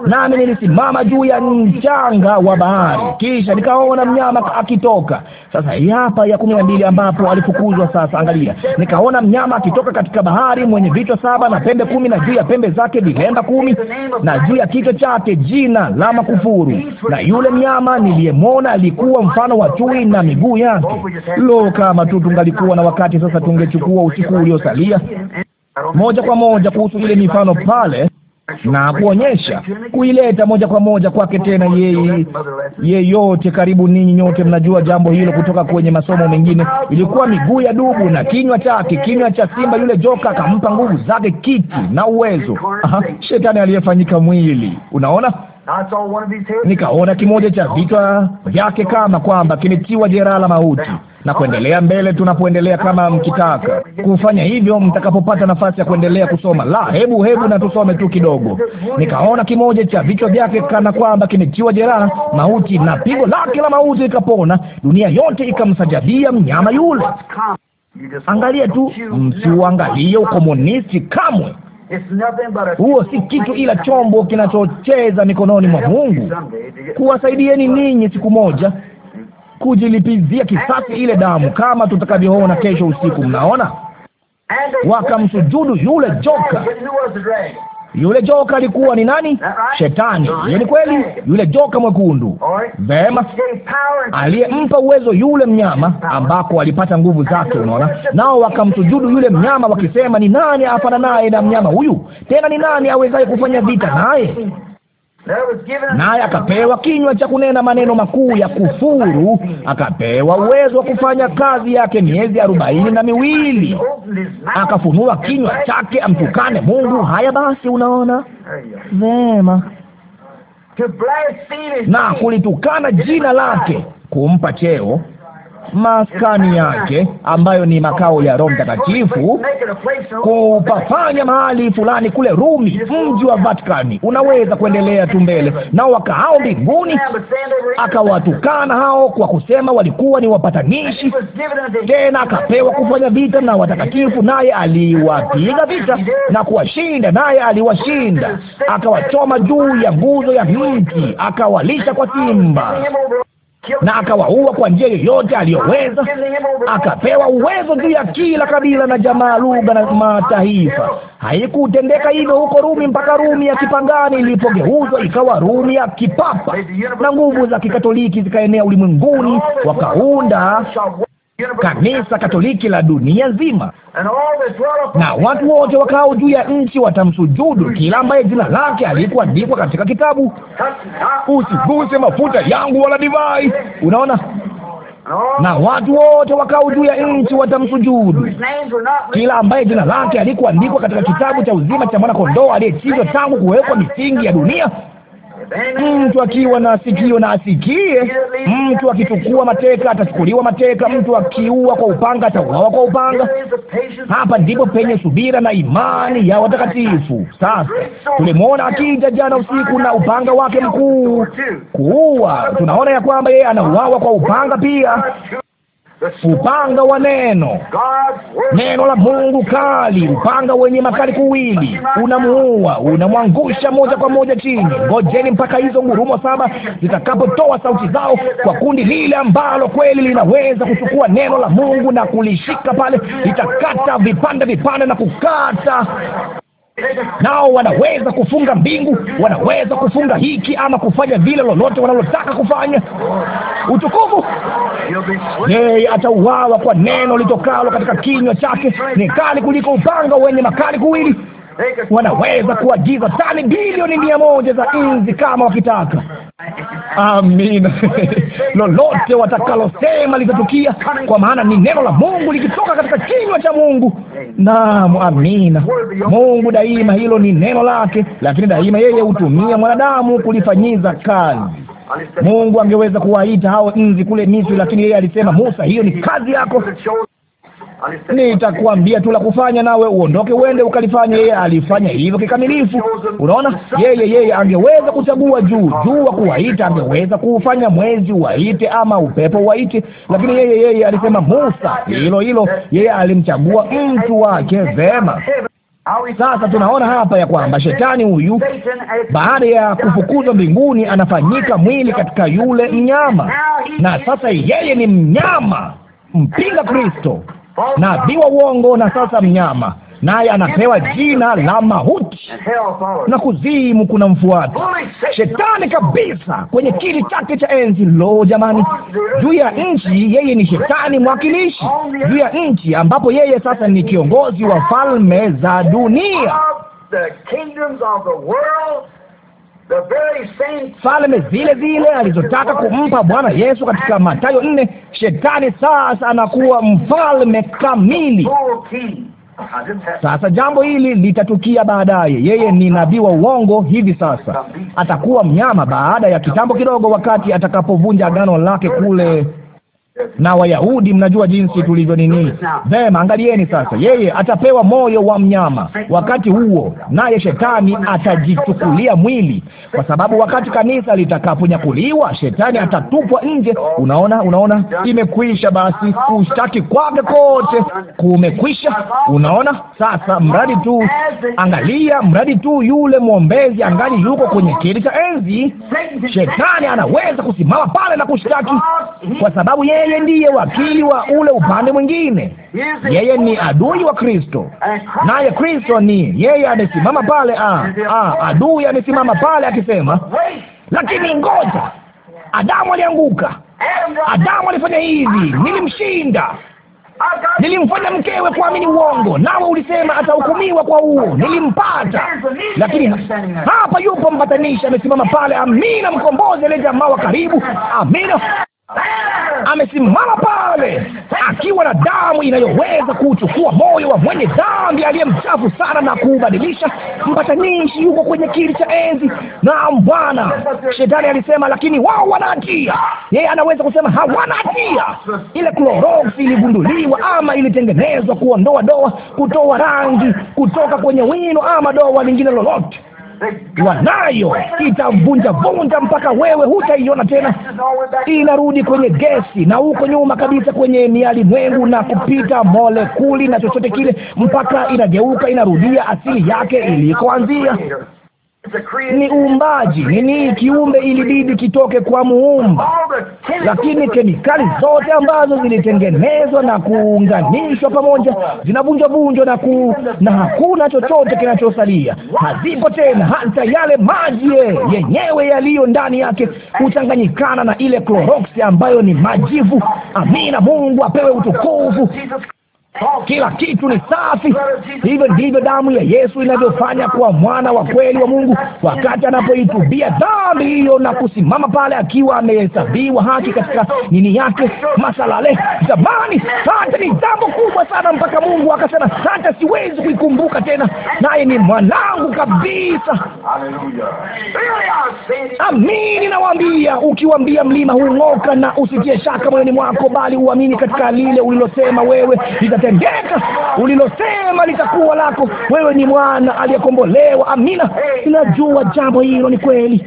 S3: nami nilisimama
S1: juu ya mchanga wa bahari, kisha nikaona mnyama akitoka. Sasa hii hapa ya kumi na mbili ambapo alifukuzwa tano sasa. Angalia, nikaona mnyama akitoka katika bahari mwenye vichwa saba na pembe kumi, na juu ya pembe zake vilemba kumi, na juu ya kichwa chake jina la makufuru. Na yule mnyama niliyemwona alikuwa mfano wa chui na miguu yake. Lo, kama tu tungalikuwa na wakati sasa, tungechukua usiku uliosalia moja kwa moja kuhusu ile mifano pale na kuonyesha kuileta moja kwa moja kwake tena. Yeye yeyote karibu ninyi nyote mnajua jambo hilo kutoka kwenye masomo mengine. Ilikuwa miguu ya dubu na kinywa chake, kinywa cha simba yule joka, akampa nguvu zake, kiti na uwezo. Aha, shetani aliyefanyika mwili. Unaona, nikaona kimoja cha vichwa vyake kama kwamba kimetiwa jeraha la mauti na kuendelea mbele tunapoendelea, kama mkitaka kufanya hivyo, mtakapopata nafasi ya kuendelea kusoma. La, hebu hebu na tusome tu kidogo. Nikaona kimoja cha vichwa vyake kana kwamba kimetiwa jeraha mauti, na pigo lake la mauti ikapona, dunia yote ikamsajabia mnyama yule. Angalia tu, msiuangalie ukomunisti kamwe.
S3: Huo si kitu ila chombo
S1: kinachocheza mikononi mwa Mungu kuwasaidieni ninyi siku moja kujilipizia kisasi ile damu, kama tutakavyoona kesho usiku. Mnaona, wakamsujudu yule joka. Yule joka alikuwa ni nani?
S3: Shetani. Yeye ni kweli,
S1: yule joka mwekundu.
S3: Vema, aliyempa
S1: uwezo yule mnyama, ambako alipata nguvu zake. Unaona, nao wakamsujudu yule mnyama wakisema, ni nani afananaye naye na mnyama huyu? Tena ni nani awezaye kufanya vita naye?
S3: naye akapewa
S1: kinywa cha kunena maneno makuu ya kufuru, akapewa uwezo wa kufanya kazi yake miezi arobaini na miwili. Akafunua kinywa chake amtukane Mungu. Haya basi, unaona vema, na kulitukana jina lake, kumpa cheo maskani yake, ambayo ni makao ya Roho Mtakatifu, kupafanya mahali fulani kule Rumi, mji wa Vatikani. Unaweza kuendelea tu mbele. Nao wakaao mbinguni, akawatukana hao kwa kusema walikuwa ni wapatanishi, tena akapewa kufanya vita na watakatifu, naye aliwapiga vita na kuwashinda, naye aliwashinda, akawachoma juu ya nguzo ya mji, akawalisha kwa simba na akawaua kwa njia yoyote aliyoweza.
S3: Akapewa
S1: uwezo juu ya kila kabila na jamaa, lugha na mataifa. Haikutendeka hivyo huko Rumi mpaka Rumi ya kipangani ilipogeuzwa ikawa Rumi ya kipapa, na nguvu za Kikatoliki zikaenea ulimwenguni, wakaunda kanisa Katoliki la dunia nzima,
S3: na watu wote wakao
S1: juu ya nchi watamsujudu kila ambaye jina lake alikuandikwa katika kitabu. Usiguse mafuta yangu wala divai. Unaona, na watu wote wakao juu ya nchi watamsujudu
S3: kila ambaye jina lake alikuandikwa katika
S1: kitabu cha uzima cha mwana kondoo aliyechinjwa tangu kuwekwa misingi ya dunia mtu akiwa na asikio na asikie. Mtu akichukua mateka atachukuliwa mateka, mtu akiua kwa upanga atauawa kwa upanga. Hapa ndipo penye subira na imani ya watakatifu. Sasa tulimwona akija jana usiku na upanga wake mkuu kuua. Tunaona ya kwamba yeye anauawa kwa upanga pia upanga wa neno, neno la Mungu kali, upanga wenye makali kuwili, unamuua, unamwangusha moja kwa moja chini. Ngojeni mpaka hizo ngurumo saba zitakapotoa sauti zao, kwa kundi lile ambalo kweli linaweza kuchukua neno la Mungu na kulishika pale, litakata vipande vipande na kukata nao wanaweza kufunga mbingu, wanaweza kufunga hiki ama kufanya vile, lolote wanalotaka kufanya. Utukufu! Yeye atauawa kwa neno litokalo katika kinywa chake, ni kali kuliko upanga wenye makali kuwili. Wanaweza kuagiza tani bilioni mia moja za inzi kama wakitaka. Amina. lolote watakalosema litatukia, kwa maana ni neno la Mungu likitoka katika kinywa cha Mungu. Naam, amina. Mungu daima, hilo ni neno lake, lakini daima yeye hutumia mwanadamu kulifanyiza kazi. Mungu angeweza kuwaita hao nzi kule Misri, lakini yeye alisema, Musa, hiyo ni kazi yako nitakuambia tu la kufanya, nawe uondoke uende ukalifanya. Yeye alifanya hivyo kikamilifu. Unaona, yeye yeye angeweza kuchagua juu juu wa kuwaita, angeweza kuufanya mwezi waite ama upepo waite, lakini yeye yeye alisema Musa, hilo hilo. Yeye alimchagua mtu wake vema. Sasa tunaona hapa ya kwamba shetani huyu
S3: baada ya kufukuzwa
S1: mbinguni anafanyika mwili katika yule mnyama, na sasa yeye ni mnyama mpinga Kristo nabii wa uongo na sasa mnyama naye anapewa jina la mauti na kuzimu kuna mfuata shetani kabisa kwenye kiti chake cha enzi. Lo, jamani, juu ya nchi yeye ni shetani mwakilishi juu ya nchi, ambapo yeye sasa ni kiongozi wa falme za dunia falme zile zile alizotaka kumpa Bwana Yesu katika Mathayo nne. Shetani sasa anakuwa mfalme kamili. Sasa jambo hili litatukia baadaye. Yeye ni nabii wa uongo hivi sasa, atakuwa mnyama baada ya kitambo kidogo, wakati atakapovunja agano lake kule na Wayahudi mnajua jinsi tulivyo nini. Vema, angalieni sasa, yeye atapewa moyo wa mnyama wakati huo, naye shetani atajichukulia mwili, kwa sababu wakati kanisa litakaponyakuliwa, shetani atatupwa nje. Unaona, unaona, imekwisha. Basi kushtaki kwake kote kumekwisha. Unaona sasa, mradi tu, angalia, mradi tu yule mwombezi angali yuko kwenye kiti cha enzi, shetani anaweza kusimama pale na kushtaki, kwa sababu yeye yeye ndiye wakili wa ule upande mwingine. Yeye ni adui wa Kristo, naye Kristo ni yeye. Amesimama pale, ah, ah, adui amesimama pale akisema, lakini ngoja, Adamu alianguka,
S3: Adamu alifanya
S1: hivi, nilimshinda
S3: nilimfanya mkewe kuamini
S1: uongo, nawe ulisema atahukumiwa kwa huo. Nilimpata, lakini hapa yupo mpatanishi, amesimama pale. Amina, mkombozi, ile jamaa wa karibu. Amina amesimama pale akiwa na damu inayoweza kuuchukua moyo wa mwenye dhambi aliye mchafu sana na kuubadilisha. Mpatanishi yuko kwenye kiti cha enzi. Naam Bwana. Shetani alisema, lakini wao wana hatia. Yeye anaweza kusema hawana hatia. Ile kloroksi iligunduliwa ama ilitengenezwa kuondoa doa, kutoa rangi kutoka kwenye wino ama doa lingine lolote wanayo itavunja vunja mpaka wewe hutaiona tena. Inarudi kwenye gesi na huko nyuma kabisa kwenye miali mwengu na kupita molekuli na chochote kile, mpaka inageuka, inarudia asili yake ilikoanzia ni uumbaji nini, kiumbe ilibidi kitoke kwa Muumba, lakini kemikali zote ambazo zilitengenezwa na kuunganishwa pamoja zinavunjwavunjwa na ku, na hakuna chochote kinachosalia, hazipo tena. Hata yale maji yenyewe yaliyo ndani yake huchanganyikana na ile kloroksi ambayo ni majivu. Amina, Mungu apewe utukufu. Oh, kila kitu ni safi. Hivyo ndivyo damu ya Yesu inavyofanya kwa mwana wa kweli wa Mungu, wakati anapoitubia dhambi hiyo na kusimama pale akiwa amehesabiwa haki katika nini yake masalale. Zamani sasa ni jambo kubwa sana, mpaka Mungu akasema sasa siwezi kuikumbuka tena, naye ni mwanangu kabisa. Amini nawaambia, ukiwambia mlima hung'oka, na usitie shaka moyoni mwako, bali uamini katika lile ulilosema wewe litatendeka, ulilosema litakuwa lako. Wewe ni mwana aliyekombolewa. Amina. Ninajua jambo hilo ni kweli.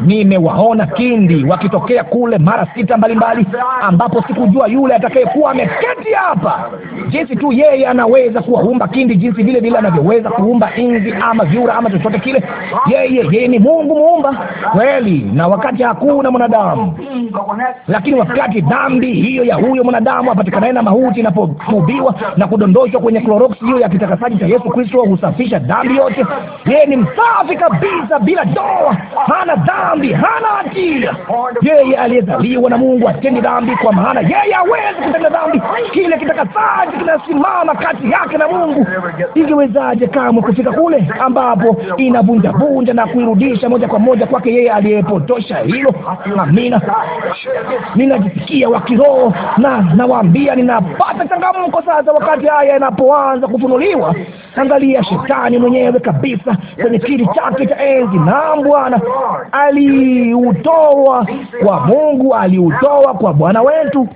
S1: Nimewaona kindi wakitokea kule mara sita mbalimbali, ambapo sikujua yule atakayekuwa ameketi hapa, jinsi tu yeye anaweza kuwaumba kindi, jinsi vile vile anavyoweza kuumba inzi ama vyura ama chochote kile. Yeye yeye ni Mungu muumba kweli, na wakati hakuna mwanadamu,
S3: lakini wakati
S1: dhambi hiyo ya huyo mwanadamu apatikanaye na mauti inapotubiwa na kudondoshwa kwenye Clorox hiyo ya kitakasaji cha Yesu Kristo, husafisha dhambi yote. Yeye ni msafi kabisa, bila doa, hana dhambi, hana hatia. Yeye aliyezaliwa na Mungu atendi dhambi, kwa maana yeye hawezi kutenda dhambi. Kile kitakasaji kinasimama kati yake na Mungu. Ingewezaje kamwe kufika kule ambapo inavunjavunja na kuirudisha moja kwa moja kwake yeye aliyepotosha hilo? Amina, ninajisikia wa kiroho na nawaambia nina Yapata changamko sasa, wakati haya yanapoanza kufunuliwa. Angalia shetani mwenyewe kabisa kwenye kiti chake cha enzi. Naam, Bwana aliutoa kwa Mungu, aliutoa kwa Bwana wetu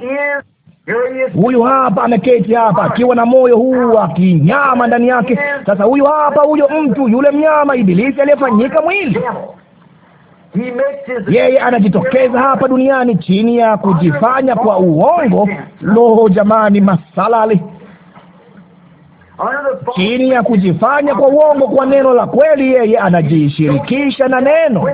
S1: Huyu hapa ameketi hapa akiwa na moyo huu wa kinyama ndani yake. Sasa huyu hapa, huyo mtu yule mnyama, Ibilisi aliyefanyika mwili
S3: yeye anajitokeza hapa
S1: duniani chini ya kujifanya kwa uongo. Lo, jamani, masalali chini ya kujifanya kwa uongo kwa neno la kweli, yeye anajishirikisha na neno.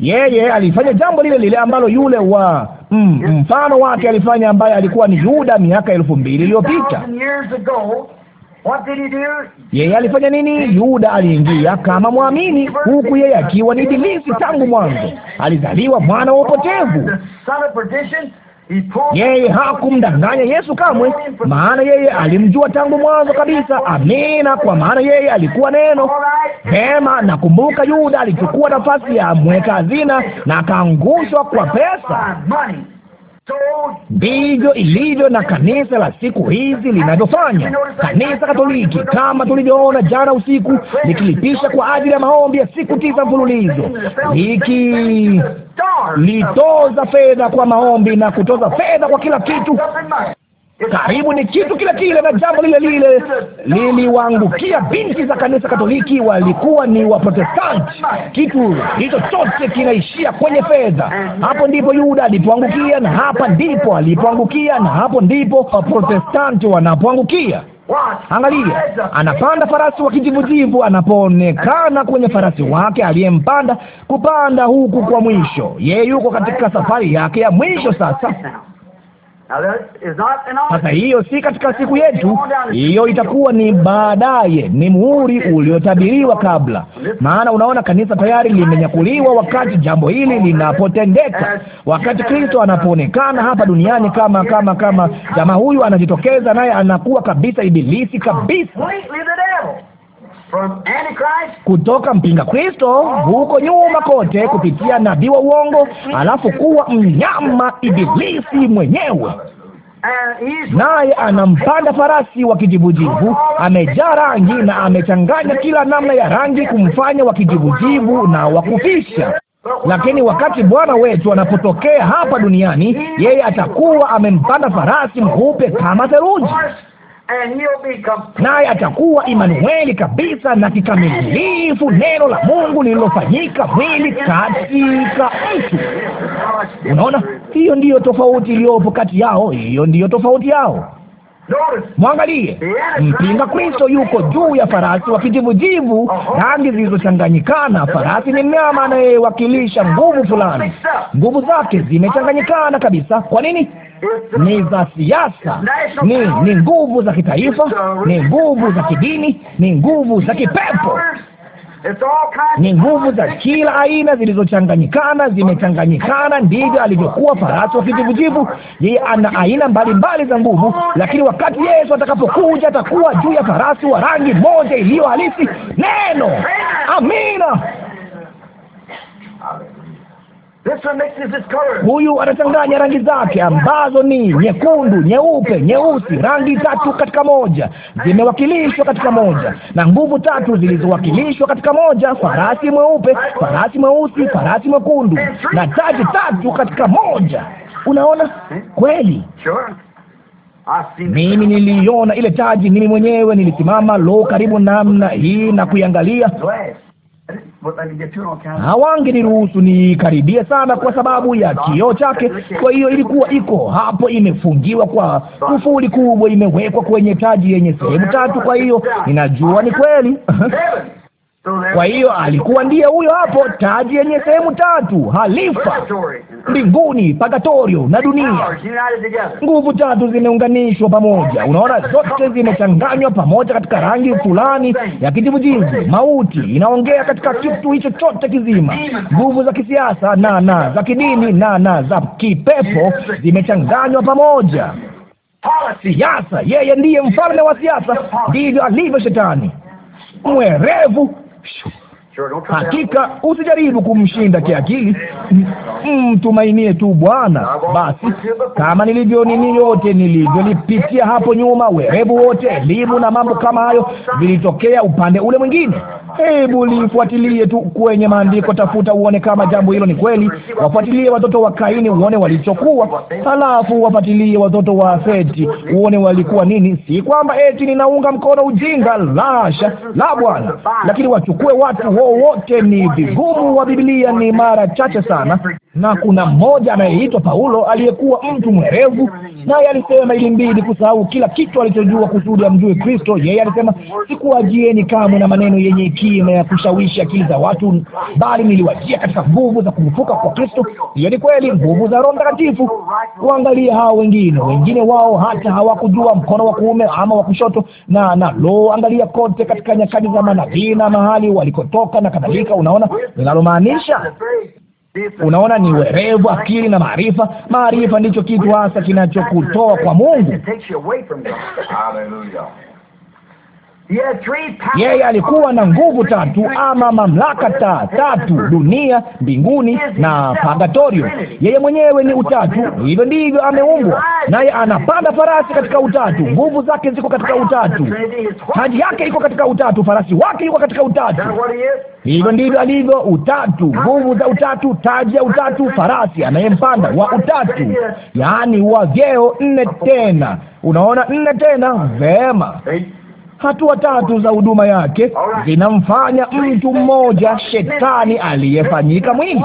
S1: Yeye alifanya jambo lile lile ambalo yule wa mm, mfano wake alifanya, ambaye alikuwa ni Yuda miaka elfu mbili iliyopita. Yeye alifanya nini? Yuda aliingia kama mwamini, huku yeye akiwa ni ibilisi tangu mwanzo. Alizaliwa mwana wa upotevu. Yeye hakumdanganya Yesu kamwe, maana yeye alimjua tangu mwanzo kabisa. Amina, kwa maana yeye alikuwa neno na Nakumbuka Yuda alichukua nafasi ya mweka hazina na akaangushwa kwa pesa. Ndivyo ilivyo na kanisa la siku hizi linavyofanya. Kanisa Katoliki, kama tulivyoona jana usiku, likilipisha kwa ajili ya maombi ya siku tisa mfululizo, likilitoza fedha kwa maombi na kutoza fedha kwa kila kitu karibu ni kitu kile kile, na jambo lile lile liliwaangukia binti za kanisa Katoliki, walikuwa ni Waprotestanti. Kitu hicho chote kinaishia kwenye fedha. Hapo ndipo Yuda alipoangukia, na hapa ndipo alipoangukia, na hapo ndipo Waprotestanti wanapoangukia.
S3: Angalia, anapanda
S1: farasi wa kijivujivu, anapoonekana kwenye farasi wake aliyempanda kupanda huku kwa mwisho. Yeye yuko katika safari yake ya mwisho sasa. Sasa hiyo si katika siku yetu, hiyo itakuwa ni baadaye, ni muhuri uliotabiriwa kabla. Maana unaona, kanisa tayari limenyakuliwa wakati jambo hili linapotendeka, wakati Kristo anapoonekana hapa duniani. Kama kama kama jamaa huyu anajitokeza, naye anakuwa kabisa ibilisi kabisa kutoka mpinga Kristo huko nyuma kote, kupitia nabii wa uongo, alafu kuwa mnyama Ibilisi mwenyewe naye anampanda farasi wa kijivujivu, amejaa rangi na amechanganya kila namna ya rangi kumfanya wa kijivujivu na wakufisha. Lakini wakati Bwana wetu anapotokea hapa duniani, yeye atakuwa amempanda farasi mweupe kama theluji naye atakuwa Imanueli kabisa na kikamilifu, neno la Mungu lililofanyika mwili katika mtu. Unaona, hiyo ndiyo tofauti iliyopo kati yao, hiyo ndiyo tofauti yao.
S3: Mwangalie, mpinga Kristo
S1: yuko juu ya farasi wa kijivujivu, uh-huh. rangi zilizochanganyikana. Farasi ni mnyama anayewakilisha nguvu fulani, nguvu zake zimechanganyikana kabisa. Kwa nini? ni za siasa, ni ni nguvu za kitaifa, ni nguvu za kidini, ni nguvu za kipepo ni nguvu za kila aina zilizochanganyikana, zimechanganyikana. Ndivyo alivyokuwa farasi wa kijivujivu. Yeye ana aina mbalimbali za nguvu, lakini wakati Yesu atakapokuja atakuwa juu ya farasi wa rangi moja iliyo halisi. Neno. Amina.
S3: Huyu anachanganya rangi zake
S1: ambazo ni nyekundu, nyeupe, nyeusi, rangi tatu katika moja zimewakilishwa katika moja, na nguvu tatu zilizowakilishwa katika moja: farasi mweupe, farasi mweusi, farasi mwekundu, na taji tatu katika moja. Unaona kweli? Mimi niliona ile taji, mimi mwenyewe nilisimama lo, karibu namna hii na kuiangalia hawangeniruhusu nikaribie sana kwa sababu ya kioo chake. Kwa hiyo ilikuwa iko hapo, imefungiwa kwa kufuli kubwa, imewekwa kwenye taji yenye sehemu tatu. Kwa hiyo ninajua ni kweli
S3: Kwa hiyo alikuwa
S1: ndiye huyo hapo, taji yenye sehemu tatu, halifa mbinguni, pagatorio na dunia. Nguvu tatu zimeunganishwa pamoja, unaona, zote zimechanganywa pamoja katika rangi fulani ya kijivujivu. Mauti inaongea katika kitu hicho chote kizima, nguvu za kisiasa na na za kidini na na za kipepo zimechanganywa pamoja. Siasa, yeye ndiye mfalme wa siasa, ndivyo alivyo shetani mwerevu все. Hakika usijaribu kumshinda kiakili, mtumainie tu Bwana. Basi kama nilivyo nini, yote nilivyolipitia hapo nyuma, werevu wote, elimu na mambo kama hayo, vilitokea upande ule mwingine. Hebu lifuatilie tu kwenye maandiko, tafuta uone kama jambo hilo ni kweli. Wafuatilie watoto wa Kaini uone walichokuwa, halafu wafuatilie watoto wa Seti uone walikuwa nini. Si kwamba eti ninaunga mkono ujinga, lasha la Bwana, lakini wachukue watu wowote ni vigumu wa Biblia ni mara chache sana, na kuna mmoja anayeitwa Paulo aliyekuwa mtu mwerevu, naye alisema ilimbidi kusahau kila kitu alichojua kusudi amjue Kristo. Yeye alisema sikuwajieni kamwe na maneno yenye kima ya kushawishi akili za watu, bali niliwajia katika nguvu za kufufuka kwa Kristo. Hiyo ni kweli, nguvu za Roho Mtakatifu. Waangalie hao wengine, wengine wao hata hawakujua mkono wa kuume ama wa kushoto, na na lo, angalia kote katika nyakati za manabii na mahali walikotoka kuokoka na kadhalika. Unaona linalomaanisha?
S3: Unaona, ni werevu, akili na maarifa.
S1: Maarifa ndicho kitu hasa kinachokutoa kwa Mungu.
S3: Yeye alikuwa
S1: na nguvu tatu ama mamlaka ta, tatu: dunia, mbinguni na pagatorio. Yeye mwenyewe ni utatu, hivyo ndivyo ameumbwa, naye anapanda farasi katika utatu. Nguvu zake ziko katika utatu, taji yake iko katika utatu, farasi wake yuko katika utatu. Hivyo ndivyo alivyo, utatu, nguvu za utatu, taji ya utatu, farasi anayempanda wa utatu, yaani wa vyeo nne tena. Unaona, nne tena, vema hatua tatu za huduma yake zinamfanya mtu mmoja shetani aliyefanyika mwili.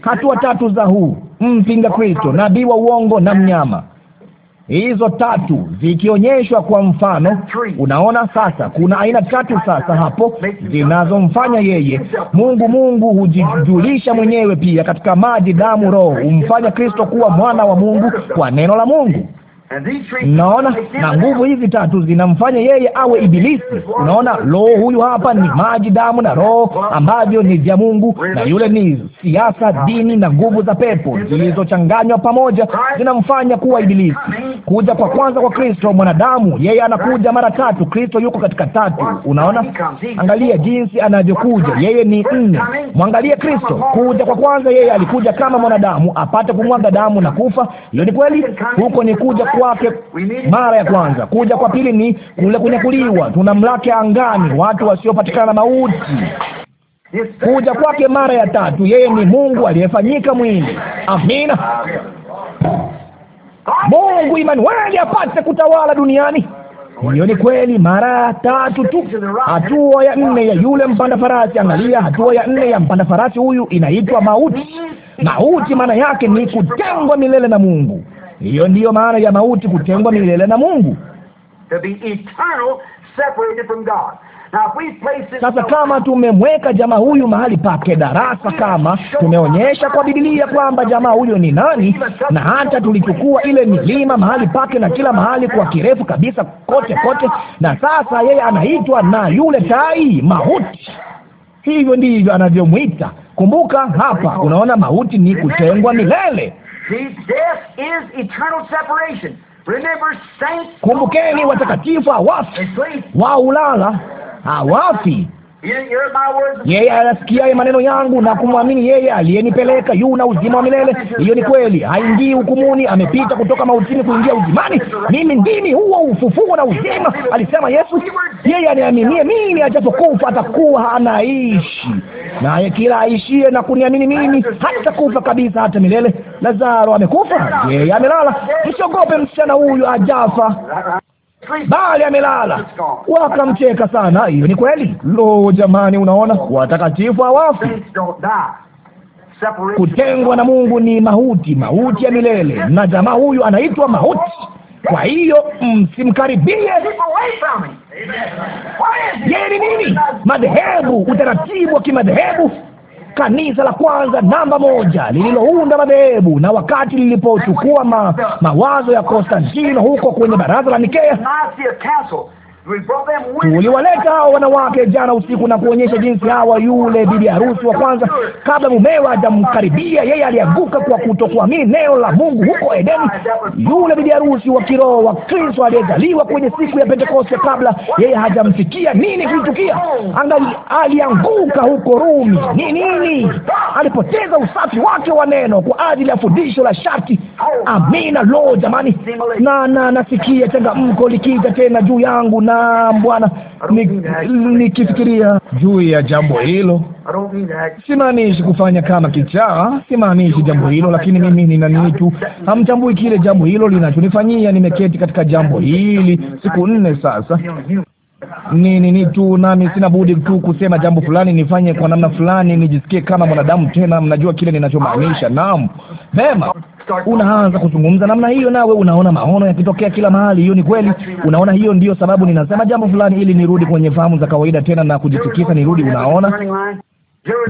S3: Hatua tatu
S1: za huu mpinga Kristo, nabii wa uongo na mnyama hizo tatu zikionyeshwa kwa mfano. Unaona, sasa kuna aina tatu sasa hapo zinazomfanya yeye Mungu. Mungu hujijulisha mwenyewe pia katika maji, damu, Roho humfanya Kristo kuwa mwana wa Mungu kwa neno la Mungu.
S3: Naona na nguvu
S1: hizi tatu zinamfanya yeye awe ibilisi. unaona roho huyu hapa ni maji, damu na roho, ambavyo ni vya Mungu, na yule ni siasa, dini na nguvu za pepo zilizochanganywa pamoja, zinamfanya kuwa ibilisi. Kuja kwa kwanza kwa Kristo mwanadamu, yeye anakuja mara tatu. Kristo yuko katika tatu. Unaona, angalia jinsi anavyokuja, yeye ni nne. Mwangalie Kristo kuja kwa kwanza, yeye alikuja kama mwanadamu apate kumwaga damu na kufa. Hiyo ni kweli, huko ni kuja kwake mara ya kwanza. Kuja kwa pili ni kule kunyakuliwa, tunamlaka angani, watu wasiopatikana na mauti. Kuja kwake mara ya tatu, yeye ni Mungu aliyefanyika mwili. Amina. Mungu Imanueli apate kutawala duniani. Hiyo ni kweli, mara tatu tu. Hatua ya nne ya yule mpanda farasi. Angalia, hatua ya nne ya mpanda farasi huyu inaitwa mauti.
S3: Mauti maana
S1: yake ni kutengwa milele na Mungu. Hiyo ndiyo maana ya mauti, kutengwa milele na Mungu. Sasa kama tumemweka jamaa huyu mahali pake darasa, kama tumeonyesha kwa Biblia kwamba jamaa huyo ni nani, na hata tulichukua ile milima mahali pake na kila mahali kwa kirefu kabisa kote kote, na sasa yeye anaitwa na yule tai mauti. Hivyo ndivyo anavyomwita. Kumbuka hapa, unaona mauti ni kutengwa milele.
S3: death
S1: Kumbukeni, watakatifu hawafi, waulala hawafi, Yeye ayasikiaye maneno yangu na kumwamini yeye aliyenipeleka yu na uzima wa milele. Hiyo ni kweli, haingii hukumuni, amepita kutoka mautini kuingia uzimani. Mimi ndimi huo ufufuo na uzima, alisema Yesu. Yeye aniaminie mimi, ajapokufa atakuwa anaishi, naye kila aishie na kuniamini mimi kufa kabisa hata milele. Lazaro amekufa, yeye amelala. Msiogope, msichana huyu ajafa bali amelala. Wakamcheka sana. Hiyo ni kweli. Lo, jamani, unaona watakatifu hawafi. Kutengwa na Mungu ni mauti, mauti ya milele, na jamaa huyu anaitwa mauti. Kwa hiyo msimkaribie.
S3: Yeye ni nini? Madhehebu, utaratibu wa kimadhehebu
S1: kanisa la kwanza namba moja lililounda madhehebu, na wakati lilipochukua ma, mawazo ya Konstantino huko kwenye baraza la Nikea Tuliwaleta hao wanawake jana usiku na kuonyesha jinsi hawa, yule bibi harusi wa kwanza, kabla mumewe hajamkaribia yeye alianguka kwa kutokuamini neno la Mungu huko Edeni. Yule bibi harusi wa kiroho wa Kristo aliyezaliwa kwenye siku ya Pentekoste, kabla yeye hajamfikia, nini kilitukia? Angali alianguka huko Rumi. Ni nini? Alipoteza usafi wake wa neno kwa ajili ya fundisho la sharti. Amina. Lo, jamani, na na nasikia changamko likija tena juu yangu na naam Bwana, nikifikiria juu ya jambo hilo, simaanishi kufanya kama kichaa, simaanishi jambo hilo, lakini mimi nina nitu, hamtambui kile jambo hilo linachonifanyia. Nimeketi katika jambo hili siku nne sasa ni ni tu nami sina budi tu kusema jambo fulani, nifanye kwa namna fulani, nijisikie kama mwanadamu tena. Mnajua kile ninachomaanisha? Naam, vema unaanza kuzungumza namna hiyo, nawe unaona maono yakitokea kila mahali. Hiyo ni kweli, unaona. Hiyo ndiyo sababu ninasema jambo fulani, ili nirudi kwenye fahamu za kawaida tena na kujitikisa, nirudi. Unaona.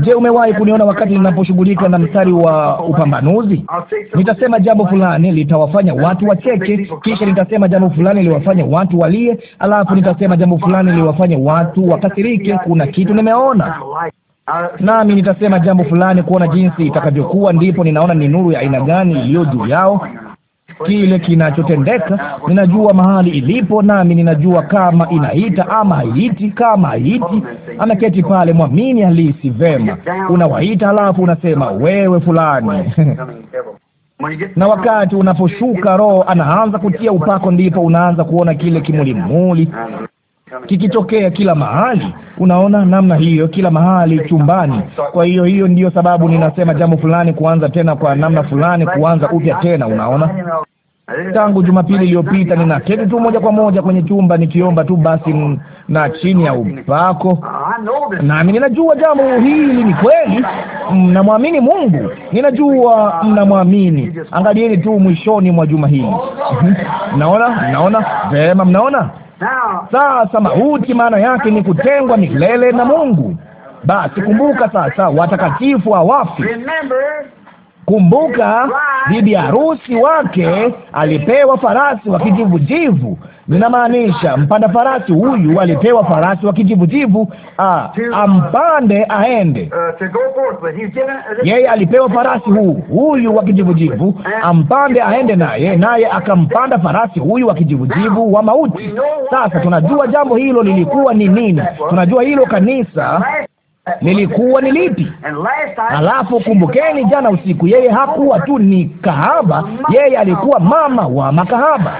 S1: Je, umewahi kuniona wakati ninaposhughulika na mstari wa upambanuzi? Nitasema jambo fulani litawafanya watu wacheke, kisha nitasema jambo fulani liwafanye watu walie, alafu nitasema jambo fulani liwafanye watu wakasirike. Kuna kitu nimeona nami nitasema jambo fulani kuona jinsi itakavyokuwa, ndipo ninaona ni nuru ya aina gani iliyo juu yao kile kinachotendeka. Ninajua mahali ilipo, nami ninajua kama inaita ama haiti. Kama haiti, anaketi pale mwamini halisi. Vema, unawaita halafu unasema wewe fulani na wakati unaposhuka Roho anaanza kutia upako, ndipo unaanza kuona kile kimulimuli kikitokea kila mahali. Unaona namna hiyo, kila mahali chumbani. Kwa hiyo hiyo ndiyo sababu ninasema jambo fulani kuanza tena, kwa namna fulani kuanza upya tena. Unaona,
S3: tangu Jumapili iliyopita
S1: keti tu moja kwa moja kwenye chumba nikiomba tu basi, na chini ya upako, nami ninajua jambo hili ni kweli. Mnamwamini Mungu, ninajua mnamwamini. Angalieni tu mwishoni mwa juma hili. Mnaona, mnaona vema, mnaona sasa mauti maana yake ni kutengwa milele na Mungu. Basi kumbuka sasa, watakatifu hawafi. Kumbuka bibi harusi wake alipewa farasi wa kijivujivu. Ninamaanisha mpanda farasi huyu alipewa farasi wa kijivujivu ampande aende.
S3: Yeye alipewa farasi huu
S1: huyu wa kijivujivu ampande aende naye, naye akampanda farasi huyu wa kijivujivu wa mauti. Sasa tunajua jambo hilo lilikuwa ni nini. Tunajua hilo kanisa nilikuwa nilipi? Alafu kumbukeni, jana usiku yeye hakuwa tu ni kahaba, yeye alikuwa mama wa makahaba.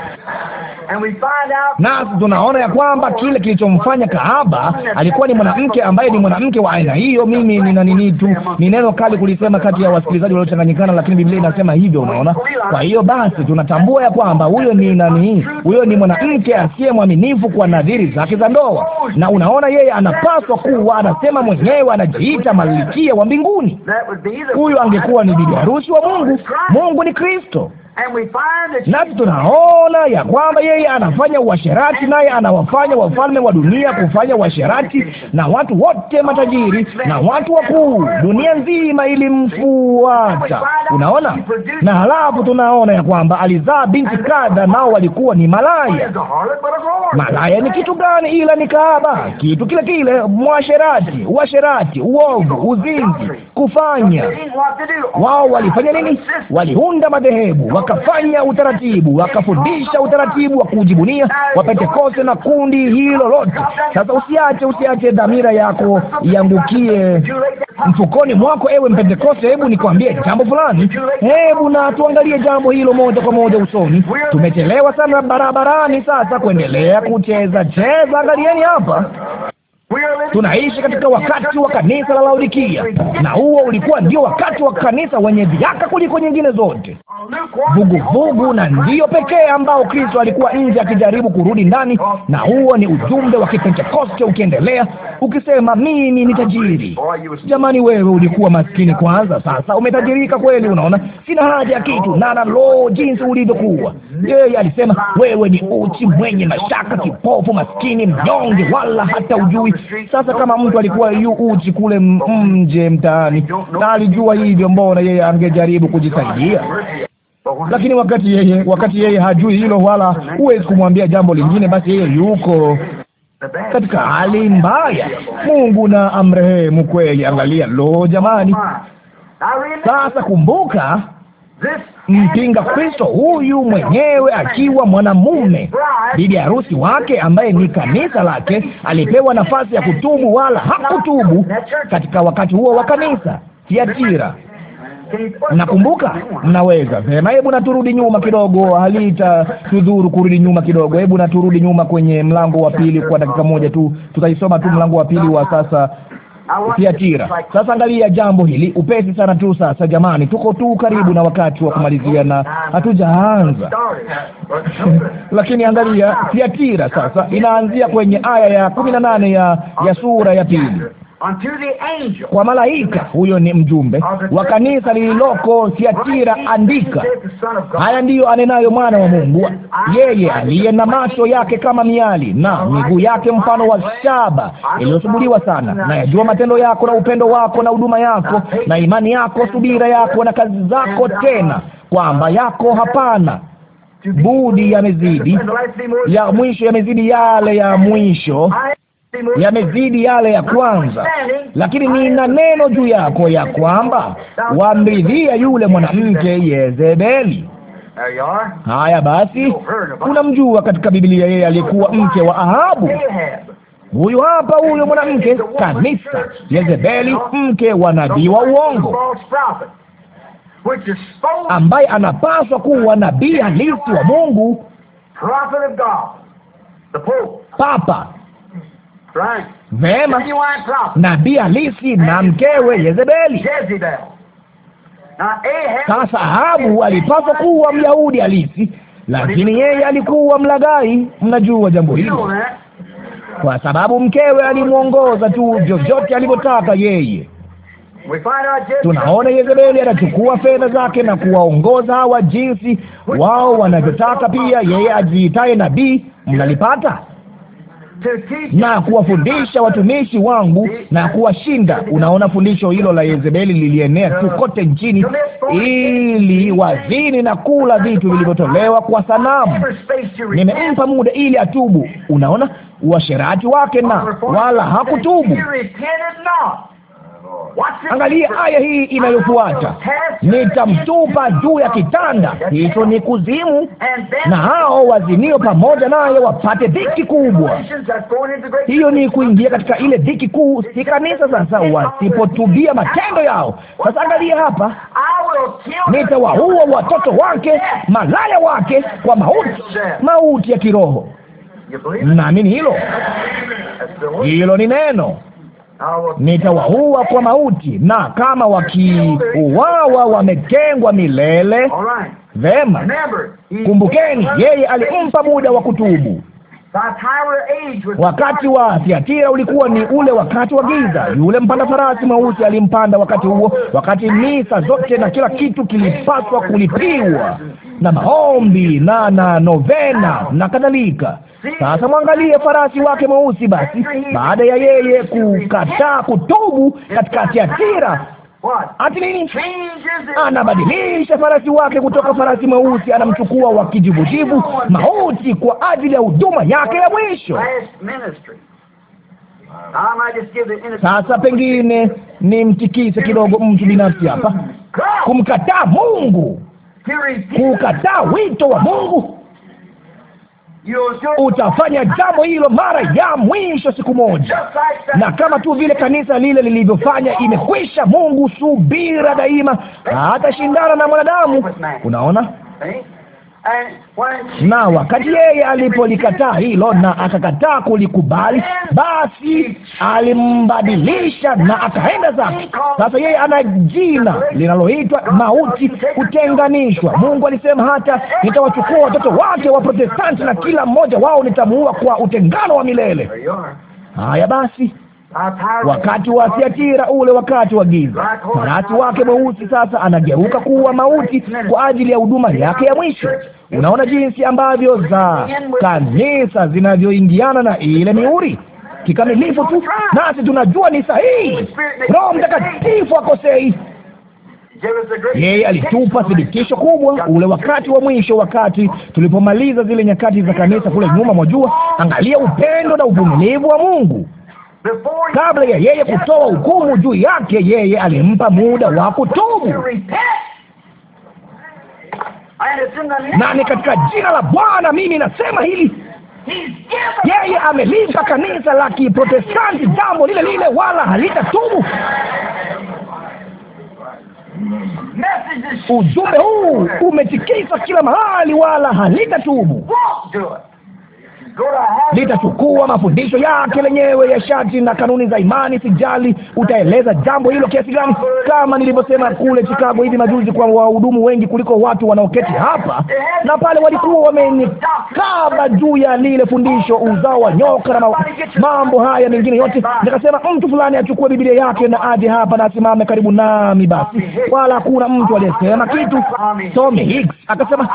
S1: Na tunaona ya kwamba kile kilichomfanya kahaba alikuwa ni mwanamke ambaye ni mwanamke wa aina hiyo. Mimi nina nini tu, ni neno kali kulisema kati ya wasikilizaji waliochanganyikana, lakini Biblia inasema hivyo, unaona. Kwa hiyo basi tunatambua ya kwamba huyo ni nani? Huyo ni mwanamke asiye mwaminifu kwa nadhiri zake za ndoa, na unaona, yeye anapaswa kuwa anasema mwenyewe mwenyewe anajiita malikia wa mbinguni.
S3: huyo angekuwa ni bibi harusi wa Mungu. Mungu ni Kristo nasi tunaona
S1: ya kwamba yeye anafanya uasherati, naye anawafanya wafalme wa dunia kufanya uasherati, na watu wote matajiri na watu wakuu, dunia nzima ilimfuata. Unaona, na halafu tunaona ya kwamba alizaa binti kadha, nao walikuwa ni malaya. Malaya ni kitu gani? Ila ni kaaba, kitu kile kile, mwasherati, uasherati, uovu, uzinzi, kufanya.
S3: Wao walifanya nini? Waliunda
S1: madhehebu wakafanya utaratibu, wakafundisha utaratibu wa kujibunia Wapentekoste na kundi hilo lote. Sasa usiache, usiache dhamira yako iangukie mfukoni mwako, ewe Mpentekoste. Hebu nikwambie jambo fulani, hebu na tuangalie jambo hilo moja kwa moja usoni. Tumechelewa sana barabarani sasa kuendelea kucheza cheza. Angalieni hapa Tunaishi katika wakati wa kanisa la Laodikia, na huo ulikuwa ndio wakati wa kanisa wenye dhihaka kuliko nyingine zote, vuguvugu, na ndiyo pekee ambao Kristo alikuwa nje akijaribu kurudi ndani, na huo ni ujumbe wa Kipentekoste ukiendelea ukisema, mimi ni tajiri. Jamani, wewe ulikuwa maskini kwanza, sasa umetajirika kweli. Unaona, sina haja ya kitu nana. Lo, jinsi ulivyokuwa! Yeye alisema, wewe ni uchi, mwenye mashaka, kipofu, maskini, mnyonge, wala hata ujui sasa kama mtu alikuwa yu uchi kule mje mtaani na alijua hivyo, mbona yeye angejaribu kujisaidia? Lakini wakati yeye wakati yeye hajui hilo, wala huwezi kumwambia jambo lingine, basi yeye yuko katika hali mbaya. Mungu na amrehemu kweli. Angalia, lo jamani! Sasa kumbuka mpinga Kristo huyu mwenyewe akiwa mwanamume, bibi harusi wake ambaye ni kanisa lake, alipewa nafasi ya kutubu, wala hakutubu katika wakati huo wa kanisa Tiatira.
S3: nakumbuka
S1: Mnaweza sema, hebu naturudi nyuma kidogo, halita tudhuru kurudi nyuma kidogo. Hebu naturudi nyuma kwenye mlango wa pili kwa dakika moja tu, tutaisoma tu mlango wa pili wa sasa kiatira Sasa angalia jambo hili upesi sana tu. Sasa jamani, tuko tu karibu na wakati wa kumalizia na hatujaanza lakini angalia kiatira sasa inaanzia kwenye aya ya kumi na nane ya, ya sura ya pili kwa malaika huyo ni mjumbe wa kanisa lililoko Siatira. andika haya ndiyo anenayo mwana wa Mungu, yeye aliye na macho yake kama miali na miguu yake mfano wa shaba iliyosuguliwa sana, na yajua matendo yako na upendo wako na huduma yako na imani yako, subira yako na kazi zako, uh, tena kwamba yako hapana budi yamezidi
S3: ya mwisho,
S1: yamezidi yale ya mwisho
S3: yamezidi yale ya kwanza, lakini
S1: nina neno juu yako ya kwamba wamridhia yule mwanamke Yezebeli.
S3: Haya basi, unamjua
S1: katika Biblia, yeye aliyekuwa mke wa Ahabu. Huyu hapa, huyo mwanamke kanisa, Yezebeli, mke wa nabii wa uongo ambaye anapaswa kuwa nabii halisi wa Mungu, Papa Vema, nabii halisi na mkewe Yezebeli. Sasa Ahabu alipaswa kuwa Myahudi halisi, lakini yeye alikuwa mlagai Mnajua jambo hilo, kwa sababu mkewe alimwongoza tu vyovyote alivyotaka yeye. Tunaona Yezebeli anachukua fedha zake na kuwaongoza hawa jinsi wao wanavyotaka. Pia yeye ajiitaye nabii, mnalipata na kuwafundisha watumishi wangu na kuwashinda. Unaona, fundisho hilo la Yezebeli lilienea tu kote nchini, ili wazini na kula vitu vilivyotolewa kwa sanamu. Nimempa muda ili atubu. Unaona uasherati wake, na wala hakutubu.
S3: Angalia aya hii inayofuata, nitamtupa
S1: juu ya kitanda hicho, ni kuzimu,
S3: na hao
S1: wazinio pamoja naye wapate dhiki kubwa. Hiyo ni kuingia katika ile dhiki kuu, si kanisa sasa, wasipotubia matendo yao. Sasa angalia hapa,
S3: nitawaua
S1: watoto wake, malaya wake kwa mauti, mauti ya kiroho. Naamini hilo?
S3: Hilo ni neno
S1: nitawaua kwa mauti, na kama wakiuawa wametengwa milele. Vema, kumbukeni, yeye alimpa muda wa kutubu. Wakati wa Thiatira ulikuwa ni ule wakati wa giza. Yule mpanda farasi mauti alimpanda wakati huo, wakati misa zote na kila kitu kilipaswa kulipiwa na maombi na na novena na kadhalika. Sasa mwangalie farasi wake mweusi. Basi baada ya yeye kukataa kutubu katika Thiatira, Ati nini? Anabadilisha farasi wake kutoka farasi mweusi, anamchukua wa kijivujivu mauti kwa ajili ya huduma yake ya mwisho. Sasa pengine nimtikise kidogo mtu binafsi hapa, kumkataa Mungu, kukataa wito wa Mungu utafanya jambo hilo mara ya mwisho siku moja,
S3: na kama tu vile
S1: kanisa lile lilivyofanya. Imekwisha. Mungu subira daima hatashindana na mwanadamu. Unaona? Na wakati yeye alipolikataa hilo na akakataa kulikubali, basi alimbadilisha na akaenda zake. Sasa yeye ana jina linaloitwa mauti, kutenganishwa. Mungu alisema hata nitawachukua watoto wake wa Protestanti na kila mmoja wao nitamuua kwa utengano wa milele. Haya basi
S3: wakati wa
S1: Thiatira, ule wakati wa giza, farasi wake mweusi sasa anageuka kuwa mauti kwa ajili ya huduma yake ya mwisho. Unaona jinsi ambavyo za kanisa zinavyoingiana na ile mihuri kikamilifu tu, nasi tunajua ni sahihi. Roho Mtakatifu akosei yeye alitupa thibitisho kubwa ule wakati wa mwisho, wakati tulipomaliza zile nyakati za kanisa kule nyuma. Mwajua, angalia upendo na uvumilivu wa Mungu. Kabla ya yeye kutoa hukumu juu yake, yeye alimpa muda wa kutubu
S3: na ni katika jina la
S1: Bwana mimi nasema hili.
S3: Yeye amelipa kanisa
S1: la Kiprotestanti jambo lile lile, wala halitatubu.
S3: Ujumbe huu umetikisa kila mahali, wala halitatubu
S1: litachukua mafundisho yake lenyewe ya shati na kanuni za imani. Sijali utaeleza jambo hilo kiasi gani, kama nilivyosema kule Chicago hivi majuzi, kwa wahudumu wengi kuliko watu wanaoketi hapa, na pale walikuwa wamenikaba juu ya lile fundisho, uzao wa nyoka na mambo haya mengine yote. Nikasema mtu fulani achukue Biblia yake na aje hapa na asimame karibu nami, basi wala hakuna mtu aliyesema kitu. Tommy Hicks akasema,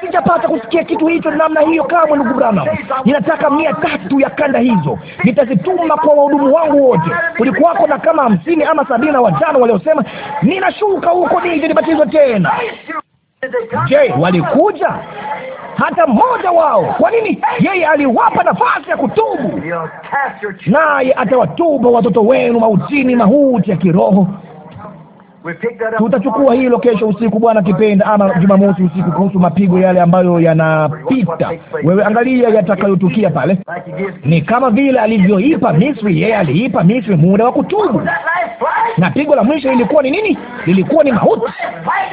S1: sijapata kusikia kitu hicho namna hiyo kamwe, ndugu Branham ninataka mia tatu ya kanda hizo, nitazituma kwa wahudumu wangu wote. Kulikuwako na kama hamsini ama sabini na watano waliosema ninashuka huko nije nibatizwe tena. Je, walikuja? Hata mmoja wao. Kwa nini? Yeye aliwapa nafasi ya kutubu, naye atawatuba watoto wenu mautini, mauti ya kiroho
S3: tutachukua hilo
S1: kesho usiku, Bwana kipenda, ama Jumamosi usiku, kuhusu mapigo yale ambayo yanapita. Wewe angalia yatakayotukia pale. Ni kama vile alivyoipa Misri, yeye aliipa Misri muda wa kutubu na pigo la mwisho lilikuwa ni nini? Lilikuwa ni mauti.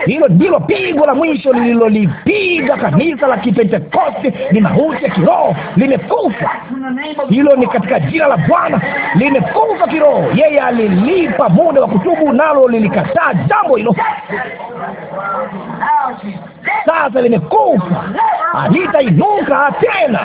S1: Hilo ndilo pigo la mwisho lililolipiga kanisa la Kipentekoste, ni mauti ya kiroho, limekufa. Hilo ni katika jina la Bwana, limekufa kiroho. Yeye alilipa muda wa kutubu, nalo lilikataa jambo hilo. Sasa limekufa, alitainuka tena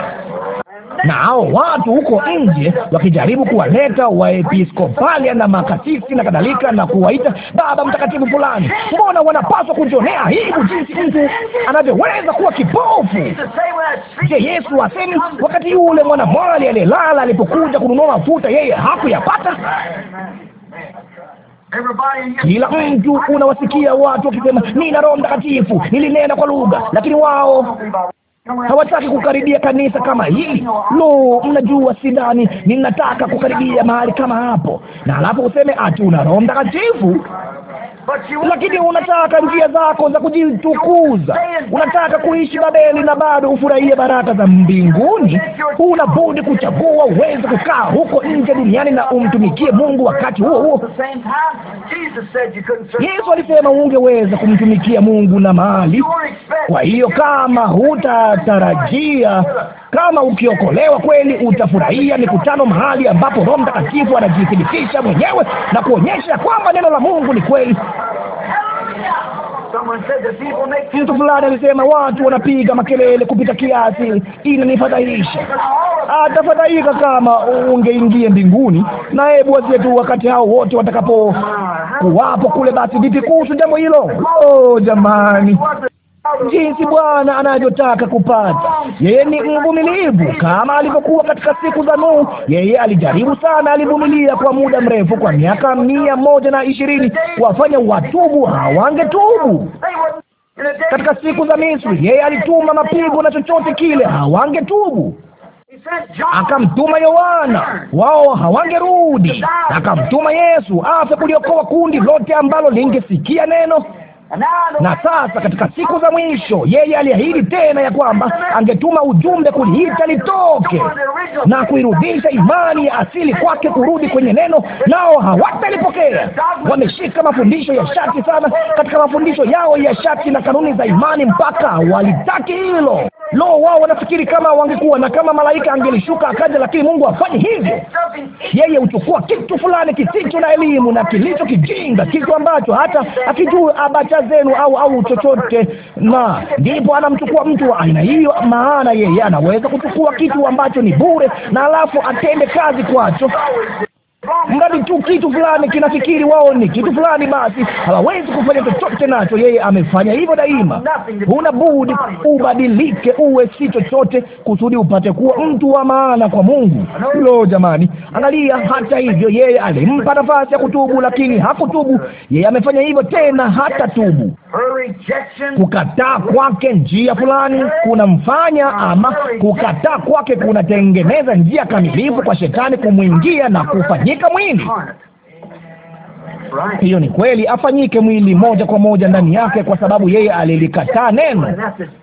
S1: na hao watu huko nje wakijaribu kuwaleta waepiskopalia na makasisi na kadhalika, na kuwaita baba mtakatifu fulani. Mbona wanapaswa kujionea aibu jinsi mtu anavyoweza kuwa kipofu?
S3: Je, Yesu asemi wakati yule mwanamwali aliyelala
S1: alipokuja kununua mafuta, yeye hakuyapata?
S3: Kila mtu unawasikia
S1: watu wakisema, na Roho Mtakatifu, nilinena kwa lugha, lakini wao
S3: hawataki kukaribia kanisa kama hili.
S1: Lo, mnajua, sidhani ninataka kukaribia mahali kama hapo, na alafu useme ati una Roho Mtakatifu lakini unataka njia zako za kujitukuza, unataka kuishi Babeli na bado ufurahie baraka za mbinguni. Huna budi kuchagua. Uweze kukaa huko nje duniani na umtumikie Mungu wakati huo huo. Yesu alisema ungeweza kumtumikia Mungu na mali. Kwa hiyo kama huta unatarajia kama ukiokolewa kweli utafurahia mikutano mahali ambapo Roho Mtakatifu anajithibitisha mwenyewe na kuonyesha kwamba neno la Mungu ni kweli. Mtu fulani alisema watu wanapiga makelele kupita kiasi, inanifadhaisha. Atafadhaika kama ungeingia mbinguni. Na hebu wazie tu wakati hao wote watakapo kuwapo kule, basi vipi kuhusu jambo hilo? Oh, jamani jinsi Bwana anavyotaka kupata. Yeye ni mvumilivu kama alivyokuwa katika siku za Nuhu. Yeye alijaribu sana, alivumilia kwa muda mrefu, kwa miaka mia moja na ishirini kuwafanya watubu. Hawangetubu.
S3: Katika siku za Misri
S1: yeye alituma mapigo na chochote kile, hawangetubu. Akamtuma Yohana, wao hawangerudi. Akamtuma Yesu afe kuliokoa kundi lote ambalo lingesikia neno na sasa katika siku za mwisho, yeye aliahidi tena ya kwamba angetuma ujumbe kuliita litoke na kuirudisha imani ya asili kwake kurudi kwenye neno, nao hawatalipokea. Wameshika mafundisho ya shati sana katika mafundisho yao ya shati na kanuni za imani mpaka walitaki hilo. Lo, wao wanafikiri kama wangekuwa na kama malaika angelishuka akaja, lakini Mungu afanye hivyo. Yeye huchukua kitu fulani kisicho na elimu na kilicho kijinga, kitu ambacho hata akijui abacha zenu au au chochote, na ndipo anamchukua mtu wa aina hiyo, maana yeye anaweza kuchukua kitu ambacho ni bure na alafu atende kazi kwacho. Mradi tu kitu fulani kinafikiri wao ni kitu fulani, basi hawawezi kufanya chochote nacho. Yeye amefanya hivyo daima. Huna budi ubadilike, uwe si chochote, kusudi upate kuwa mtu wa maana kwa Mungu. Lo, jamani, angalia. Hata hivyo, yeye alimpa nafasi ya kutubu, lakini hakutubu. Yeye amefanya hivyo tena, hata tubu.
S3: Kukataa kwake njia fulani kunamfanya ama kukataa kwake kunatengeneza
S1: njia kamilifu kwa shetani kumwingia na kufanya kufanyika mwili. Hiyo ni kweli, afanyike mwili moja kwa moja ndani yake, kwa sababu yeye alilikataa neno,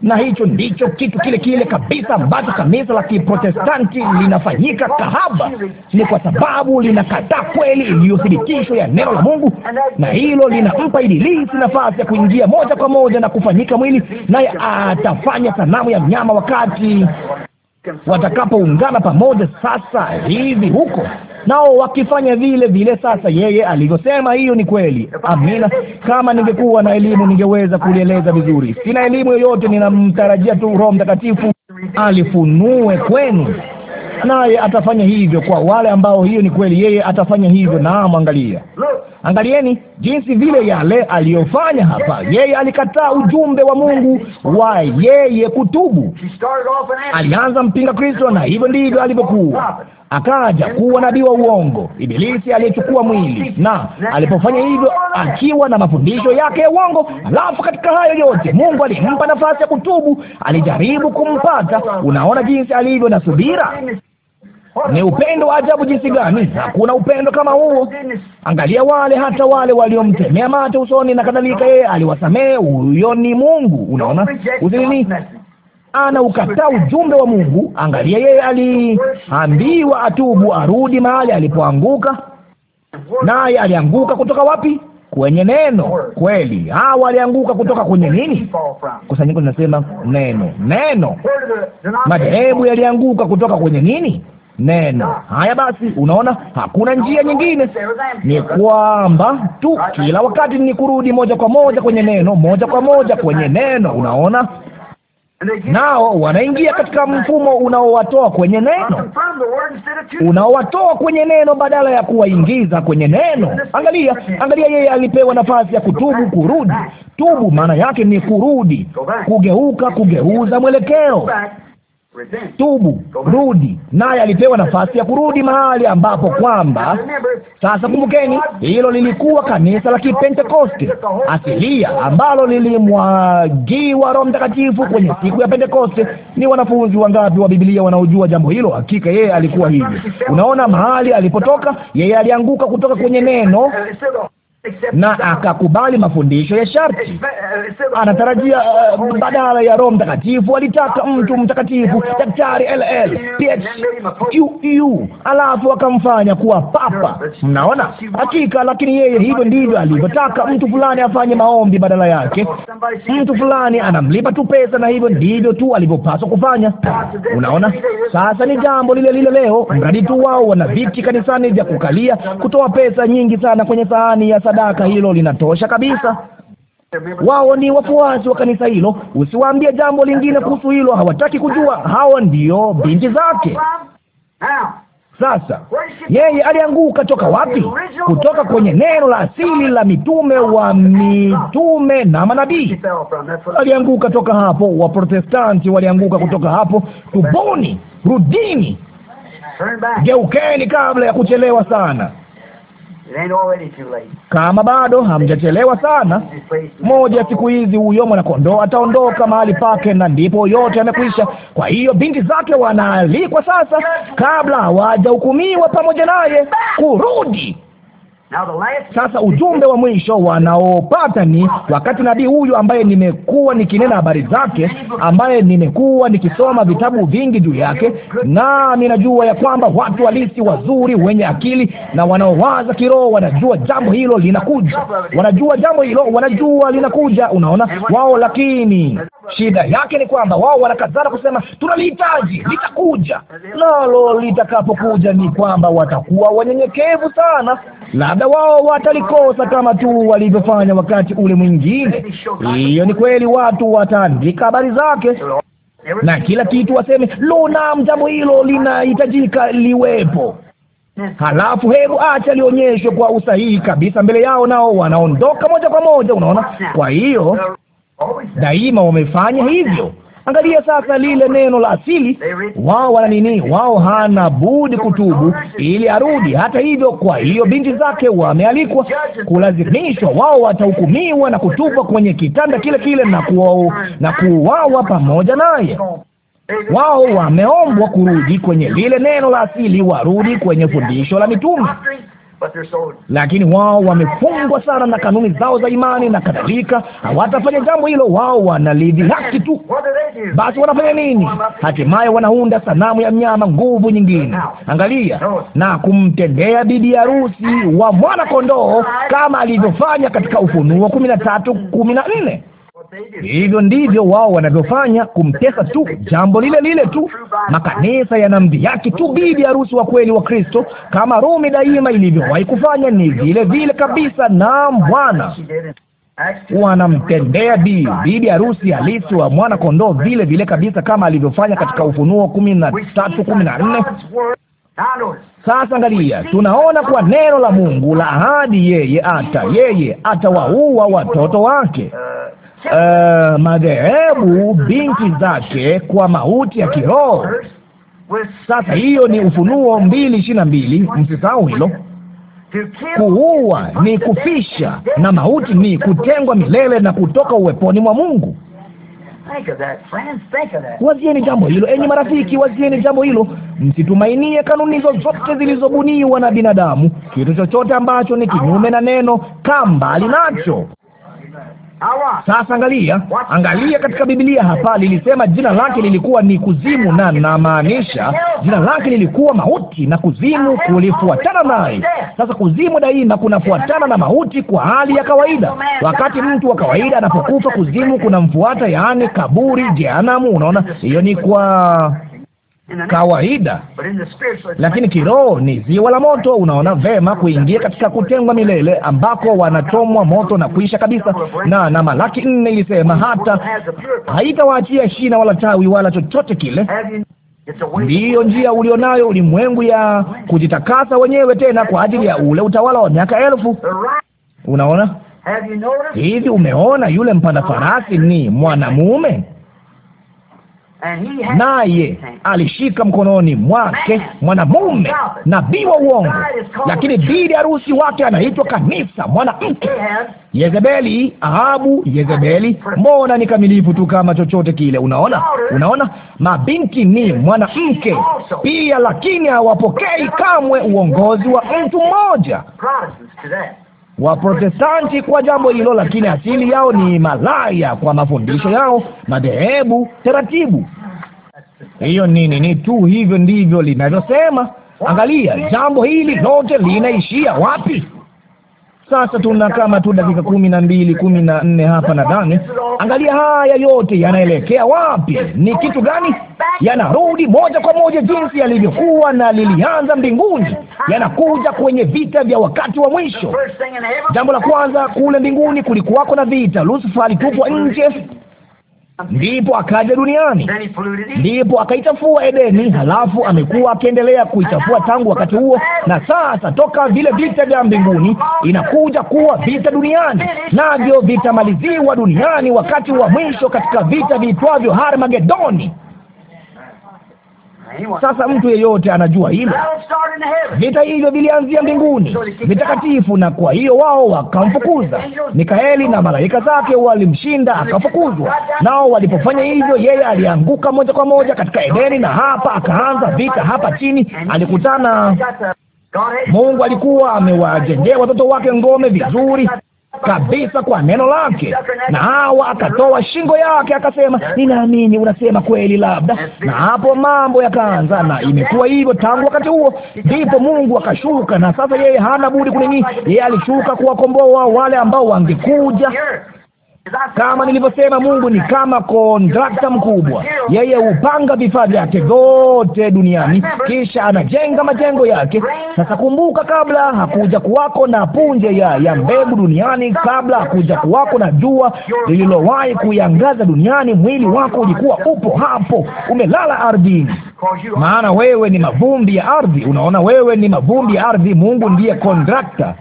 S1: na hicho ndicho kitu kile kile kabisa ambacho kanisa la Kiprotestanti linafanyika kahaba. Ni kwa sababu linakataa kweli iliyothibitishwa ya neno la Mungu, na hilo linampa Ibilisi nafasi ya kuingia moja kwa moja na kufanyika mwili, naye atafanya sanamu ya mnyama wakati watakapoungana pamoja sasa hivi huko nao wakifanya vile vile sasa yeye alivyosema. Hiyo ni kweli, amina. Kama ningekuwa na elimu ningeweza kulieleza vizuri. Sina elimu yoyote, ninamtarajia tu Roho Mtakatifu alifunue kwenu, naye atafanya hivyo kwa wale ambao hiyo ni kweli. Yeye atafanya hivyo. Naam, angalia Angalieni jinsi vile yale aliyofanya hapa. Yeye alikataa ujumbe wa Mungu wa yeye kutubu. Alianza mpinga Kristo, na hivyo ndivyo alivyokuwa. Akaja kuwa nabii wa uongo, Ibilisi aliyechukua mwili, na alipofanya hivyo akiwa na mafundisho yake ya uongo. Alafu katika hayo yote Mungu alimpa nafasi ya kutubu, alijaribu kumpata. Unaona jinsi alivyo na subira. Ni upendo wa ajabu jinsi gani! Hakuna upendo kama huo. Angalia wale hata wale waliomtemea mate usoni na kadhalika, yeye aliwasamehe. Huyo ni Mungu. Unaona, usinini ana ukataa ujumbe wa Mungu. Angalia, yeye aliambiwa atubu, arudi mahali alipoanguka, naye alianguka kutoka wapi? Kwenye neno kweli. Hawa alianguka kutoka kwenye nini? Kusanyiko linasema neno, neno.
S3: Madhehebu
S1: yalianguka kutoka kwenye nini? neno. Haya basi, unaona hakuna njia nyingine, ni kwamba tu kila wakati ni kurudi moja kwa moja kwenye neno, moja kwa moja kwenye neno, unaona nao wanaingia katika mfumo unaowatoa kwenye neno, unaowatoa kwenye neno badala ya kuwaingiza kwenye neno. Angalia, angalia, yeye alipewa nafasi ya kutubu, kurudi. Tubu maana yake ni kurudi, kugeuka, kugeuza mwelekeo tubu, rudi. Naye alipewa nafasi ya kurudi mahali ambapo kwamba sasa. Kumbukeni, hilo lilikuwa kanisa la Kipentekoste asilia ambalo lilimwagiwa Roho Mtakatifu kwenye siku ya Pentekoste. Ni wanafunzi wangapi wa Biblia wanaojua jambo hilo? Hakika yeye alikuwa hivyo. Unaona mahali alipotoka yeye, alianguka kutoka kwenye neno na akakubali mafundisho ya sharti. Eh,
S3: eh, Anatarajia uh, eh,
S1: badala ya Roho Mtakatifu alitaka mtu mtakatifu, daktari LL PHU, e alafu akamfanya kuwa papa. Mnaona hakika, lakini yeye, hivyo ndivyo alivyotaka. Mtu fulani afanye maombi badala yake, mtu fulani anamlipa tu pesa, na hivyo ndivyo tu alivyopaswa kufanya. Unaona, sasa ni jambo lile lile leo, mradi tu wao wana viti kanisani vya kukalia, kutoa pesa nyingi sana kwenye sahani ya sadaka, hilo linatosha kabisa. Wao ni wafuasi wa kanisa hilo, usiwaambie jambo lingine kuhusu hilo, hawataki kujua. Hao ndio binti zake. Sasa yeye alianguka toka wapi? Kutoka kwenye neno la asili la mitume wa mitume na manabii. Alianguka toka hapo. Waprotestanti walianguka kutoka hapo. Tubuni, rudini,
S3: geukeni
S1: kabla ya kuchelewa sana. Kama bado hamjachelewa sana, moja ya siku hizi huyo mwanakondoo ataondoka mahali pake, na ndipo yote amekwisha. Kwa hiyo binti zake wanaalikwa sasa, kabla hawajahukumiwa pamoja naye, kurudi sasa ujumbe wa mwisho wanaopata ni wakati nabii huyu ambaye nimekuwa nikinena habari zake, ambaye nimekuwa nikisoma vitabu vingi juu yake, na ninajua ya kwamba watu halisi wazuri, wenye akili na wanaowaza kiroho wanajua jambo hilo linakuja, wanajua jambo hilo, wanajua linakuja. Unaona wao, lakini shida yake ni kwamba wao wanakazana kusema tunalihitaji, litakuja. Nalo litakapokuja ni kwamba watakuwa wanyenyekevu sana Labda wao watalikosa kama tu walivyofanya wakati ule mwingine. Hiyo ni kweli, watu wataandika habari zake na kila kitu, waseme lo, naam, jambo hilo linahitajika liwepo. Halafu hebu acha lionyeshwe kwa usahihi kabisa mbele yao, nao wanaondoka moja kwa moja. Unaona, kwa hiyo daima wamefanya hivyo. Angalia sasa lile neno la asili, wao wana nini? Wao hana budi kutubu ili arudi. Hata hivyo, kwa hiyo binti zake wamealikwa kulazimishwa, wao watahukumiwa na kutupwa kwenye kitanda kile kile na kuwa, na kuuawa pamoja naye. Wao wameombwa kurudi kwenye lile neno la asili, warudi kwenye fundisho la mitume lakini wao wamefungwa sana na kanuni zao za imani na kadhalika. Hawatafanya jambo hilo, wao wanalidhihaki
S3: tu. Basi wanafanya nini?
S1: Hatimaye wanaunda sanamu ya mnyama, nguvu nyingine, angalia, na kumtendea bibi harusi wa mwana kondoo, kama alivyofanya katika Ufunuo kumi na tatu kumi na nne. Hivyo ndivyo wao wanavyofanya, kumtesa tu, jambo lile lile tu. Makanisa yana mvi yake tu. Bibi harusi wa kweli wa Kristo, kama Rumi daima ilivyowahi kufanya, ni vile vile kabisa. Naam Bwana, wanamtendea bi bibi harusi halisi wa mwana kondoo vile vile kabisa, kama alivyofanya katika Ufunuo kumi na tatu kumi na nne. Sasa angalia, tunaona kwa neno la Mungu la ahadi, yeye ata yeye atawaua watoto wake. Eh, madhehebu binti zake kwa mauti ya kiroho. Sasa hiyo ni Ufunuo mbili ishirini na mbili. Msisahau hilo. Kuua ni kufisha na mauti ni kutengwa milele na kutoka uweponi mwa Mungu. Wazieni jambo hilo, enyi marafiki, wazieni jambo hilo. Msitumainie kanuni zozote zilizobuniwa na binadamu, kitu chochote ambacho ni kinyume na neno, kaa mbali nacho. Sasa angalia, angalia katika Biblia hapa lilisema jina lake lilikuwa ni kuzimu, na namaanisha jina lake lilikuwa mauti na kuzimu kulifuatana naye. Sasa kuzimu daima kunafuatana na mauti kwa hali ya kawaida. Wakati mtu wa kawaida anapokufa, kuzimu kunamfuata, yaani kaburi, jehanamu. Unaona, hiyo ni kwa kawaida, lakini kiroho ni ziwa la moto. Unaona vema kuingia katika kutengwa milele ambako wanachomwa moto na kuisha kabisa. Na na Malaki nne ilisema hata haitawaachia shina wala tawi wala chochote kile. Ndiyo njia ulionayo ulimwengu ya kujitakasa wenyewe tena kwa ajili ya ule utawala wa miaka elfu. Unaona
S3: hivi, umeona
S1: yule mpanda farasi ni mwanamume
S3: naye
S1: alishika mkononi mwake mwanamume nabii wa uongo, lakini bibi harusi wake anaitwa kanisa, mwanamke Yezebeli, Ahabu, Yezebeli. Mbona ni kamilifu tu kama chochote kile. Unaona, unaona, mabinti ni mwanamke pia, lakini hawapokei kamwe uongozi wa mtu mmoja. Waprotestanti kwa jambo hilo, lakini asili yao ni Malaya kwa mafundisho yao, madhehebu, taratibu. Hiyo nini ni tu, hivyo ndivyo linavyosema. Angalia, jambo hili lote linaishia wapi? Sasa tuna kama tu dakika kumi na mbili kumi na nne hapa nadhani. Angalia, haya yote yanaelekea wapi? Ni kitu gani? yanarudi moja kwa moja jinsi yalivyokuwa na lilianza mbinguni, yanakuja kwenye vita vya wakati wa mwisho. Jambo la kwanza, kule mbinguni kulikuwako na vita. Lusifa alitupwa nje ndipo akaja duniani, ndipo akaichafua Edeni. Halafu amekuwa akiendelea kuichafua tangu wakati huo, na sasa toka vile vita vya mbinguni inakuja kuwa vita duniani, navyo vitamaliziwa duniani wakati wa mwisho katika vita viitwavyo Harmagedoni. Sasa mtu yeyote anajua hilo.
S3: Vita hivyo vilianzia mbinguni, vitakatifu,
S1: na kwa hiyo wao wakamfukuza. Mikaeli na malaika zake walimshinda, akafukuzwa nao. Walipofanya hivyo, yeye alianguka moja kwa moja katika Edeni, na hapa akaanza vita. Hapa chini alikutana Mungu alikuwa amewajengea watoto wake ngome vizuri, kabisa kwa neno lake. Na Hawa akatoa shingo yake akasema, ninaamini unasema kweli, labda. Na hapo mambo yakaanza, na imekuwa hivyo tangu wakati huo. Ndipo Mungu akashuka, na sasa yeye hana budi kunini, yeye alishuka kuwakomboa wale ambao wangekuja kama nilivyosema, Mungu ni kama kontrakta mkubwa. Yeye hupanga vifaa vyake vyote duniani, kisha anajenga majengo yake. Sasa kumbuka, kabla hakuja kuwako na punje ya, ya mbegu duniani, kabla hakuja kuwako na jua lililowahi kuiangaza duniani, mwili wako ulikuwa upo hapo, umelala ardhini maana wewe ni mavumbi ya ardhi. Unaona, wewe ni mavumbi ya ardhi. Mungu ndiye kontrakta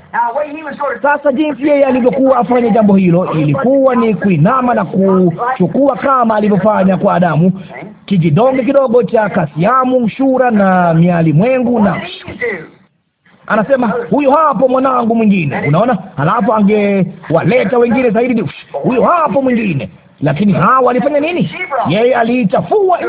S1: Sasa jinsi yeye alivyokuwa afanye jambo hilo, ilikuwa ni kuinama na kuchukua kama alivyofanya kwa Adamu, kijidonge kidogo cha kasiamu, shura na miali mwengu na anasema huyo hapo mwanangu mwingine, unaona. Halafu angewaleta wengine zaidi, huyo hapo mwingine. Lakini hawa walifanya nini? Yeye aliichafua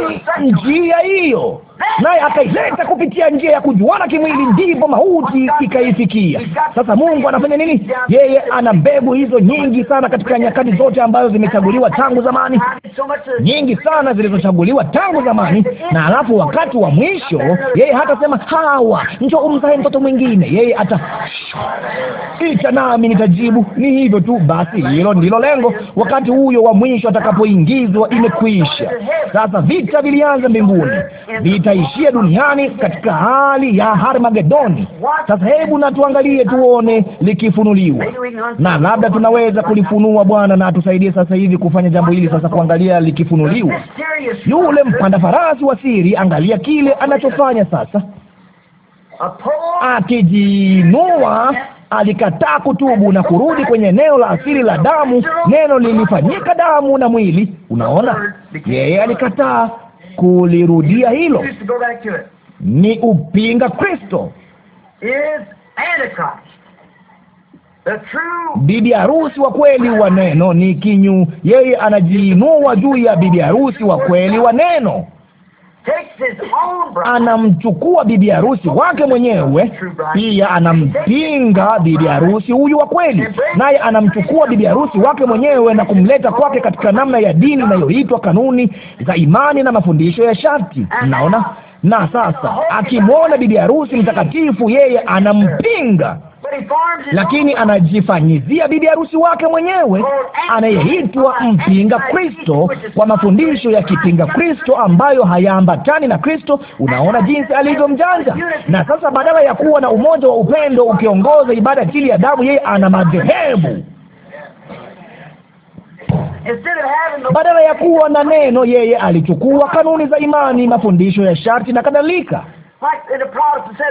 S1: njia hiyo naye akaileta kupitia njia ya kujuana kimwili, ndipo mauti ikaifikia. Sasa Mungu anafanya nini? Yeye ana mbegu hizo nyingi sana katika nyakati zote ambazo zimechaguliwa tangu zamani, nyingi sana zilizochaguliwa tangu zamani, na alafu wakati wa mwisho yeye hatasema Hawa, njo umzae mtoto mwingine. Yeye ata ita nami nitajibu. Ni hivyo tu basi, hilo ndilo lengo. Wakati huyo wa mwisho atakapoingizwa, imekwisha. Sasa vita vilianza mbinguni, vita tutaishia duniani katika hali ya Harmagedoni. Sasa hebu na tuangalie tuone likifunuliwa, na labda tunaweza kulifunua. Bwana na atusaidie sasa hivi kufanya jambo hili sasa, kuangalia likifunuliwa.
S3: Yule mpanda farasi
S1: wa siri, angalia kile anachofanya sasa, akijinua alikataa kutubu na kurudi kwenye eneo la asili la damu. Neno lilifanyika damu na mwili. Unaona, yeye alikataa kulirudia hilo ni upinga Kristo. Bibi harusi wa kweli wa neno ni kinyu, yeye anajiinua juu ya bibi harusi wa kweli wa neno anamchukua bibi harusi wake mwenyewe, pia anampinga bibi harusi huyu wa kweli, naye anamchukua bibi harusi wake mwenyewe na kumleta kwake katika namna ya dini inayoitwa kanuni za imani na mafundisho ya sharti. Mnaona? Na sasa akimwona bibi harusi mtakatifu, yeye anampinga lakini anajifanyizia bibi harusi wake mwenyewe anayeitwa mpinga Kristo, kwa mafundisho ya kipinga Kristo ambayo hayaambatani na Kristo. Unaona jinsi alivyo mjanja. Na sasa badala ya kuwa na umoja wa upendo ukiongoza ibada chini ya damu, yeye ana madhehebu badala ya kuwa na neno, yeye alichukua kanuni za imani, mafundisho ya sharti na kadhalika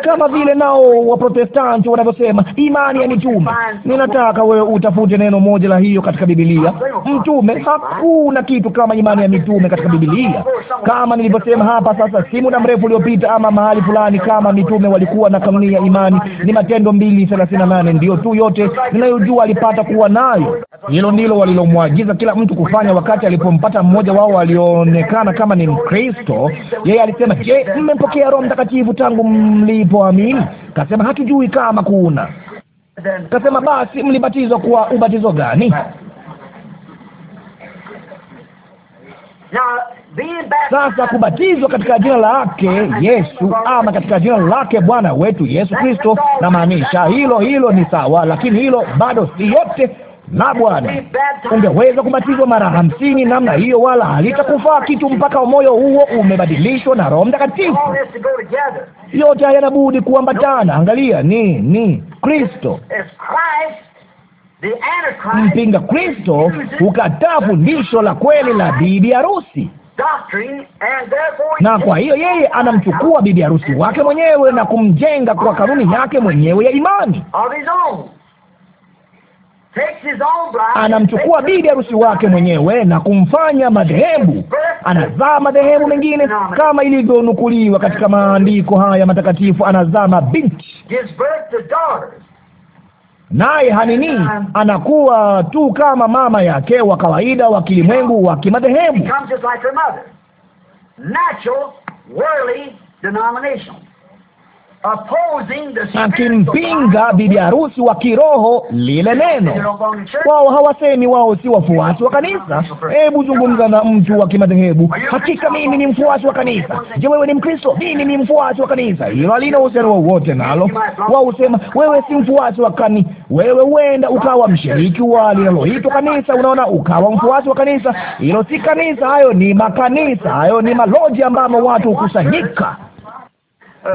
S1: kama vile nao Waprotestanti wanavyosema imani ya mitume. Ninataka wewe utafute neno moja la hiyo katika Bibilia, mtume. Hakuna kitu kama imani ya mitume katika Bibilia. Kama nilivyosema hapa sasa, si muda mrefu uliopita, ama mahali fulani, kama mitume walikuwa na kanuni ya imani, ni Matendo mbili thelathini na nane. Ndiyo tu yote ninayojua alipata kuwa nayo. Hilo ndilo walilomwagiza kila mtu kufanya. Wakati alipompata mmoja wao alionekana kama ni Mkristo, yeye alisema, je, mmempokea Roho Mtakatifu? utakatifu tangu mlipoamini? Kasema hatujui kama kuna. Kasema basi mlibatizwa kwa ubatizo gani? Sasa kubatizwa katika jina lake Yesu ama katika jina lake Bwana wetu Yesu Kristo, namaanisha hilo hilo ni sawa, lakini hilo bado si yote na Bwana, ungeweza kubatizwa mara hamsini namna hiyo, wala halitakufaa kitu mpaka moyo huo umebadilishwa na Roho Mtakatifu. Yote haya yanabudi kuambatana. Angalia, ni ni Kristo mpinga Kristo hukataa fundisho la kweli la bibi harusi,
S3: na kwa hiyo yeye anamchukua bibi
S1: harusi wake mwenyewe na kumjenga kwa kanuni yake mwenyewe ya imani
S3: anamchukua bibi
S1: harusi wake mwenyewe na kumfanya madhehebu, anazaa madhehebu mengine, kama ilivyonukuliwa katika maandiko haya matakatifu. Anazaa mabinti, naye hanini, anakuwa tu kama mama yake wa kawaida wa kilimwengu wa kimadhehebu
S3: akimpinga
S1: bibi harusi wa kiroho lile neno. Wao hawasemi wao si wafuasi wa kanisa. Hebu zungumza na mtu wa kimadhehebu. Hakika mimi ni mfuasi wa kanisa. Je, wewe ni Mkristo? Mimi ni mfuasi wa kanisa. Hilo halina uhusiano wowote nalo. Wao husema wewe si mfuasi wa kani, wewe huenda ukawa mshiriki wa linaloitwa kanisa. Unaona, ukawa mfuasi wa kanisa. Hilo si kanisa, hayo ni makanisa, hayo ni maloji ambamo watu hukusanyika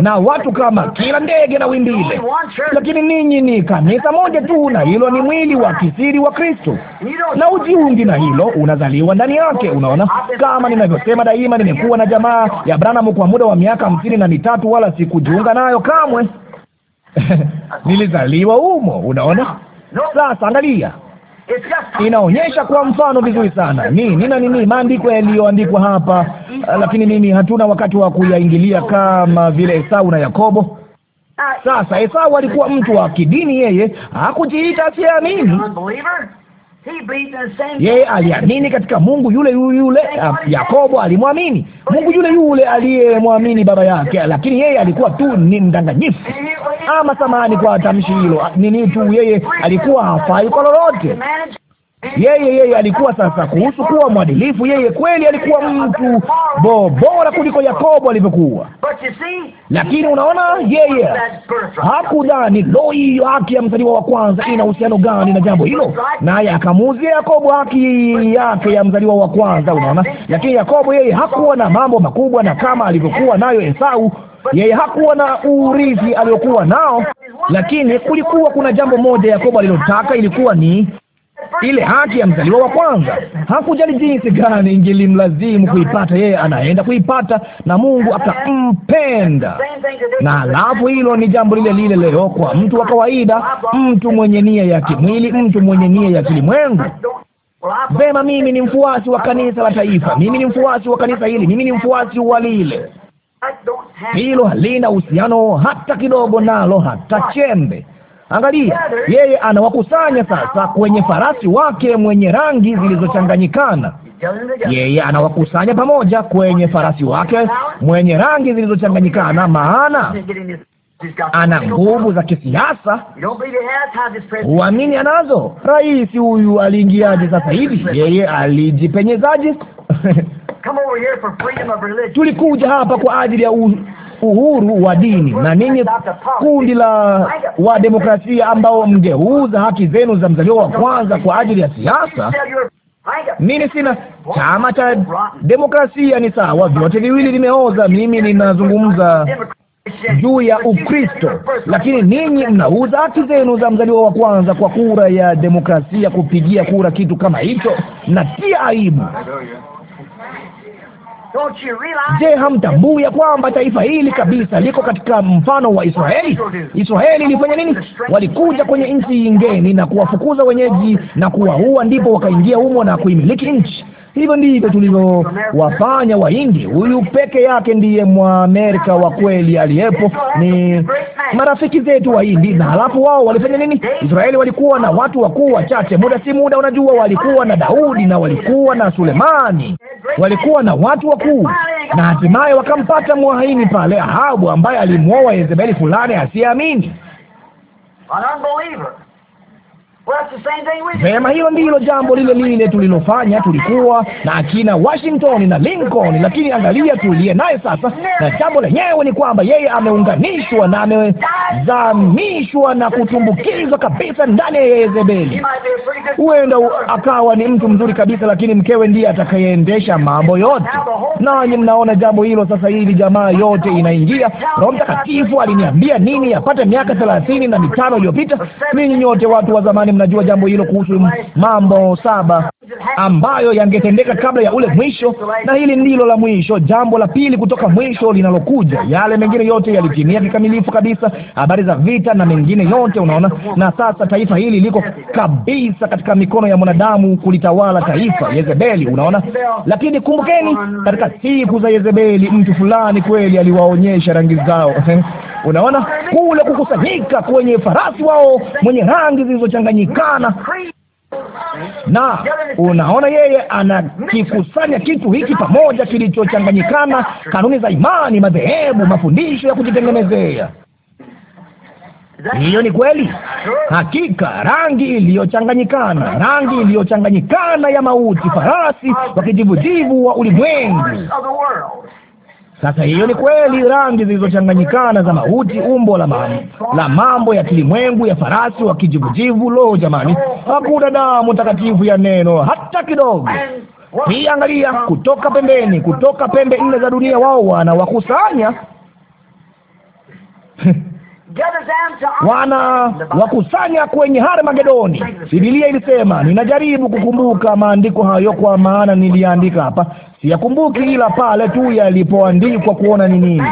S1: na watu kama kila ndege na ile. lakini ninyi ni kanisa moja tu, na hilo ni mwili wa kisiri wa Kristo, na ujiungi na hilo, unazaliwa ndani yake. Unaona, kama ninavyosema daima, nimekuwa na jamaa ya Branham kwa muda wa miaka hamsini na mitatu, wala sikujiunga nayo kamwe. Nilizaliwa humo, unaona. Sasa angalia inaonyesha kwa mfano vizuri sana ni nina nini maandiko yaliyoandikwa hapa, lakini mimi hatuna wakati wa kuyaingilia kama vile Esau na Yakobo. Sasa Esau alikuwa mtu wa kidini, yeye hakujiita asiamini
S3: yeye aliamini
S1: katika Mungu yule yule. Ah, Yakobo alimwamini Mungu yule yule aliyemwamini baba yake, lakini yeye alikuwa tu ni mdanganyifu. Ama samani kwa tamshi hilo, nini ah, tu, yeye alikuwa hafai kwa lolote. Yeye yeye alikuwa sasa. Kuhusu kuwa mwadilifu, yeye kweli alikuwa mtu bobora kuliko Yakobo alivyokuwa,
S3: lakini unaona,
S1: yeye hakudhani lo, hiyo haki ya mzaliwa wa kwanza ina uhusiano gani na jambo hilo, naye akamuuzia Yakobo haki yake ya mzaliwa wa kwanza. Unaona, lakini Yakobo yeye hakuwa na mambo makubwa na kama alivyokuwa nayo Esau yeye hakuwa na urithi aliokuwa nao, lakini kulikuwa kuna jambo moja Yakobo alilotaka, ilikuwa ni ile haki ya mzaliwa wa kwanza. Hakujali jinsi gani ingelimlazimu kuipata, yeye anaenda kuipata na Mungu atampenda. Na alafu hilo ni jambo lile lile leo kwa mtu wa kawaida, mtu mwenye nia ya kimwili, mtu mwenye nia ya kilimwengu. Vema, mimi ni mfuasi wa kanisa la taifa, mimi ni mfuasi wa kanisa hili, mimi ni mfuasi wa lile.
S3: Hilo halina
S1: uhusiano hata kidogo nalo, hata chembe. Angalia, yeye anawakusanya sasa kwenye farasi wake mwenye rangi zilizochanganyikana. Yeye anawakusanya pamoja kwenye farasi wake mwenye rangi zilizochanganyikana, maana ana nguvu za kisiasa. Uamini anazo. Rais huyu aliingiaje sasa hivi? Yeye alijipenyezaje? Tulikuja hapa kwa ajili ya uhuru wa dini, na ninyi kundi la wa demokrasia ambao mgeuza haki zenu za mzaliwa wa kwanza kwa ajili ya siasa. Mimi sina chama cha demokrasia, ni sawa, vyote viwili vimeoza. Mimi ninazungumza juu ya Ukristo, lakini ninyi mnauza haki zenu za mzaliwa wa kwanza kwa kura ya demokrasia, kupigia kura kitu kama hicho, na pia aibu Je, hamtambui ya kwamba taifa hili kabisa liko katika mfano wa Israeli? Israeli ilifanya nini? Walikuja kwenye nchi yingeni na kuwafukuza wenyeji na kuwaua, ndipo wakaingia humo na kuimiliki nchi. Hivyo ndivyo tulivyowafanya Wahindi. Huyu peke yake ndiye Mwamerika wa kweli aliyepo, ni marafiki zetu Wahindi. Na halafu wao walifanya nini? Israeli walikuwa na watu wakuu wachache, muda si muda, unajua, walikuwa na Daudi na walikuwa na Sulemani, walikuwa na watu wakuu, na hatimaye wakampata mwahini pale Ahabu, ambaye alimwoa Yezebeli fulani asiyeamini
S3: Vema, hilo ndilo
S1: jambo lile lile tulilofanya. Tulikuwa na akina Washington na Lincoln, lakini angalia tuliye naye sasa. Na jambo lenyewe ni kwamba yeye ameunganishwa na amezamishwa na kutumbukizwa kabisa ndani ya Yezebeli. Huenda akawa ni mtu mzuri kabisa, lakini mkewe ndiye atakayeendesha mambo yote. Nanyi mnaona jambo hilo sasa hivi, jamaa yote inaingia. Roho Mtakatifu aliniambia nini apate miaka thelathini na mitano iliyopita, ninyi nyote watu wa zamani mnajua jambo hilo kuhusu mambo saba ambayo yangetendeka kabla ya ule mwisho, na hili ndilo la mwisho, jambo la pili kutoka mwisho linalokuja. Yale mengine yote yalitimia kikamilifu kabisa, habari za vita na mengine yote, unaona. Na sasa taifa hili liko kabisa katika mikono ya mwanadamu kulitawala taifa, Yezebeli, unaona. Lakini kumbukeni, katika siku za Yezebeli mtu fulani kweli aliwaonyesha rangi zao Unaona kule kukusanyika kwenye farasi wao mwenye rangi zilizochanganyikana
S3: na unaona
S1: yeye anakikusanya kitu hiki pamoja kilichochanganyikana, kanuni za imani, madhehebu, mafundisho ya kujitengenezea. Hiyo ni kweli, hakika, rangi iliyochanganyikana, rangi iliyochanganyikana ya mauti, farasi wa kijivujivu wa ulimwengu sasa hiyo ni kweli, rangi zilizochanganyikana za mauti, umbo la, ma la mambo ya kilimwengu ya farasi wa kijivujivu. Lo, jamani, hakuna damu takatifu ya neno hata kidogo.
S3: Hii angalia,
S1: kutoka pembeni, kutoka pembe nne za dunia, wao wana wakusanya
S3: wana wakusanya kwenye Harmagedoni.
S1: Bibilia ilisema, ninajaribu kukumbuka maandiko hayo kwa maana niliandika hapa siyakumbuki ila pale tu yalipoandikwa kuona ni nini.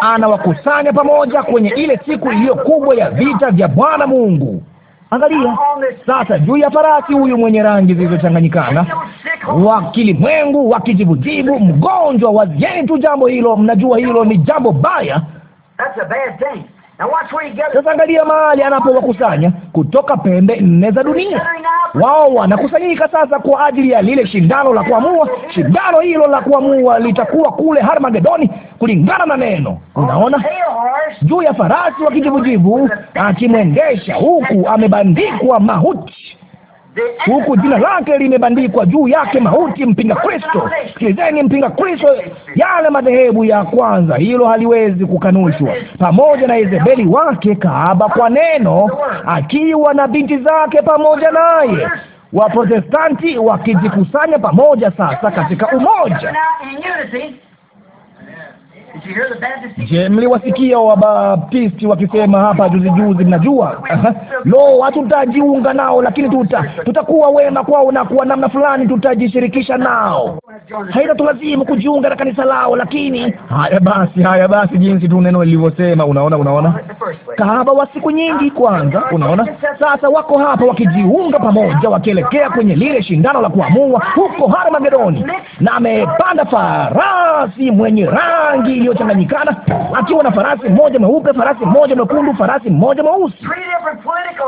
S1: Anawakusanya pamoja kwenye ile siku iliyo kubwa ya vita vya Bwana Mungu. Angalia sasa juu ya farasi huyu mwenye rangi zilizochanganyikana, wakilimwengu wakijibujibu, mgonjwa wa tu Jambo hilo mnajua, hilo ni jambo baya sasa angalia mahali anapowakusanya kutoka pembe nne za dunia. Wao wanakusanyika sasa kwa ajili ya lile shindano la kuamua. Shindano hilo la kuamua litakuwa kule Harmagedoni kulingana na neno. Unaona, juu ya farasi wa kijivujivu akimwendesha, huku amebandikwa mahuti huku jina lake limebandikwa juu yake, mauti, mpinga Kristo. Sikilizeni, mpinga Kristo, yale madhehebu ya kwanza, hilo haliwezi kukanushwa, pamoja na Yezebeli wake, kahaba kwa neno, akiwa na binti zake pamoja naye Waprotestanti wakijikusanya pamoja sasa katika umoja
S3: Je, mliwasikia
S1: Wabaptisti wakisema hapa juzi juzi? Mnajua lo, watu tutajiunga nao, lakini tuta tutakuwa wema kwao na kwa namna fulani tutajishirikisha nao, tulazimu kujiunga na kanisa lao. Lakini haya basi, haya basi, jinsi tu neno lilivyosema. Unaona, unaona, kahaba wa siku nyingi kwanza, unaona. Sasa wako hapa wakijiunga pamoja, wakielekea kwenye lile shindano la kuamua huko Harmagedoni, na amepanda farasi mwenye rangi iliyochanganyikana, akiwa na farasi mmoja mweupe, farasi mmoja mwekundu, farasi mmoja mweusi,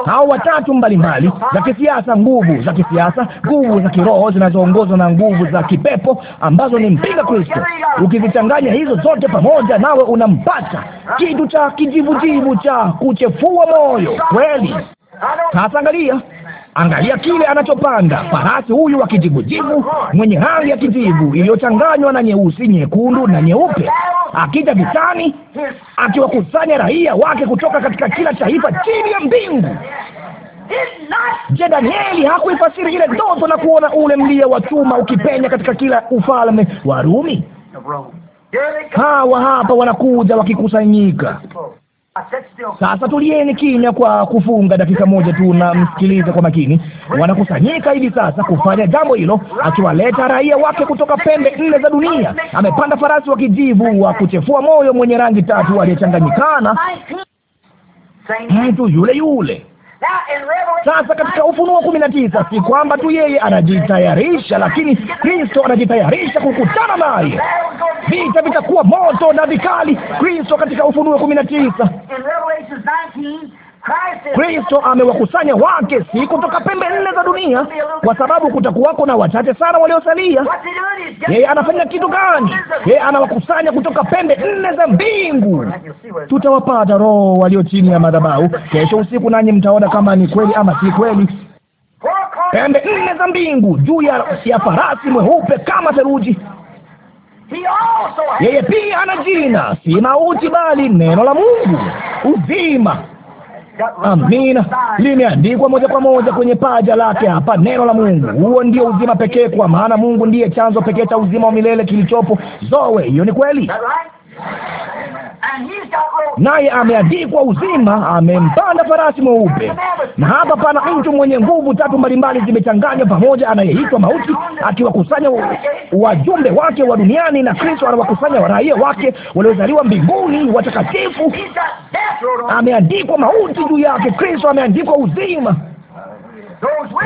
S1: hao watatu mbalimbali, za kisiasa, nguvu za kisiasa, nguvu za kiroho zinazoongozwa na nguvu za kipepo ambazo ni mpinga Kristo. Ukizichanganya hizo zote pamoja, nawe unampata kitu cha kijivujivu cha kuchefua moyo kweli. Sasa angalia Angalia kile anachopanda farasi huyu wa kijivujivu mwenye rangi ya kijivu iliyochanganywa na nyeusi, nyekundu na nyeupe, akija vitani, akiwakusanya raia wake kutoka katika kila taifa chini ya mbingu.
S3: Je, Danieli hakuifasiri ile ndoto
S1: na kuona ule mlia wa chuma ukipenya katika kila ufalme wa Rumi? Hawa hapa wanakuja wakikusanyika sasa tulieni kimya kwa kufunga dakika moja tu na msikilize kwa makini. Wanakusanyika hivi sasa kufanya jambo hilo, akiwaleta raia wake kutoka pembe nne za dunia. Amepanda farasi wa kijivu wa kuchefua moyo mwenye rangi tatu aliyechanganyikana, mtu yule yule
S3: sasa katika Ufunuo kumi na tisa, si kwamba tu yeye anajitayarisha, lakini Kristo anajitayarisha
S1: kukutana naye. Vita vitakuwa moto na vikali. Kristo katika Ufunuo kumi na tisa
S3: Kristo amewakusanya
S1: wake, si kutoka pembe nne za dunia, kwa sababu kutakuwako na wachache sana waliosalia.
S3: Yeye anafanya kitu gani? Yeye anawakusanya
S1: kutoka pembe nne za mbingu. Tutawapata roho walio chini ya madhabahu kesho usiku, nanyi mtaona kama ni kweli ama si kweli. Pembe nne za mbingu juu ya, ya farasi mweupe kama theluji. Yeye pia ana jina, si mauti bali neno la Mungu, uzima Amina, limeandikwa moja kwa moja kwenye paja lake hapa, neno la Mungu. Huo ndio uzima pekee, kwa maana Mungu ndiye chanzo pekee cha uzima wa milele kilichopo Zoe. Hiyo ni kweli
S3: naye ameandikwa
S1: uzima, amempanda farasi mweupe. Na hapa pana mtu mwenye nguvu tatu mbalimbali zimechanganywa pamoja, anayeitwa mauti, akiwakusanya wajumbe wake wa duniani, na Kristo anawakusanya waraia wake waliozaliwa mbinguni, watakatifu. Ameandikwa mauti juu yake, Kristo ameandikwa uzima.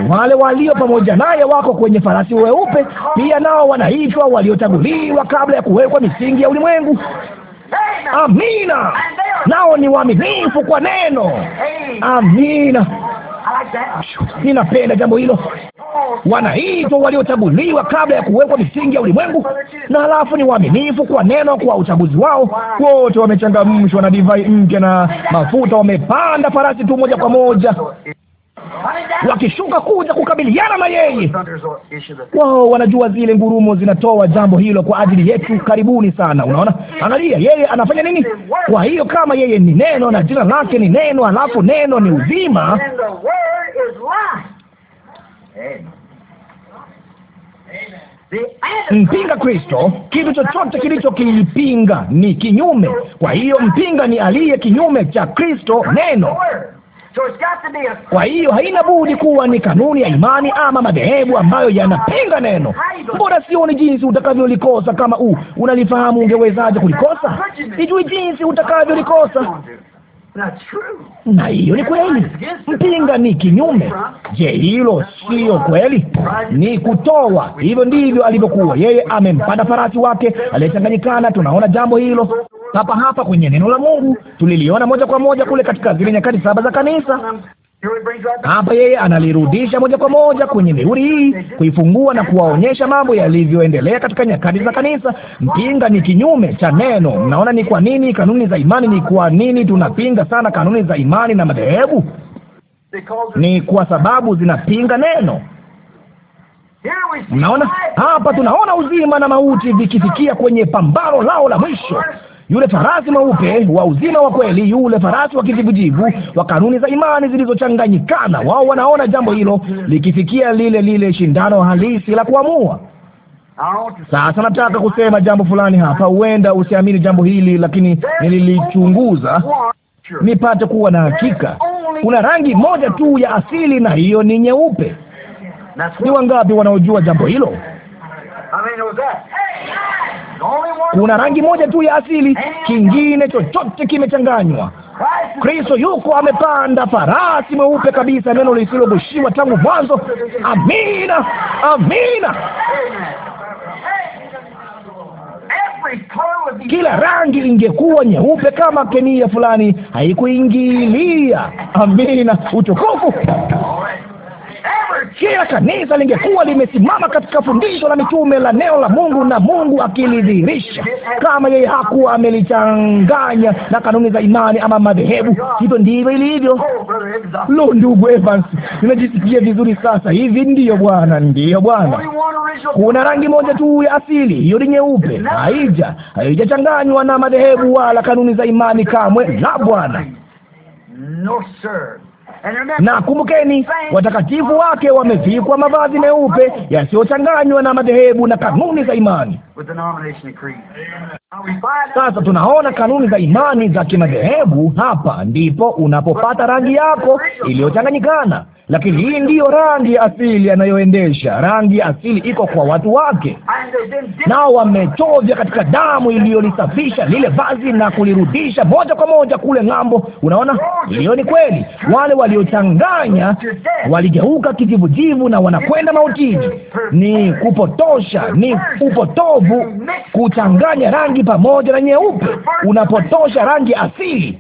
S1: Wale walio pamoja naye wako kwenye farasi weupe pia, nao wanaitwa waliochaguliwa kabla ya kuwekwa misingi ya ulimwengu. Amina, nao ni waaminifu kwa neno. Amina, ninapenda jambo hilo. Wanaitwa waliochaguliwa kabla ya kuwekwa misingi ya ulimwengu, na halafu ni waaminifu kwa neno, kwa uchaguzi wao wote. Wamechangamshwa na divai mpya na mafuta, wamepanda farasi tu moja kwa moja
S3: wakishuka kuja kukabiliana na yeye. Wao
S1: wanajua zile ngurumo zinatoa jambo hilo kwa ajili yetu. Karibuni sana. Unaona, angalia yeye anafanya nini. Kwa hiyo kama yeye ni neno na jina lake ni neno, alafu neno ni uzima Mpinga Kristo, kitu chochote kilipinga ni kinyume. Kwa hiyo mpinga ni aliye kinyume cha Kristo, neno
S3: kwa hiyo haina budi kuwa
S1: ni kanuni ya imani ama madhehebu ambayo yanapinga neno. Mbona sioni jinsi utakavyolikosa kama u unalifahamu. Ungewezaje kulikosa? Sijui jinsi utakavyolikosa na hiyo ni kweli, mpinga ni kinyume. Je, hilo siyo kweli? Ni kutoa. Hivyo ndivyo alivyokuwa yeye, amempanda farasi wake aliyechanganyikana. Tunaona jambo hilo hapa hapa kwenye neno la Mungu, tuliliona moja kwa moja kule katika zile nyakati saba za kanisa. Hapa yeye analirudisha moja kwa moja kwenye mihuri hii, kuifungua na kuwaonyesha mambo yalivyoendelea katika nyakati za kanisa. Mpinga ni kinyume cha neno. Mnaona ni kwa nini kanuni za imani, ni kwa nini tunapinga sana kanuni za imani na madhehebu? Ni kwa sababu zinapinga neno.
S3: Mnaona hapa, tunaona uzima
S1: na mauti vikifikia kwenye pambano lao la mwisho yule farasi mweupe wa uzima wa kweli, yule farasi wa kijivujivu wa kanuni za imani zilizochanganyikana. Wao wanaona jambo hilo likifikia lile lile shindano halisi la kuamua. Sasa nataka kusema jambo fulani hapa, huenda usiamini jambo hili, lakini nililichunguza nipate kuwa na hakika. Kuna rangi moja tu ya asili, na hiyo ni nyeupe. Ni wangapi wanaojua jambo hilo? Kuna rangi moja tu ya asili, kingine chochote kimechanganywa. Kristo yuko amepanda farasi mweupe kabisa, neno lisilogushiwa tangu mwanzo. Amina, amina.
S3: Kila rangi
S1: ingekuwa nyeupe kama kemia fulani haikuingilia. Amina, utukufu kila kanisa lingekuwa limesimama katika fundisho la mitume la neno la Mungu na Mungu akilidhihirisha. Kama yeye hakuwa amelichanganya na kanuni za imani ama madhehebu, hivyo ndivyo ilivyo. Lo, ndugu Evans, nimejisikia vizuri sasa hivi. Ndiyo Bwana, ndiyo Bwana.
S3: Kuna rangi moja
S1: tu ya asili, hiyo ni nyeupe. Haija haijachanganywa na madhehebu wala kanuni za imani kamwe. La, Bwana.
S3: No, sir na kumbukeni, watakatifu wake wamevikwa mavazi meupe
S1: yasiyochanganywa na madhehebu na kanuni za imani.
S3: Sasa tunaona
S1: kanuni za imani za kimadhehebu. Hapa ndipo unapopata rangi yako iliyochanganyikana, lakini hii ndiyo rangi asili anayoendesha. Rangi asili iko kwa watu wake, nao wamechovya katika damu iliyolisafisha lile vazi na kulirudisha moja kwa moja kule ng'ambo. Unaona, hiyo ni kweli. Wale wa waliochanganya waligeuka kijivujivu na wanakwenda mautini. Ni kupotosha, ni upotovu kuchanganya rangi pamoja na nyeupe. Unapotosha rangi asili.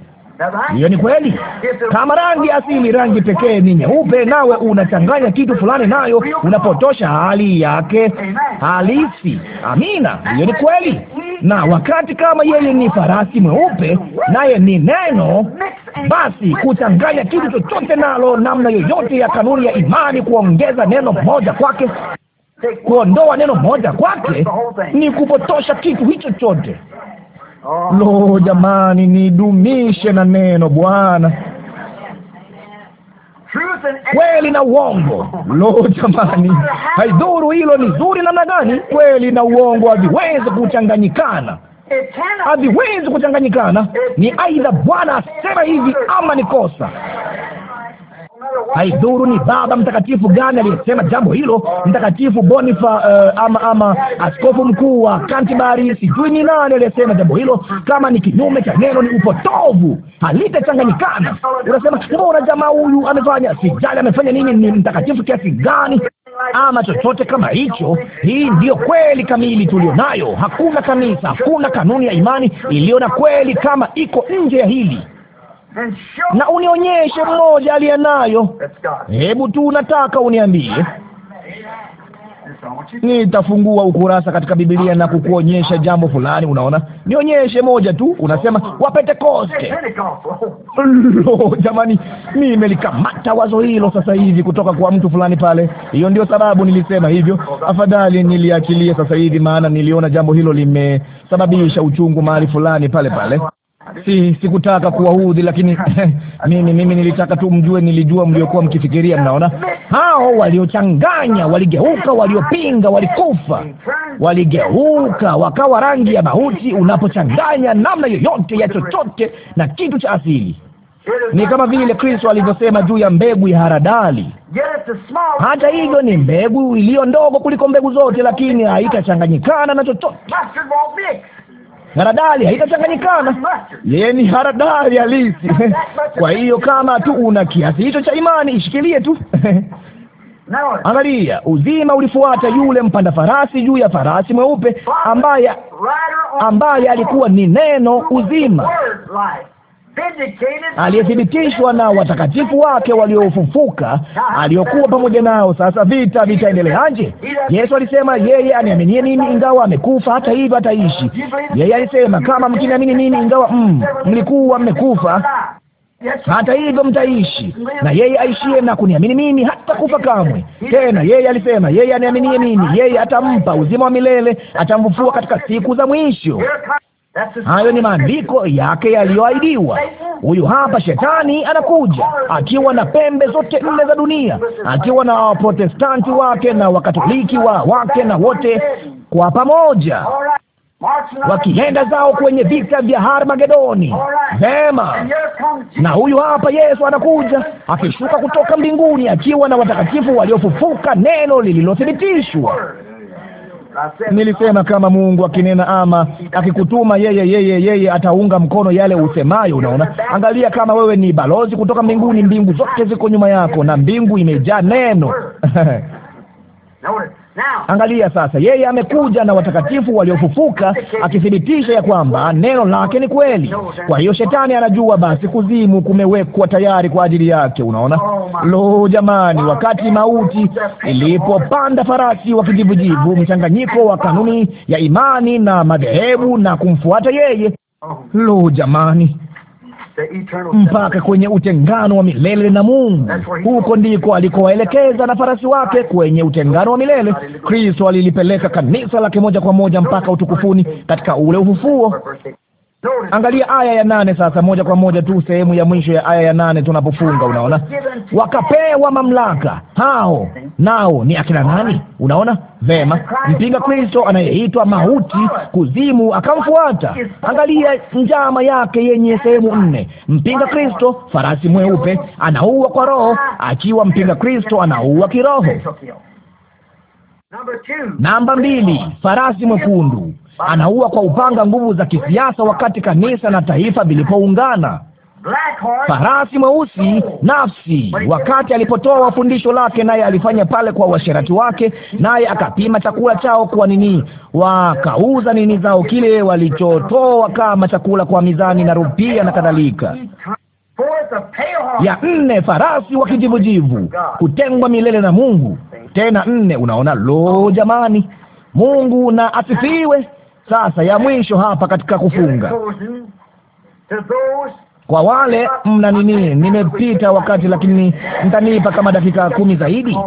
S3: Hiyo ni kweli. Kama rangi asili,
S1: rangi pekee ni nyeupe, nawe unachanganya kitu fulani nayo, unapotosha hali yake halisi. Amina, hiyo ni kweli na wakati kama yeye ni farasi mweupe, naye ni neno, basi kuchanganya kitu chochote nalo, namna yoyote ya kanuni ya imani, kuongeza neno moja kwake, kuondoa neno moja kwake, ni kupotosha kitu hicho chote. Lo, jamani, nidumishe na neno Bwana kweli na uongo. Lo, jamani, haidhuru hilo ni zuri namna gani, kweli na uongo haviwezi kuchanganyikana, haviwezi kuchanganyikana. Ni aidha Bwana asema hivi ama ni kosa haidhuru ni baba mtakatifu gani aliyesema jambo hilo, mtakatifu Bonifa uh, ama ama askofu mkuu wa Canterbury, sijui ni nani aliyesema jambo hilo. Kama ni kinyume cha neno, ni upotovu, halitachanganyikana. Unasema mbona jamaa huyu amefanya, sijali amefanya nini, ni mtakatifu kiasi gani ama chochote kama hicho. Hii ndiyo kweli kamili tulionayo. Hakuna kanisa, hakuna kanuni ya imani iliyo na kweli kama iko nje ya hili na unionyeshe mmoja aliye nayo. Hebu tu nataka uniambie Nitafungua ukurasa katika Biblia na kukuonyesha jambo fulani. Unaona, nionyeshe moja tu. Unasema Wapentekoste. Lo, jamani, nimelikamata wazo hilo sasa hivi kutoka kwa mtu fulani pale. Hiyo ndio sababu nilisema hivyo. Afadhali niliachilie sasa hivi, maana niliona jambo hilo limesababisha uchungu mahali fulani pale pale. Si sikutaka kuwaudhi, lakini mimi mimi nilitaka tu mjue, nilijua mliokuwa mkifikiria. Mnaona, hao waliochanganya waligeuka, waliopinga walikufa, waligeuka wakawa rangi ya mauti. Unapochanganya namna yoyote ya chochote na kitu cha asili, ni kama vile Kristo alivyosema juu ya mbegu ya haradali.
S3: Hata hivyo ni
S1: mbegu iliyo ndogo kuliko mbegu zote, lakini haitachanganyikana na chochote haradali haitachanganyikana.
S3: Yeye ni haradali halisi. Kwa hiyo
S1: kama tu una kiasi hicho cha imani, ishikilie tu Angalia, uzima ulifuata yule mpanda farasi juu ya farasi mweupe, ambaye
S3: ambaye alikuwa
S1: ni neno uzima aliyethibitishwa na watakatifu wake waliofufuka, aliyokuwa pamoja nao. Sasa vita vitaendeleaje? Yesu alisema yeye aniaminie mimi ingawa amekufa, hata hivyo ataishi. Yeye alisema kama mkiniamini mimi ingawa mm, mlikuwa mmekufa hata hivyo mtaishi. Na yeye aishie na kuniamini mimi hata kufa kamwe tena. Yeye alisema yeye aniaminie mimi, yeye atampa uzima wa milele, atamfufua katika siku za mwisho. Hayo ni maandiko yake yaliyoahidiwa. Huyu hapa shetani anakuja akiwa na pembe zote nne za dunia, akiwa na Waprotestanti wake na Wakatoliki wa wake na wote kwa pamoja
S3: wakienda zao kwenye
S1: vita vya Harmagedoni. Vema, na huyu hapa Yesu anakuja akishuka kutoka mbinguni akiwa na watakatifu waliofufuka, neno lililothibitishwa Nilisema kama Mungu akinena ama akikutuma yeye yeye yeye ataunga mkono yale usemayo. Unaona, angalia kama wewe ni balozi kutoka mbinguni, mbingu zote ziko nyuma yako na mbingu imejaa neno Angalia sasa, yeye amekuja na watakatifu waliofufuka, akithibitisha ya kwamba neno lake ni kweli. Kwa hiyo shetani anajua, basi kuzimu kumewekwa tayari kwa ajili yake. Unaona, lo jamani, wakati mauti ilipopanda farasi wa kijivujivu, mchanganyiko wa kanuni ya imani na madhehebu na kumfuata yeye, lo jamani
S3: mpaka kwenye
S1: utengano wa milele na Mungu. Huko ndiko alikowaelekeza na farasi wake kwenye utengano wa milele. Kristo alilipeleka kanisa lake moja kwa moja mpaka utukufuni katika ule ufufuo. Angalia aya ya nane sasa, moja kwa moja tu sehemu ya mwisho ya aya ya nane tunapofunga. Unaona, wakapewa mamlaka hao, nao ni akina nani? Unaona vema, mpinga Kristo anayeitwa mauti, kuzimu akamfuata. Angalia njama yake yenye sehemu nne. Mpinga Kristo, farasi mweupe, anaua kwa roho, akiwa mpinga Kristo anaua kiroho. Namba mbili, farasi mwekundu anaua kwa upanga nguvu za kisiasa, wakati kanisa na taifa vilipoungana. Farasi mweusi nafsi, wakati alipotoa wafundisho lake, naye alifanya pale kwa washirati wake, naye akapima chakula chao kwa nini, wakauza nini zao kile walichotoa kama chakula kwa mizani na rupia na kadhalika.
S3: Ya nne, farasi wa kijivujivu,
S1: kutengwa milele na Mungu. Tena nne, unaona? Lo, jamani, Mungu na asifiwe. Sasa ya mwisho hapa katika kufunga kwa wale mna nini, nimepita wakati, lakini nitanipa kama dakika kumi zaidi.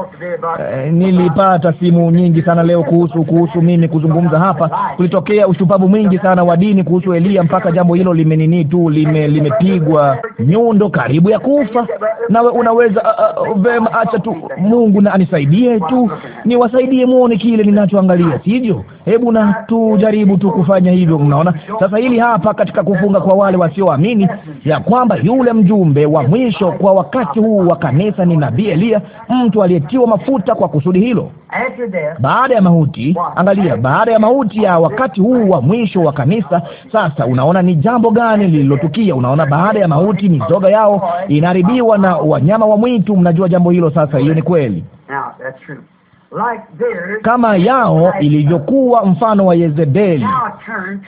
S1: E, nilipata simu nyingi sana leo kuhusu kuhusu mimi kuzungumza hapa. Kulitokea ushupavu mwingi sana wa dini kuhusu elia mpaka jambo hilo limenini tu lime, limepigwa nyundo karibu ya kufa. Nawe unaweza uh, vema, acha tu Mungu na anisaidie tu, niwasaidie muone kile ninachoangalia, sivyo? Hebu na tujaribu tu kufanya hivyo. Mnaona sasa, hili hapa katika kufunga kwa wale wasioamini, ya kwamba yule mjumbe wa mwisho kwa wakati huu wa kanisa ni nabii Eliya, mtu aliyetiwa mafuta kwa kusudi hilo. Baada ya mauti, angalia, baada ya mauti ya wakati huu wa mwisho wa kanisa. Sasa unaona ni jambo gani lililotukia? Unaona, baada ya mauti mizoga yao inaharibiwa na wanyama wa mwitu. Mnajua jambo hilo. Sasa hiyo ni kweli
S3: kama yao
S1: ilivyokuwa mfano wa Yezebeli.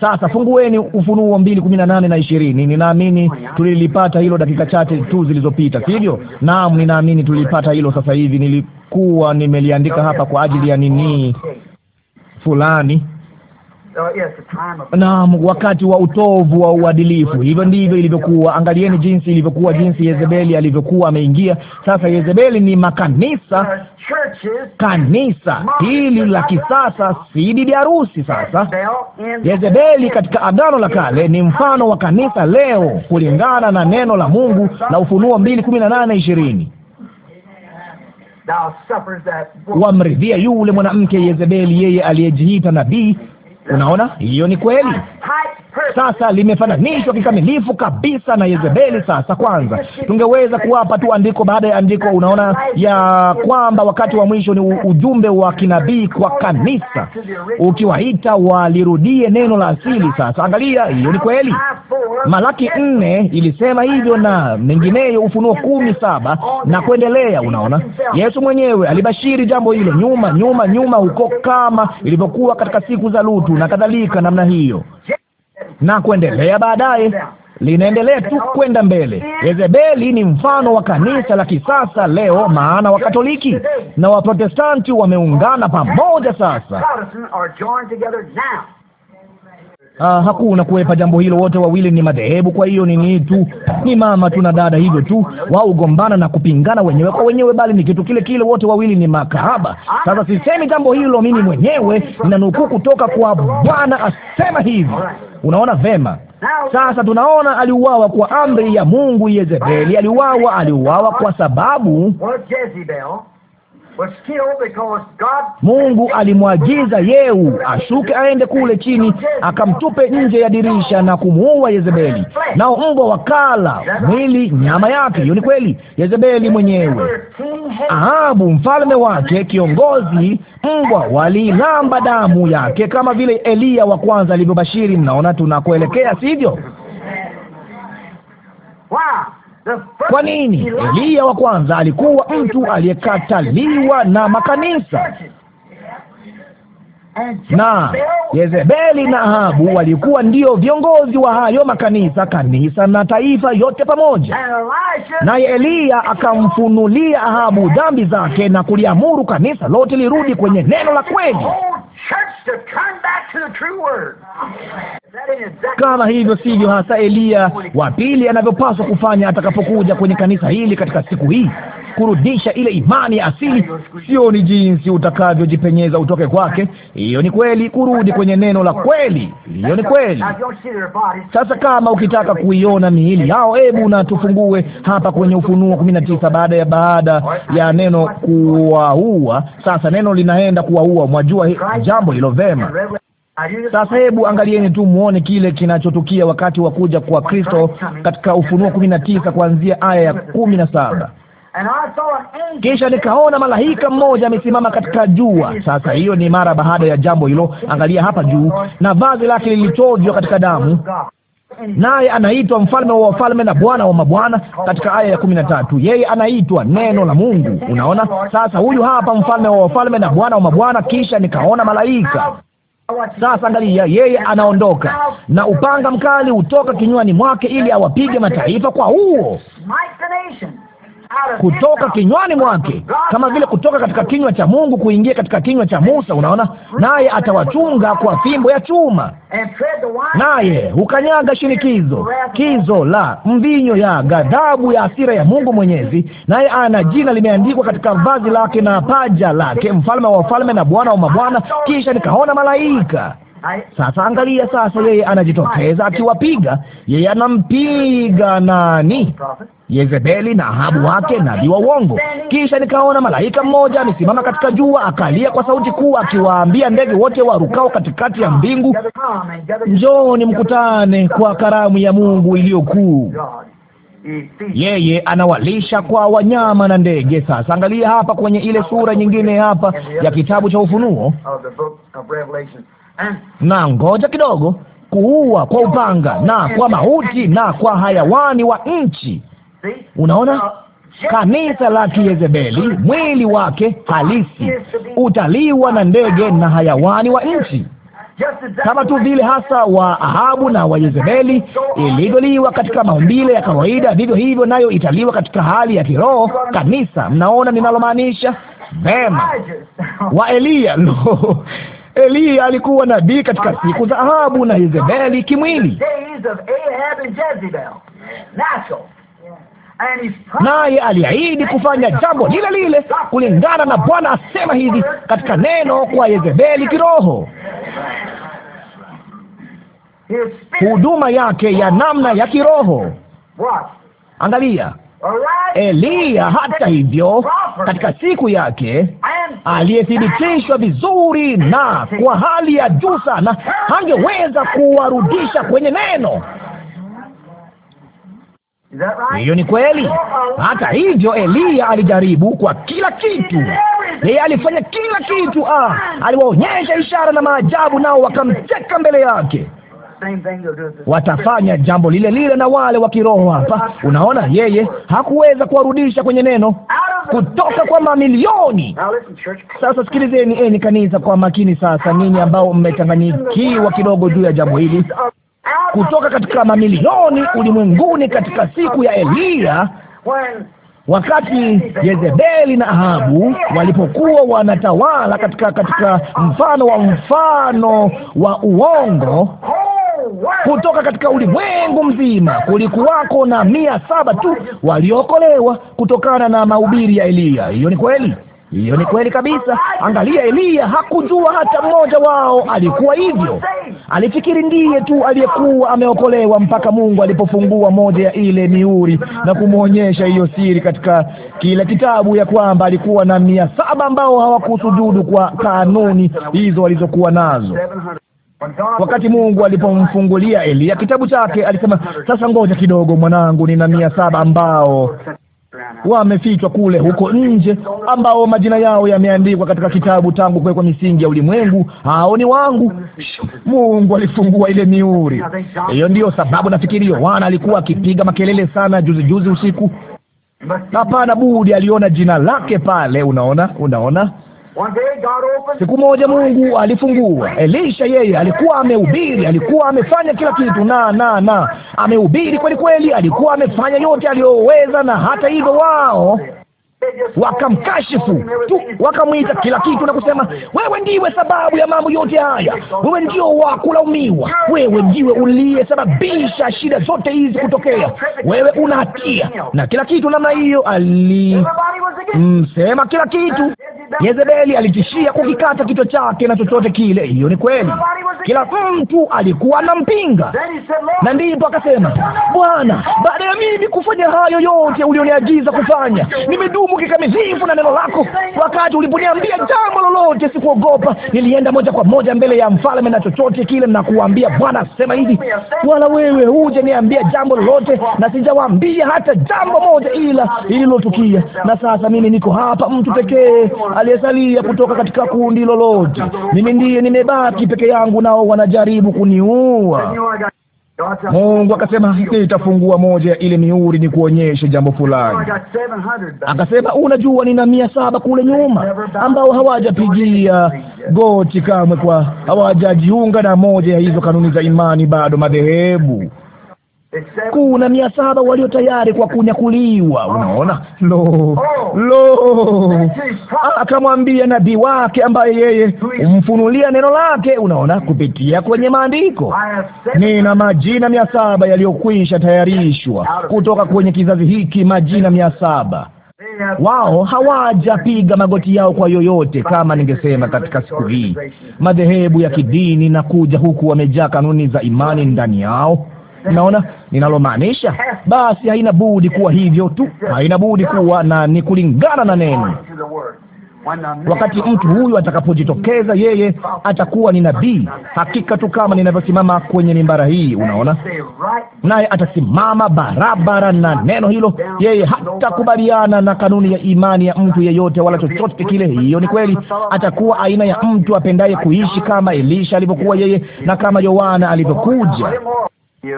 S1: Sasa fungueni Ufunuo mbili kumi na nane na ishirini. Ninaamini oh, tulilipata hilo dakika chache tu zilizopita, sivyo? Naam, ninaamini tulilipata hilo sasa hivi. Nilikuwa nimeliandika hapa kwa ajili ya nini fulani Naam, wakati wa utovu wa uadilifu. Hivyo ndivyo ilivyokuwa. Angalieni jinsi ilivyokuwa, jinsi Yezebeli alivyokuwa ameingia. Sasa Yezebeli ni makanisa, kanisa hili la kisasa, si bibi harusi. Sasa
S3: Yezebeli katika Agano la Kale
S1: ni mfano wa kanisa leo kulingana na neno la Mungu la Ufunuo mbili kumi na nane ishirini wamridhia yule mwanamke Yezebeli, yeye aliyejiita nabii Unaona, hiyo ni kweli. Sasa limefananishwa kikamilifu kabisa na Yezebeli. Sasa kwanza, tungeweza kuwapa tu andiko baada ya andiko, unaona ya kwamba wakati wa mwisho ni ujumbe wa kinabii kwa kanisa, ukiwaita walirudie neno la asili. Sasa angalia, hiyo ni kweli. Malaki nne ilisema hivyo na mengineyo, Ufunuo kumi saba na kuendelea. Unaona, Yesu mwenyewe alibashiri jambo hilo nyuma nyuma nyuma, huko kama ilivyokuwa katika siku za Lutu na kadhalika, namna hiyo na kuendelea baadaye linaendelea tu kwenda mbele. Yezebeli ni mfano wa kanisa la kisasa leo, maana Wakatoliki na Waprotestanti wameungana pamoja sasa. Ah, hakuna kuwepa jambo hilo. Wote wawili ni madhehebu, kwa hiyo ni nini tu, ni mama tu na dada, hivyo tu. Wao ugombana na kupingana wenyewe kwa wenyewe, bali ni kitu kile kile. Wote wawili ni makahaba. Sasa sisemi jambo hilo mimi mwenyewe, ninanukuu kutoka kwa Bwana asema hivi. Unaona vema. Sasa tunaona aliuawa kwa amri ya Mungu. Yezebeli aliuawa, aliuawa kwa sababu Mungu alimwagiza Yehu ashuke aende kule chini, akamtupe nje ya dirisha na kumuua Yezebeli, nao mbwa wakala mwili nyama yake. Hiyo ni kweli. Yezebeli mwenyewe, Ahabu mfalme wake, kiongozi, mbwa waliilamba damu yake, kama vile Eliya wa kwanza alivyobashiri. Mnaona tunakoelekea, sivyo?
S3: Kwa nini? Eliya wa
S1: kwanza alikuwa mtu aliyekataliwa na makanisa na Yezebeli na Ahabu walikuwa ndio viongozi wa hayo makanisa, kanisa na taifa yote pamoja. Naye Eliya akamfunulia Ahabu dhambi zake na kuliamuru kanisa lote lirudi kwenye neno la kweli. Kama hivyo sivyo, hasa Eliya wa pili anavyopaswa kufanya atakapokuja kwenye kanisa hili katika siku hii, kurudisha ile imani ya asili. Sio ni jinsi utakavyojipenyeza utoke kwake. Hiyo ni kweli, kurudi kwenye neno la kweli. Hiyo ni kweli. Sasa kama ukitaka kuiona miili yao, hebu na tufungue hapa kwenye Ufunuo kumi na tisa baada ya baada ya neno kuwaua. Sasa neno linaenda kuwaua, mwajua jambo hilo vema. Sasa hebu angalieni tu muone kile kinachotukia wakati wa kuja kwa Kristo katika Ufunuo kumi na tisa kuanzia aya ya kumi na saba. Kisha nikaona malaika mmoja amesimama katika jua. Sasa hiyo ni mara baada ya jambo hilo. Angalia hapa juu, na vazi lake lilichojwa katika damu, naye anaitwa mfalme wa wafalme na bwana wa mabwana, katika aya ya kumi na tatu. Yeye anaitwa neno la Mungu. Unaona, sasa huyu hapa mfalme wa wafalme na bwana wa mabwana. Kisha nikaona malaika sasa angalia, yeye anaondoka na upanga mkali hutoka kinywani mwake, ili awapige mataifa kwa huo
S3: kutoka kinywani
S1: mwake, kama vile kutoka katika kinywa cha Mungu kuingia katika kinywa cha Musa. Unaona, naye atawachunga kwa fimbo ya chuma,
S3: naye hukanyaga
S1: shinikizo kizo la mvinyo ya ghadhabu ya hasira ya Mungu Mwenyezi, naye ana jina limeandikwa katika vazi lake na paja lake, mfalme wa wafalme na Bwana wa mabwana. Kisha nikaona malaika sasa angalia sasa, yeye anajitokeza akiwapiga. Yeye anampiga nani? Yezebeli na Ahabu wake nabii wa uongo. Kisha nikaona malaika mmoja amesimama katika jua, akalia kwa sauti kuu, akiwaambia ndege wote warukao katikati ya mbingu,
S3: njooni mkutane kwa karamu ya Mungu iliyokuu
S1: yeye anawalisha kwa wanyama na ndege. Sasa angalia hapa kwenye ile sura nyingine hapa ya kitabu cha Ufunuo, na ngoja kidogo, kuua kwa upanga na kwa mauti na kwa hayawani wa nchi. Unaona, kanisa la Kiezebeli, mwili wake halisi utaliwa na ndege na hayawani wa nchi,
S3: kama tu vile
S1: hasa wa Ahabu na wa Yezebeli ilivyoliwa katika maumbile ya kawaida, vivyo hivyo nayo italiwa katika hali ya kiroho kanisa. Mnaona ninalomaanisha? Vema, wa Eliya. Eliya alikuwa nabii katika siku za Ahabu na Yezebeli kimwili,
S3: naye aliahidi kufanya jambo lile
S1: lile kulingana na Bwana asema hivi katika neno kwa Yezebeli kiroho huduma yake ya namna ya kiroho. Angalia Eliya hata hivyo, katika siku yake
S3: aliyethibitishwa
S1: vizuri na kwa hali ya juu sana, hangeweza kuwarudisha kwenye neno.
S3: Hiyo ni kweli. Hata hivyo,
S1: Eliya alijaribu kwa kila kitu. Yeye alifanya kila kitu. Ah, aliwaonyesha ishara na maajabu, nao wakamcheka mbele yake
S3: watafanya
S1: jambo lile lile na wale wa kiroho hapa. Unaona, yeye hakuweza kuwarudisha kwenye neno kutoka kwa mamilioni. Sasa sikilizeni, eni eh, kanisa, kwa makini sasa, ninyi ambao mmechanganyikiwa kidogo juu ya jambo hili kutoka katika mamilioni ulimwenguni katika siku ya Eliya, wakati Yezebeli na Ahabu walipokuwa wanatawala katika katika mfano wa mfano wa uongo kutoka katika ulimwengu mzima. Kulikuwako na mia saba tu waliokolewa kutokana na mahubiri ya Eliya. Hiyo ni kweli. Hiyo ni kweli kabisa. Angalia, Eliya hakujua hata mmoja wao alikuwa hivyo. Alifikiri ndiye tu aliyekuwa ameokolewa mpaka Mungu alipofungua moja ya ile mihuri na kumwonyesha hiyo siri katika kila kitabu, ya kwamba alikuwa na mia saba ambao hawakusujudu kwa kanuni hizo walizokuwa nazo. Wakati Mungu alipomfungulia Eliya kitabu chake, alisema sasa, ngoja kidogo, mwanangu, nina mia saba ambao wamefichwa kule huko nje, ambao majina yao yameandikwa katika kitabu tangu kuwekwa misingi ya ulimwengu. Hao ni wangu. Mungu alifungua ile mihuri. Hiyo ndiyo sababu nafikiri Yohana alikuwa akipiga makelele sana juzi juzi usiku. Hapana budi, aliona jina lake pale. Unaona, unaona Siku moja Mungu alifungua Elisha. Yeye alikuwa amehubiri, alikuwa amefanya kila kitu, na na na amehubiri kweli kweli, alikuwa amefanya yote aliyoweza, na hata hivyo wao wakamkashifu tu, wakamwita kila kitu na kusema, wewe ndiwe sababu ya mambo yote haya, wewe ndio wa kulaumiwa, wewe ndiwe uliyesababisha shida zote hizi kutokea, wewe una hatia na kila kitu namna hiyo. Alimsema kila kitu. Yezebeli alitishia kukikata kichwa chake na chochote kile. Hiyo ni kweli, kila mtu alikuwa anampinga, na ndipo akasema, Bwana mimi kufanya hayo yote ulioniagiza kufanya. Nimedumu kikamilifu na neno lako. Wakati uliponiambia jambo lolote, sikuogopa. Nilienda moja kwa moja mbele ya mfalme na chochote kile, na kuambia Bwana, sema hivi, wala wewe huja niambia jambo lolote, na sijawaambia hata jambo moja ila lililotukia. Na sasa mimi niko hapa, mtu pekee aliyesalia kutoka katika kundi lolote. Mimi ndiye nimebaki peke yangu, nao wanajaribu kuniua. Mungu akasema nitafungua moja ya ile mihuri kuonyesha jambo fulani. Akasema unajua, nina mia saba kule nyuma ambao hawajapigia goti kamwe, kwa hawajajiunga na moja ya hizo kanuni za imani, bado madhehebu kuna mia saba walio tayari kwa kunyakuliwa. Oh. Unaona, lo oh. lo, akamwambia nabii wake ambaye yeye humfunulia neno lake, unaona, kupitia kwenye maandiko, nina majina mia saba yaliyokwisha tayarishwa kutoka kwenye kizazi hiki, majina mia saba wao hawajapiga magoti yao kwa yoyote, kama ningesema katika siku hii madhehebu ya kidini na kuja huku wamejaa kanuni za imani ndani yao naona ninalomaanisha? Basi haina budi kuwa hivyo tu, haina budi kuwa na ni kulingana na neno. Wakati mtu huyu atakapojitokeza, yeye atakuwa ni nabii hakika tu kama ninavyosimama kwenye mimbara hii. Unaona, naye atasimama barabara na neno hilo. Yeye hatakubaliana na kanuni ya imani ya mtu yeyote wala chochote kile. Hiyo ni kweli. Atakuwa aina ya mtu apendaye kuishi kama Elisha alivyokuwa yeye na kama Yohana alivyokuja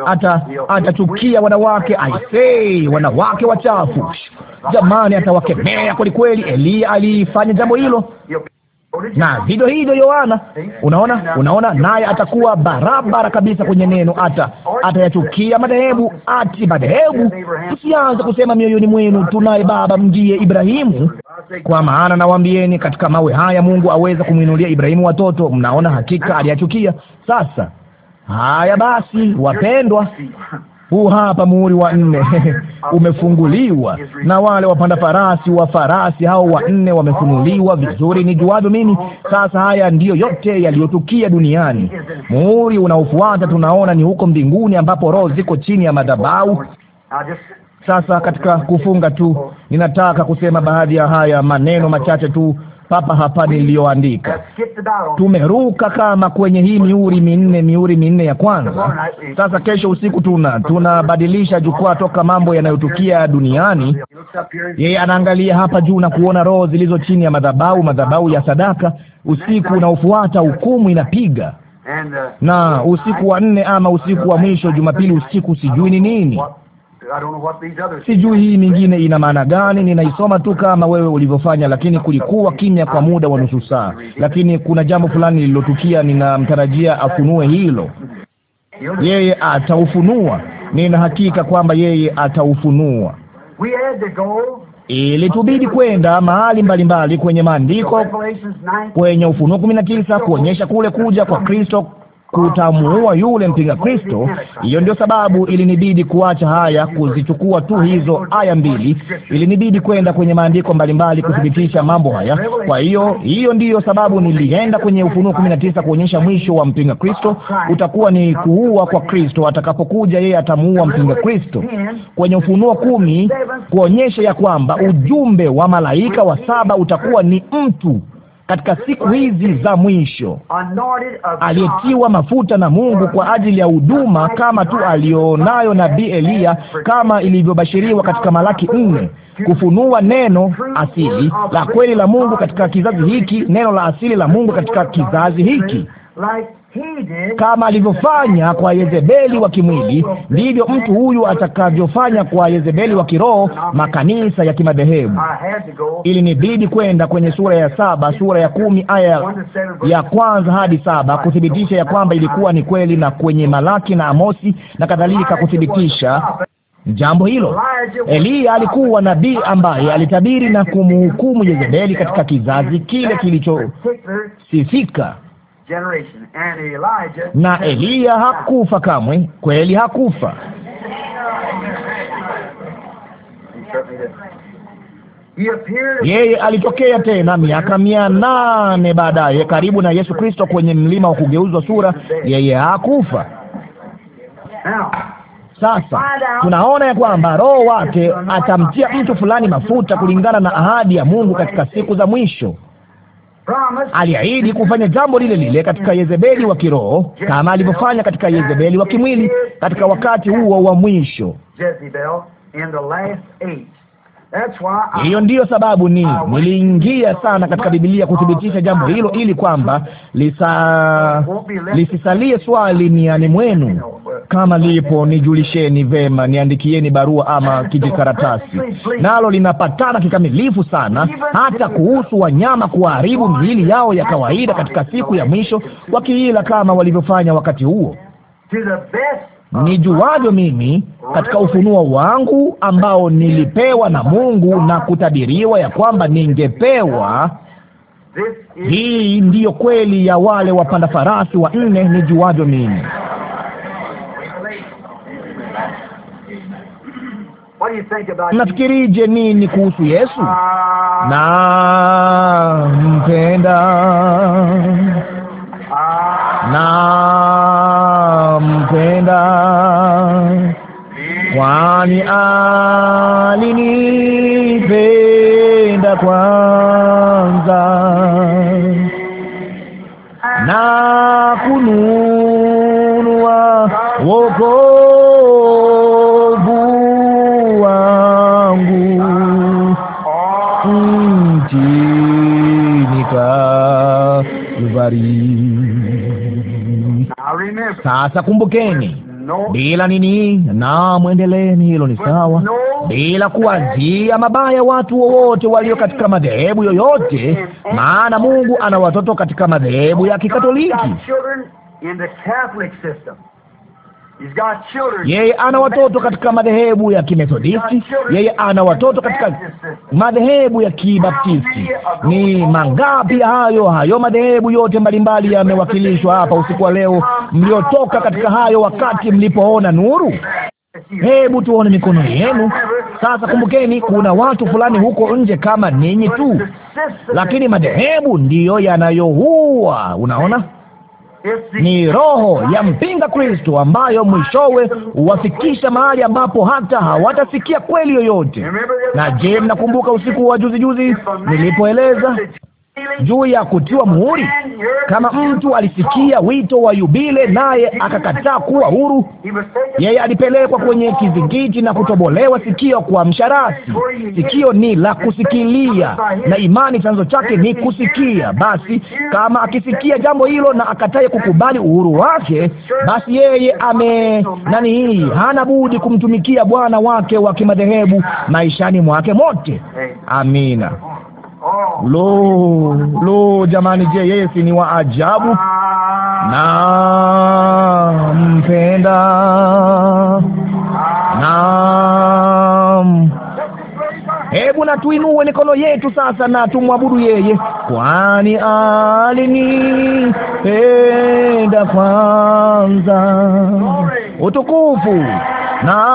S1: ata atachukia wanawake, aisei, wanawake wachafu. Jamani, atawakemea kwelikweli. Eliya alifanya jambo hilo na vivyo hivyo Yohana, unaona, unaona, naye atakuwa barabara kabisa kwenye neno, ata atayachukia madhehebu. Ati madhehebu, tusianze kusema mioyoni mwenu, tunaye baba mjie Ibrahimu, kwa maana nawaambieni, katika mawe haya Mungu aweza kumwinulia Ibrahimu watoto. Mnaona, hakika aliyachukia. Sasa Haya basi, wapendwa, huu hapa muhuri wa nne umefunguliwa, na wale wapanda farasi wa farasi hao nne wamefunuliwa vizuri nijuavyo mimi. Sasa haya ndiyo yote yaliyotukia duniani. Muhuri unaofuata tunaona ni huko mbinguni, ambapo roho ziko chini ya madhabahu. Sasa katika kufunga tu, ninataka kusema baadhi ya haya maneno machache tu papa hapa niliyoandika. Tumeruka kama kwenye hii miuri minne, miuri minne ya kwanza. Sasa kesho usiku tuna tunabadilisha jukwaa toka mambo yanayotukia duniani. Yeye anaangalia hapa juu na kuona roho zilizo chini ya madhabahu, madhabahu ya sadaka. Usiku unaofuata hukumu inapiga uh, na usiku wa nne ama usiku wa mwisho Jumapili usiku, sijui ni nini Sijui hii mingine ina maana gani, ninaisoma tu kama wewe ulivyofanya, lakini kulikuwa kimya kwa muda wa nusu saa, lakini kuna jambo fulani lililotukia. Ninamtarajia afunue hilo, yeye ataufunua. Nina hakika kwamba yeye ataufunua. Ilitubidi kwenda mahali mbalimbali kwenye maandiko, kwenye Ufunuo kumi na tisa kuonyesha kule kuja kwa Kristo kutamuua yule mpinga Kristo. Hiyo ndio sababu ilinibidi kuacha haya, kuzichukua tu hizo aya mbili. Ilinibidi kwenda kwenye maandiko mbalimbali kuthibitisha mambo haya. Kwa hiyo, hiyo ndiyo sababu nilienda kwenye Ufunuo kumi na tisa kuonyesha mwisho wa mpinga Kristo utakuwa ni kuua kwa Kristo. Atakapokuja yeye atamuua mpinga Kristo. Kwenye Ufunuo kumi kuonyesha ya kwamba ujumbe wa malaika wa saba utakuwa ni mtu katika siku hizi za mwisho,
S3: aliyetiwa
S1: mafuta na Mungu kwa ajili ya huduma kama tu alionayo nabii Eliya, kama ilivyobashiriwa katika Malaki nne, kufunua neno asili la kweli la Mungu katika kizazi hiki, neno la asili la Mungu katika kizazi hiki
S3: kama alivyofanya
S1: kwa Yezebeli wa kimwili, ndivyo mtu huyu atakavyofanya kwa Yezebeli wa kiroho, makanisa ya kimadhehebu. Ili nibidi kwenda kwenye sura ya saba, sura ya kumi aya ya kwanza hadi saba kuthibitisha ya kwamba ilikuwa ni kweli, na kwenye Malaki na Amosi na kadhalika kuthibitisha jambo hilo. Eliya alikuwa nabii ambaye alitabiri na kumhukumu Yezebeli katika kizazi kile
S3: kilichosifika na Eliya hakufa
S1: kamwe, kweli hakufa. Yeye alitokea tena miaka mia nane baadaye karibu na Yesu Kristo kwenye mlima wa kugeuzwa sura. Yeye hakufa. Sasa tunaona ya kwamba roho wake atamtia mtu fulani mafuta kulingana na ahadi ya Mungu katika siku za mwisho aliahidi kufanya jambo lile lile katika Yezebeli wa kiroho kama alivyofanya katika Yezebeli wa kimwili katika wakati huo wa mwisho. Hiyo ndiyo sababu ni niliingia sana katika Biblia kuthibitisha jambo hilo, ili kwamba lisa lisisalie swali niani mwenu. Kama lipo nijulisheni vema, niandikieni barua ama kijikaratasi, nalo linapatana kikamilifu sana, hata kuhusu wanyama kuharibu miili yao ya kawaida katika siku ya mwisho, wakiila kama walivyofanya wakati huo Ah. nijuavyo mimi katika ufunuo wangu ambao nilipewa na Mungu na kutabiriwa ya kwamba ningepewa. Hii ndiyo kweli ya wale wapanda farasi wa nne, nijuavyo mimi.
S3: Nafikirije
S1: nini kuhusu Yesu? Ah. na mpenda nampenda, kwani alinipenda kwanza
S3: na kununua wokovu wangu nchini
S1: Kalvari. Sasa kumbukeni, bila nini na mwendeleeni, hilo ni sawa, bila kuwazia mabaya watu wowote walio katika madhehebu yoyote, maana Mungu ana watoto katika madhehebu ya Kikatoliki. Yeye ana watoto katika madhehebu ya Kimethodisti, yeye ana watoto katika madhehebu ya Kibaptisti. Ni mangapi hayo hayo madhehebu yote mbalimbali yamewakilishwa hapa usiku wa leo, mliotoka katika hayo wakati mlipoona nuru? Hebu tuone mikono yenu sasa. Kumbukeni, kuna watu fulani huko nje kama ninyi tu, lakini madhehebu ndiyo yanayohua Unaona?
S3: ni roho ya
S1: mpinga Kristo ambayo mwishowe huwafikisha mahali ambapo hata hawatafikia kweli yoyote. Na je, mnakumbuka usiku wa juzi juzi nilipoeleza juu ya kutiwa muhuri. Kama mtu alisikia wito wa yubile naye akakataa kuwa huru, yeye alipelekwa kwenye kizingiti na kutobolewa sikio kwa msharasi. Sikio ni la kusikilia, na imani chanzo chake ni kusikia. Basi kama akisikia jambo hilo na akataye kukubali uhuru wake, basi yeye ame nani hii, hana budi kumtumikia bwana wake wa kimadhehebu maishani mwake mote. Amina. Oh. Lo, lo, jamani, je, yeye si ni wa ajabu na mpenda nam. Hebu na tuinue mikono yetu sasa na tumwabudu yeye, kwani alinipenda kwanza utukufu na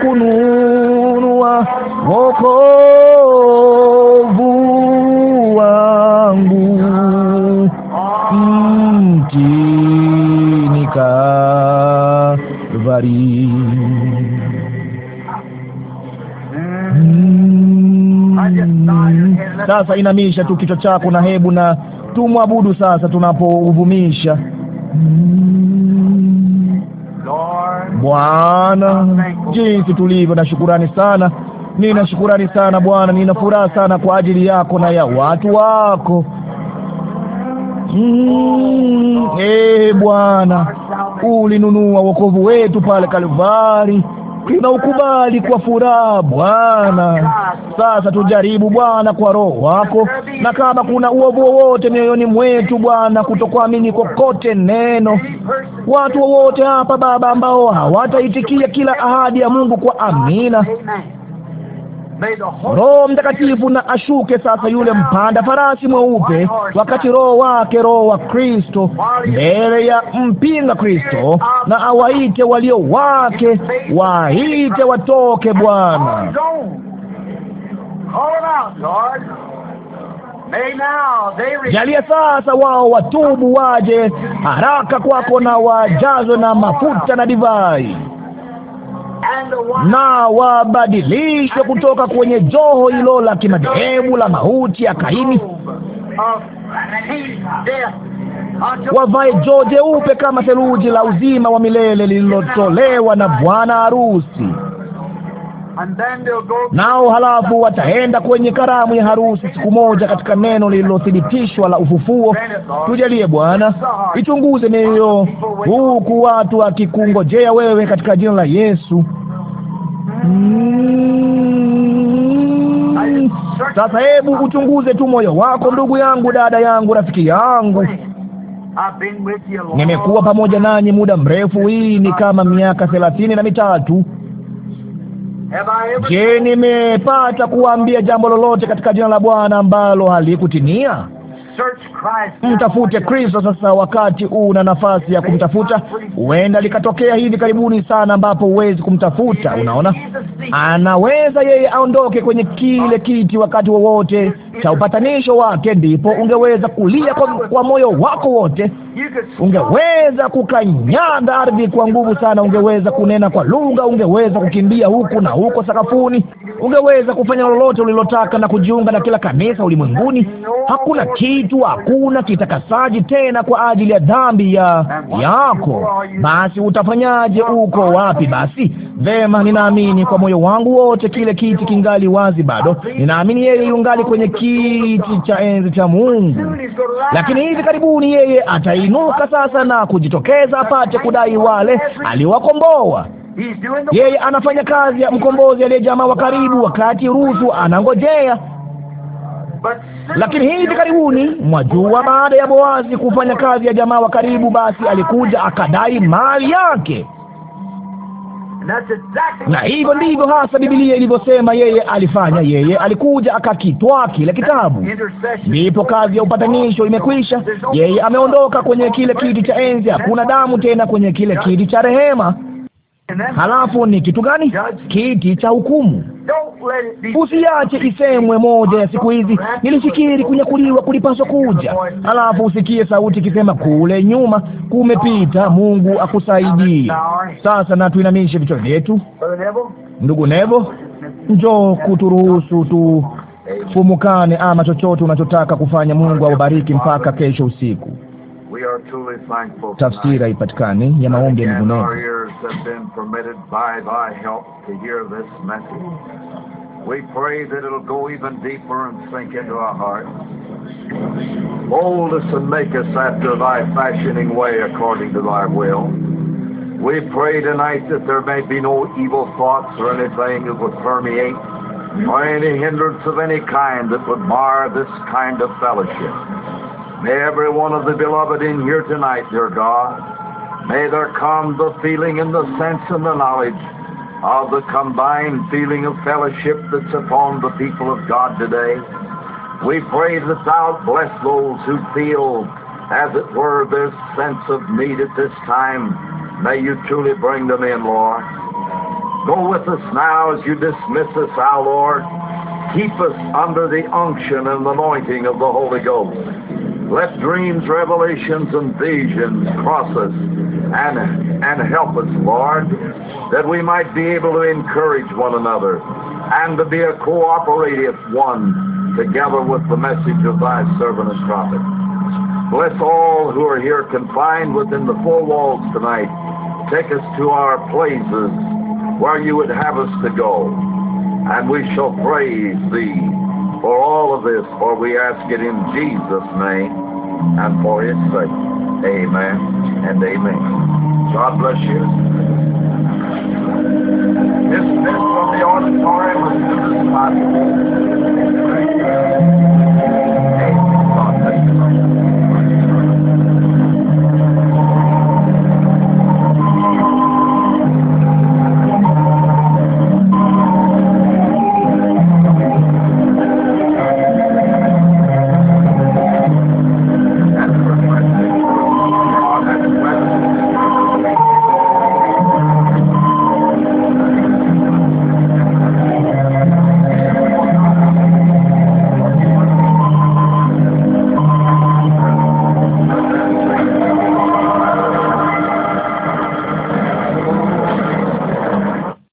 S1: kununua
S3: wokovu wangu mtini Kalvari.
S1: Hmm. Sasa inamisha tu kichwa chako na hebu na tumwabudu sasa tunapouvumisha. Mm. Bwana, jinsi tulivyo na shukurani sana, nina shukurani sana Bwana, nina furaha sana kwa ajili yako na ya watu wako. Mm, eh Bwana, ulinunua wokovu wetu pale Kalvari tunaukubali ukubali kwa furaha Bwana. Sasa tujaribu Bwana kwa Roho wako, na kama kuna uovu wowote mioyoni mwetu Bwana, kutokuamini kokote neno, watu wowote hapa Baba ambao hawataitikia kila ahadi ya Mungu kwa amina Roho Mtakatifu na ashuke sasa, yule mpanda farasi mweupe, wakati roho wake, roho wa Kristo mbele ya mpinga Kristo, na awaite walio wake, waite watoke, Bwana Jalia sasa wao watubu, waje haraka kwako na wajazwe na mafuta na divai na wabadilishwe kutoka kwenye joho hilo la kimadhehebu la mauti ya Kaini, wavae joho jeupe kama theluji la uzima wa milele lililotolewa na bwana harusi
S3: nao halafu wataenda kwenye karamu ya harusi siku moja, katika neno lililothibitishwa la
S1: ufufuo. Tujalie Bwana, ichunguze mioyo huku watu wakikungojea wewe, katika jina la Yesu. Sasa hebu uchunguze tu moyo wako, ndugu yangu, dada yangu, rafiki yangu. Nimekuwa pamoja nanyi muda mrefu, hii ni kama miaka thelathini na mitatu. Je, nimepata kuambia jambo lolote katika jina la Bwana ambalo halikutimia? Mtafute Kristo sasa, wakati una nafasi ya kumtafuta. Huenda likatokea hivi karibuni sana, ambapo huwezi kumtafuta. Unaona, anaweza yeye aondoke kwenye kile kiti wakati wowote cha upatanisho wake, ndipo ungeweza kulia kwa, kwa moyo wako wote, ungeweza kukanyanda ardhi kwa nguvu sana, ungeweza kunena kwa lugha, ungeweza kukimbia huku na huko sakafuni, ungeweza kufanya lolote ulilotaka na kujiunga na kila kanisa ulimwenguni. Hakuna kitu hakuna hakuna kitakasaji tena kwa ajili ya dhambi ya yako, basi utafanyaje? Uko wapi? Basi vema, ninaamini kwa moyo wangu wote, kile kiti kingali wazi bado. Ninaamini yeye yungali kwenye kiti cha enzi cha Mungu, lakini hivi karibuni yeye atainuka sasa na kujitokeza apate kudai wale aliwakomboa. Yeye anafanya kazi ya mkombozi aliyejamaa wa karibu, wakati rusu anangojea lakini hivi karibuni, mwajua, baada ya Boazi kufanya kazi ya jamaa wa karibu, basi alikuja akadai mali yake.
S3: Exactly, na hivyo ndivyo
S1: hasa Biblia ilivyosema yeye alifanya. Yeye alikuja akakitwa kile kitabu, ndipo kazi ya upatanisho imekwisha. Yeye ameondoka kwenye kile kiti cha enzi, hakuna damu tena kwenye kile kiti cha rehema. Halafu ni kitu gani? Kiti cha hukumu. Usiache isemwe moja ya siku hizi, nilifikiri kunyakuliwa kulipaswa kuja. Halafu usikie sauti ikisema kule nyuma, kumepita. Mungu akusaidie. Sasa na tuinamishe vichwa vyetu. Ndugu Nevo, njoo kuturuhusu tu fumukane, ama chochote unachotaka kufanya. Mungu awabariki mpaka kesho usiku.
S3: We Tafsira
S1: ipatikane ya to ya ndugu
S2: Nevo. We pray that it'll go even deeper and sink into our hearts. Mold us and make us after thy fashioning way according to thy will. We pray tonight that there may be no evil thoughts or anything that would permeate or any hindrance of any kind that would mar this kind of fellowship. May every one of the beloved in here tonight, dear God, may there come the feeling and the sense and the knowledge of the combined feeling of fellowship that's upon the people of God today. We pray that thou bless those who feel, as it were, this sense of need at this time. May you truly bring them in, Lord. Go with us now as you dismiss us, our Lord. Keep us under the unction and anointing of the Holy Ghost. Let dreams, revelations, and visions cross us and, and help us, Lord, that we might be able to encourage one another and to be a cooperative one together with the message of thy servant and prophet. Bless all who are here confined within the four walls tonight. Take us to our places where you would have us to go, and we shall praise thee for all of this, for we ask it in Jesus' name and for his sake. Amen and amen. God bless you. This is from the auditorium of Jesus Amen. God bless you.